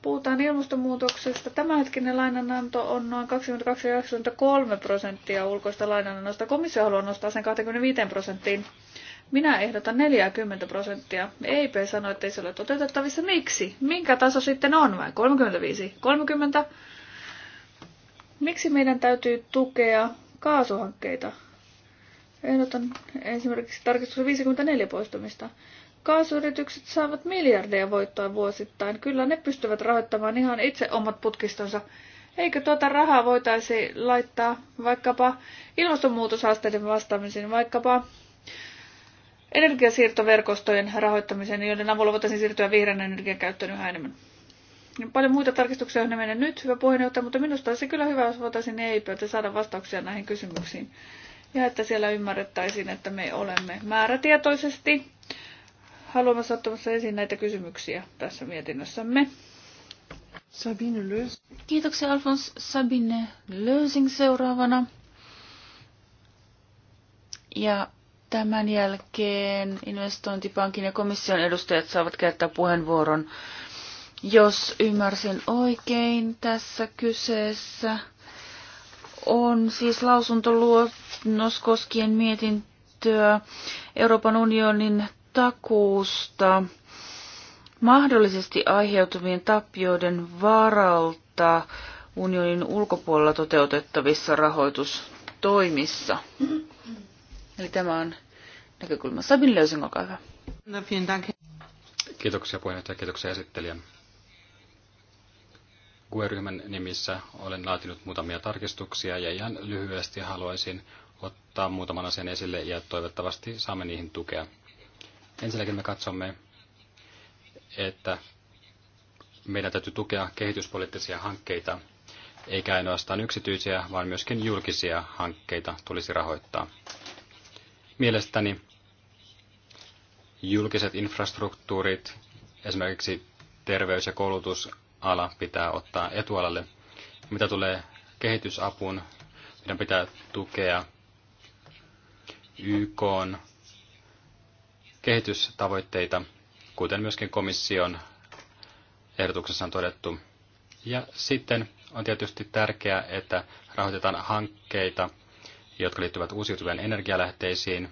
Puhutaan ilmastonmuutoksesta. Tämänhetkinen lainananto on noin 22-23 prosenttia ulkoista lainanannosta. Komissio haluaa nostaa sen 25 prosenttiin. Minä ehdotan 40 prosenttia. EIP sanoi, että ei se ole toteutettavissa. Miksi? Minkä taso sitten on vai? 35? 30? Miksi meidän täytyy tukea kaasuhankkeita? Ehdotan esimerkiksi tarkistus 54 poistumista. Kaasuyritykset saavat miljardeja voittoa vuosittain. Kyllä ne pystyvät rahoittamaan ihan itse omat putkistonsa. Eikö tuota rahaa voitaisi laittaa vaikkapa ilmastonmuutoshaasteiden vastaamiseen, vaikkapa energiasiirtoverkostojen rahoittamiseen, joiden avulla voitaisiin siirtyä vihreän energian käyttöön yhä enemmän? paljon muita tarkistuksia on menee nyt, hyvä puheenjohtaja, mutta minusta olisi kyllä hyvä, jos voitaisiin EIPltä saada vastauksia näihin kysymyksiin. Ja että siellä ymmärrettäisiin, että me olemme määrätietoisesti Haluamme ottamassa esiin näitä kysymyksiä tässä mietinnössämme. Sabine Lös. Kiitoksia Alfons Sabine Lösing seuraavana. Ja tämän jälkeen investointipankin ja komission edustajat saavat käyttää puheenvuoron. Jos ymmärsin oikein, tässä kyseessä on siis lausuntoluonnos koskien mietintöä Euroopan unionin takuusta mahdollisesti aiheutuvien tappioiden varalta unionin ulkopuolella toteutettavissa rahoitustoimissa. Eli tämä on näkökulma. Sabin löysin, olkaa hyvä. No, kiitoksia puheenjohtaja, kiitoksia esittelijän gue ryhmän nimissä olen laatinut muutamia tarkistuksia ja ihan lyhyesti haluaisin ottaa muutaman asian esille ja toivottavasti saamme niihin tukea. Ensinnäkin me katsomme, että meidän täytyy tukea kehityspoliittisia hankkeita, eikä ainoastaan yksityisiä, vaan myöskin julkisia hankkeita tulisi rahoittaa. Mielestäni julkiset infrastruktuurit, esimerkiksi terveys- ja koulutus ala pitää ottaa etualalle. Mitä tulee kehitysapuun, meidän pitää tukea YK kehitystavoitteita, kuten myöskin komission ehdotuksessa on todettu. Ja sitten on tietysti tärkeää, että rahoitetaan hankkeita, jotka liittyvät uusiutuvien energialähteisiin.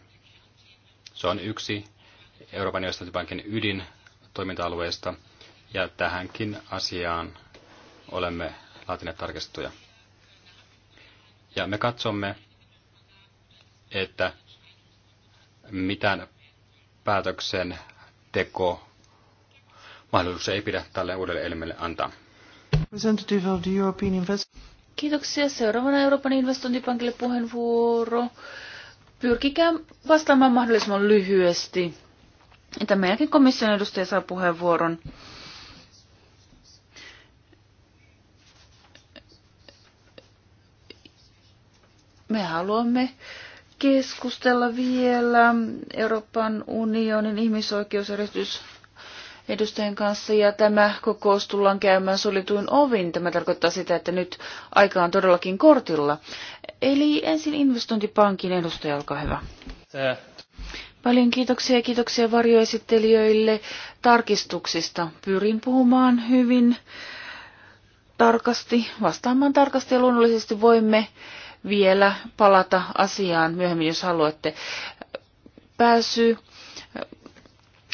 Se on yksi Euroopan investointipankin ydin toiminta-alueesta – ja tähänkin asiaan olemme laatineet tarkistuja. Ja me katsomme, että mitään päätöksen teko mahdollisuuksia ei pidä tälle uudelle elimelle antaa. Kiitoksia. Seuraavana Euroopan investointipankille puheenvuoro. Pyrkikää vastaamaan mahdollisimman lyhyesti. Tämän jälkeen komission edustaja saa puheenvuoron. Me haluamme keskustella vielä Euroopan unionin ihmisoikeusjärjestys edustajien kanssa ja tämä kokous tullaan käymään solituin ovin. Tämä tarkoittaa sitä, että nyt aika on todellakin kortilla. Eli ensin investointipankin edustaja, olkaa hyvä. Tää. Paljon kiitoksia ja kiitoksia varjoesittelijöille tarkistuksista. Pyrin puhumaan hyvin tarkasti, vastaamaan tarkasti ja luonnollisesti voimme vielä palata asiaan myöhemmin, jos haluatte. Pääsy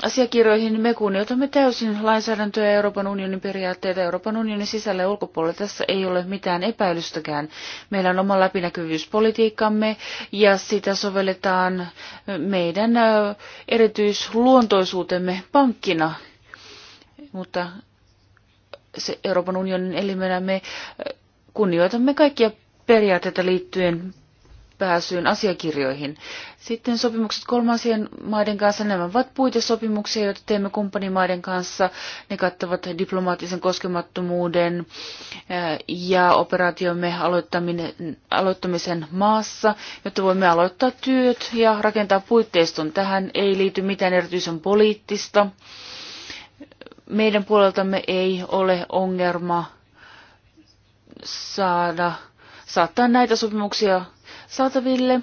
asiakirjoihin me kunnioitamme täysin lainsäädäntöä Euroopan unionin periaatteita Euroopan unionin sisällä ja ulkopuolella. Tässä ei ole mitään epäilystäkään. Meillä on oma läpinäkyvyyspolitiikkamme ja sitä sovelletaan meidän erityisluontoisuutemme pankkina. Mutta se Euroopan unionin elimenä me kunnioitamme kaikkia periaatteita liittyen pääsyyn asiakirjoihin. Sitten sopimukset kolmansien maiden kanssa, nämä ovat puitesopimuksia, joita teemme kumppanimaiden kanssa. Ne kattavat diplomaattisen koskemattomuuden eh, ja operaatiomme aloittamisen maassa, jotta voimme aloittaa työt ja rakentaa puitteiston. Tähän ei liity mitään erityisen poliittista. Meidän puoleltamme ei ole ongelma saada saattaa näitä sopimuksia saataville.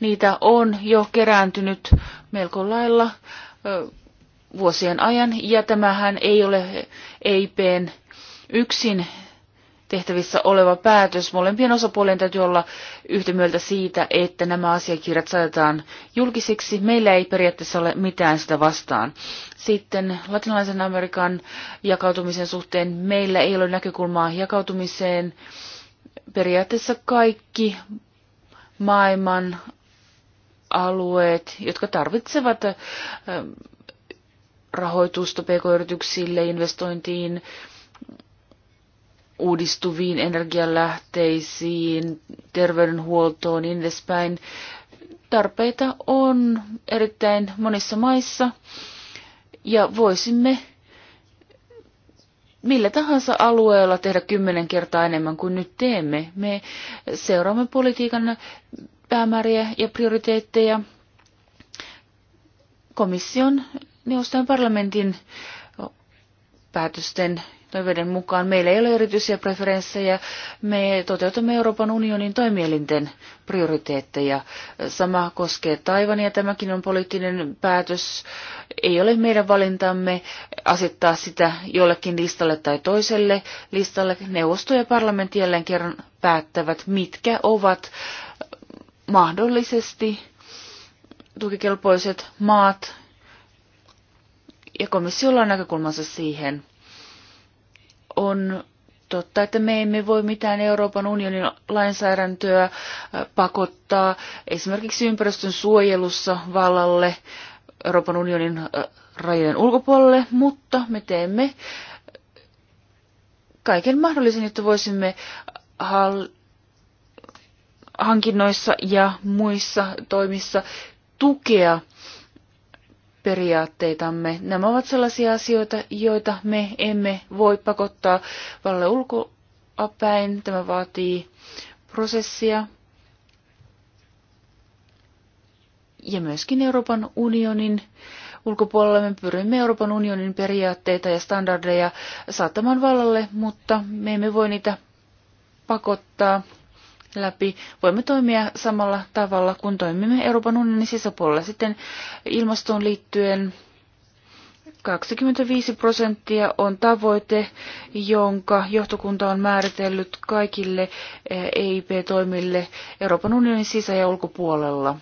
Niitä on jo kerääntynyt melko lailla vuosien ajan, ja tämähän ei ole EIPn yksin tehtävissä oleva päätös. Molempien osapuolien täytyy olla yhtä mieltä siitä, että nämä asiakirjat saadaan julkisiksi. Meillä ei periaatteessa ole mitään sitä vastaan. Sitten latinalaisen Amerikan jakautumisen suhteen meillä ei ole näkökulmaa jakautumiseen periaatteessa kaikki maailman alueet, jotka tarvitsevat rahoitusta pk-yrityksille, investointiin, uudistuviin energialähteisiin, terveydenhuoltoon, niin edespäin. Tarpeita on erittäin monissa maissa ja voisimme millä tahansa alueella tehdä kymmenen kertaa enemmän kuin nyt teemme. Me seuraamme politiikan päämääriä ja prioriteetteja komission neuvoston parlamentin päätösten toiveiden mukaan. Meillä ei ole erityisiä preferenssejä. Me toteutamme Euroopan unionin toimielinten prioriteetteja. Sama koskee Taivania. Tämäkin on poliittinen päätös. Ei ole meidän valintamme asettaa sitä jollekin listalle tai toiselle listalle. Neuvosto ja parlamentti jälleen kerran päättävät, mitkä ovat mahdollisesti tukikelpoiset maat. Ja komissiolla on näkökulmansa siihen – on totta, että me emme voi mitään Euroopan unionin lainsäädäntöä äh, pakottaa esimerkiksi ympäristön suojelussa vallalle Euroopan unionin äh, rajojen ulkopuolelle, mutta me teemme kaiken mahdollisen, että voisimme hal- hankinnoissa ja muissa toimissa tukea periaatteitamme. Nämä ovat sellaisia asioita, joita me emme voi pakottaa valle ulkoapäin. Tämä vaatii prosessia ja myöskin Euroopan unionin ulkopuolella me pyrimme Euroopan unionin periaatteita ja standardeja saattamaan vallalle, mutta me emme voi niitä pakottaa läpi, voimme toimia samalla tavalla kuin toimimme Euroopan unionin sisäpuolella. Sitten ilmastoon liittyen 25 prosenttia on tavoite, jonka johtokunta on määritellyt kaikille EIP-toimille eh, e Euroopan unionin sisä- ja ulkopuolella.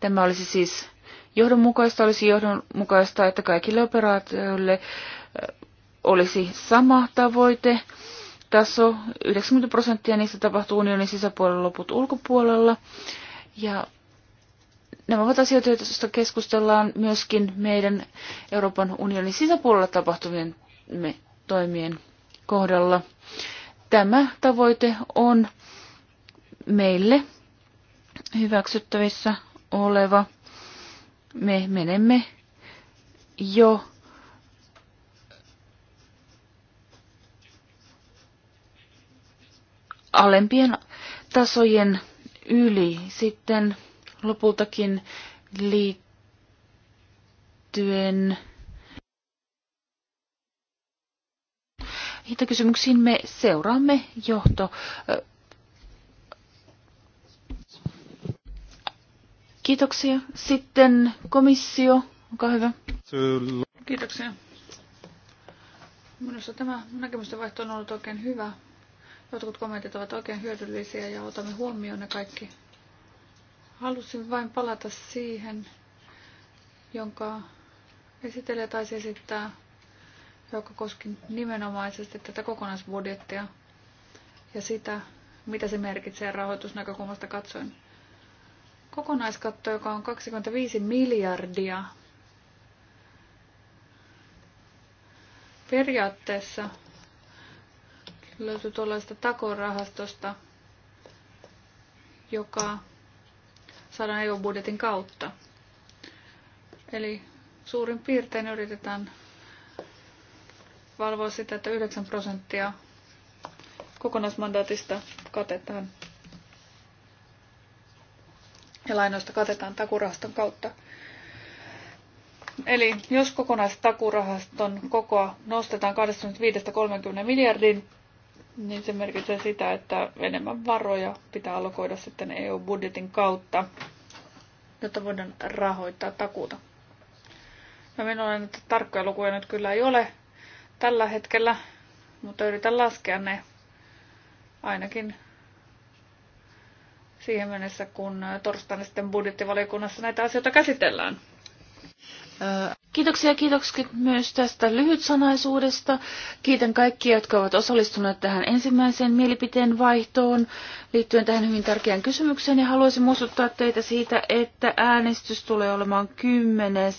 Tämä olisi siis johdonmukaista, olisi johdonmukaista, että kaikille operaatioille eh, olisi sama tavoite taso. 90 prosenttia niistä tapahtuu unionin sisäpuolella, loput ulkopuolella. Ja nämä ovat asioita, joista keskustellaan myöskin meidän Euroopan unionin sisäpuolella tapahtuvien toimien kohdalla. Tämä tavoite on meille hyväksyttävissä oleva. Me menemme jo alempien tasojen yli. Sitten lopultakin liittyen hintakysymyksiin me seuraamme johto Kiitoksia. Sitten komissio, olkaa hyvä. Kiitoksia. Minusta tämä näkemysten vaihto on ollut oikein hyvä. Jotkut kommentit ovat oikein hyödyllisiä ja otamme huomioon ne kaikki. Halusin vain palata siihen, jonka esittelijä taisi esittää, joka koski nimenomaisesti tätä kokonaisbudjettia ja sitä, mitä se merkitsee rahoitusnäkökulmasta katsoen. Kokonaiskatto, joka on 25 miljardia, periaatteessa – löytyi tuollaista takorahastosta, joka saadaan EU-budjetin kautta. Eli suurin piirtein yritetään valvoa sitä, että 9 prosenttia kokonaismandaatista katetaan ja lainoista katetaan takurahaston kautta. Eli jos kokonaistakurahaston kokoa nostetaan 25-30 miljardin, niin se merkitsee sitä, että enemmän varoja pitää alokoida sitten EU-budjetin kautta, jotta voidaan rahoittaa takuuta. No minulla näitä tarkkoja lukuja nyt kyllä ei ole tällä hetkellä, mutta yritän laskea ne ainakin siihen mennessä, kun torstaina sitten budjettivaliokunnassa näitä asioita käsitellään. Kiitoksia, kiitoksia myös tästä lyhytsanaisuudesta. Kiitän kaikkia, jotka ovat osallistuneet tähän ensimmäiseen mielipiteen vaihtoon liittyen tähän hyvin tärkeään kysymykseen. Ja haluaisin muistuttaa teitä siitä, että äänestys tulee olemaan 10.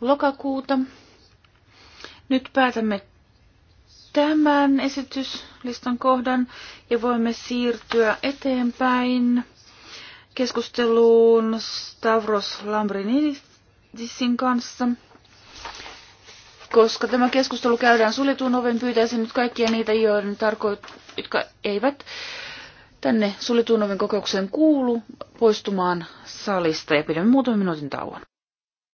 lokakuuta. Nyt päätämme tämän esityslistan kohdan ja voimme siirtyä eteenpäin keskusteluun Stavros Lambrinidista. Dissin kanssa. Koska tämä keskustelu käydään suljetun oven, pyytäisin nyt kaikkia niitä, joiden tarkoit, jotka eivät tänne suljetun oven kokoukseen kuulu, poistumaan salista ja pidämme muutaman minuutin tauon.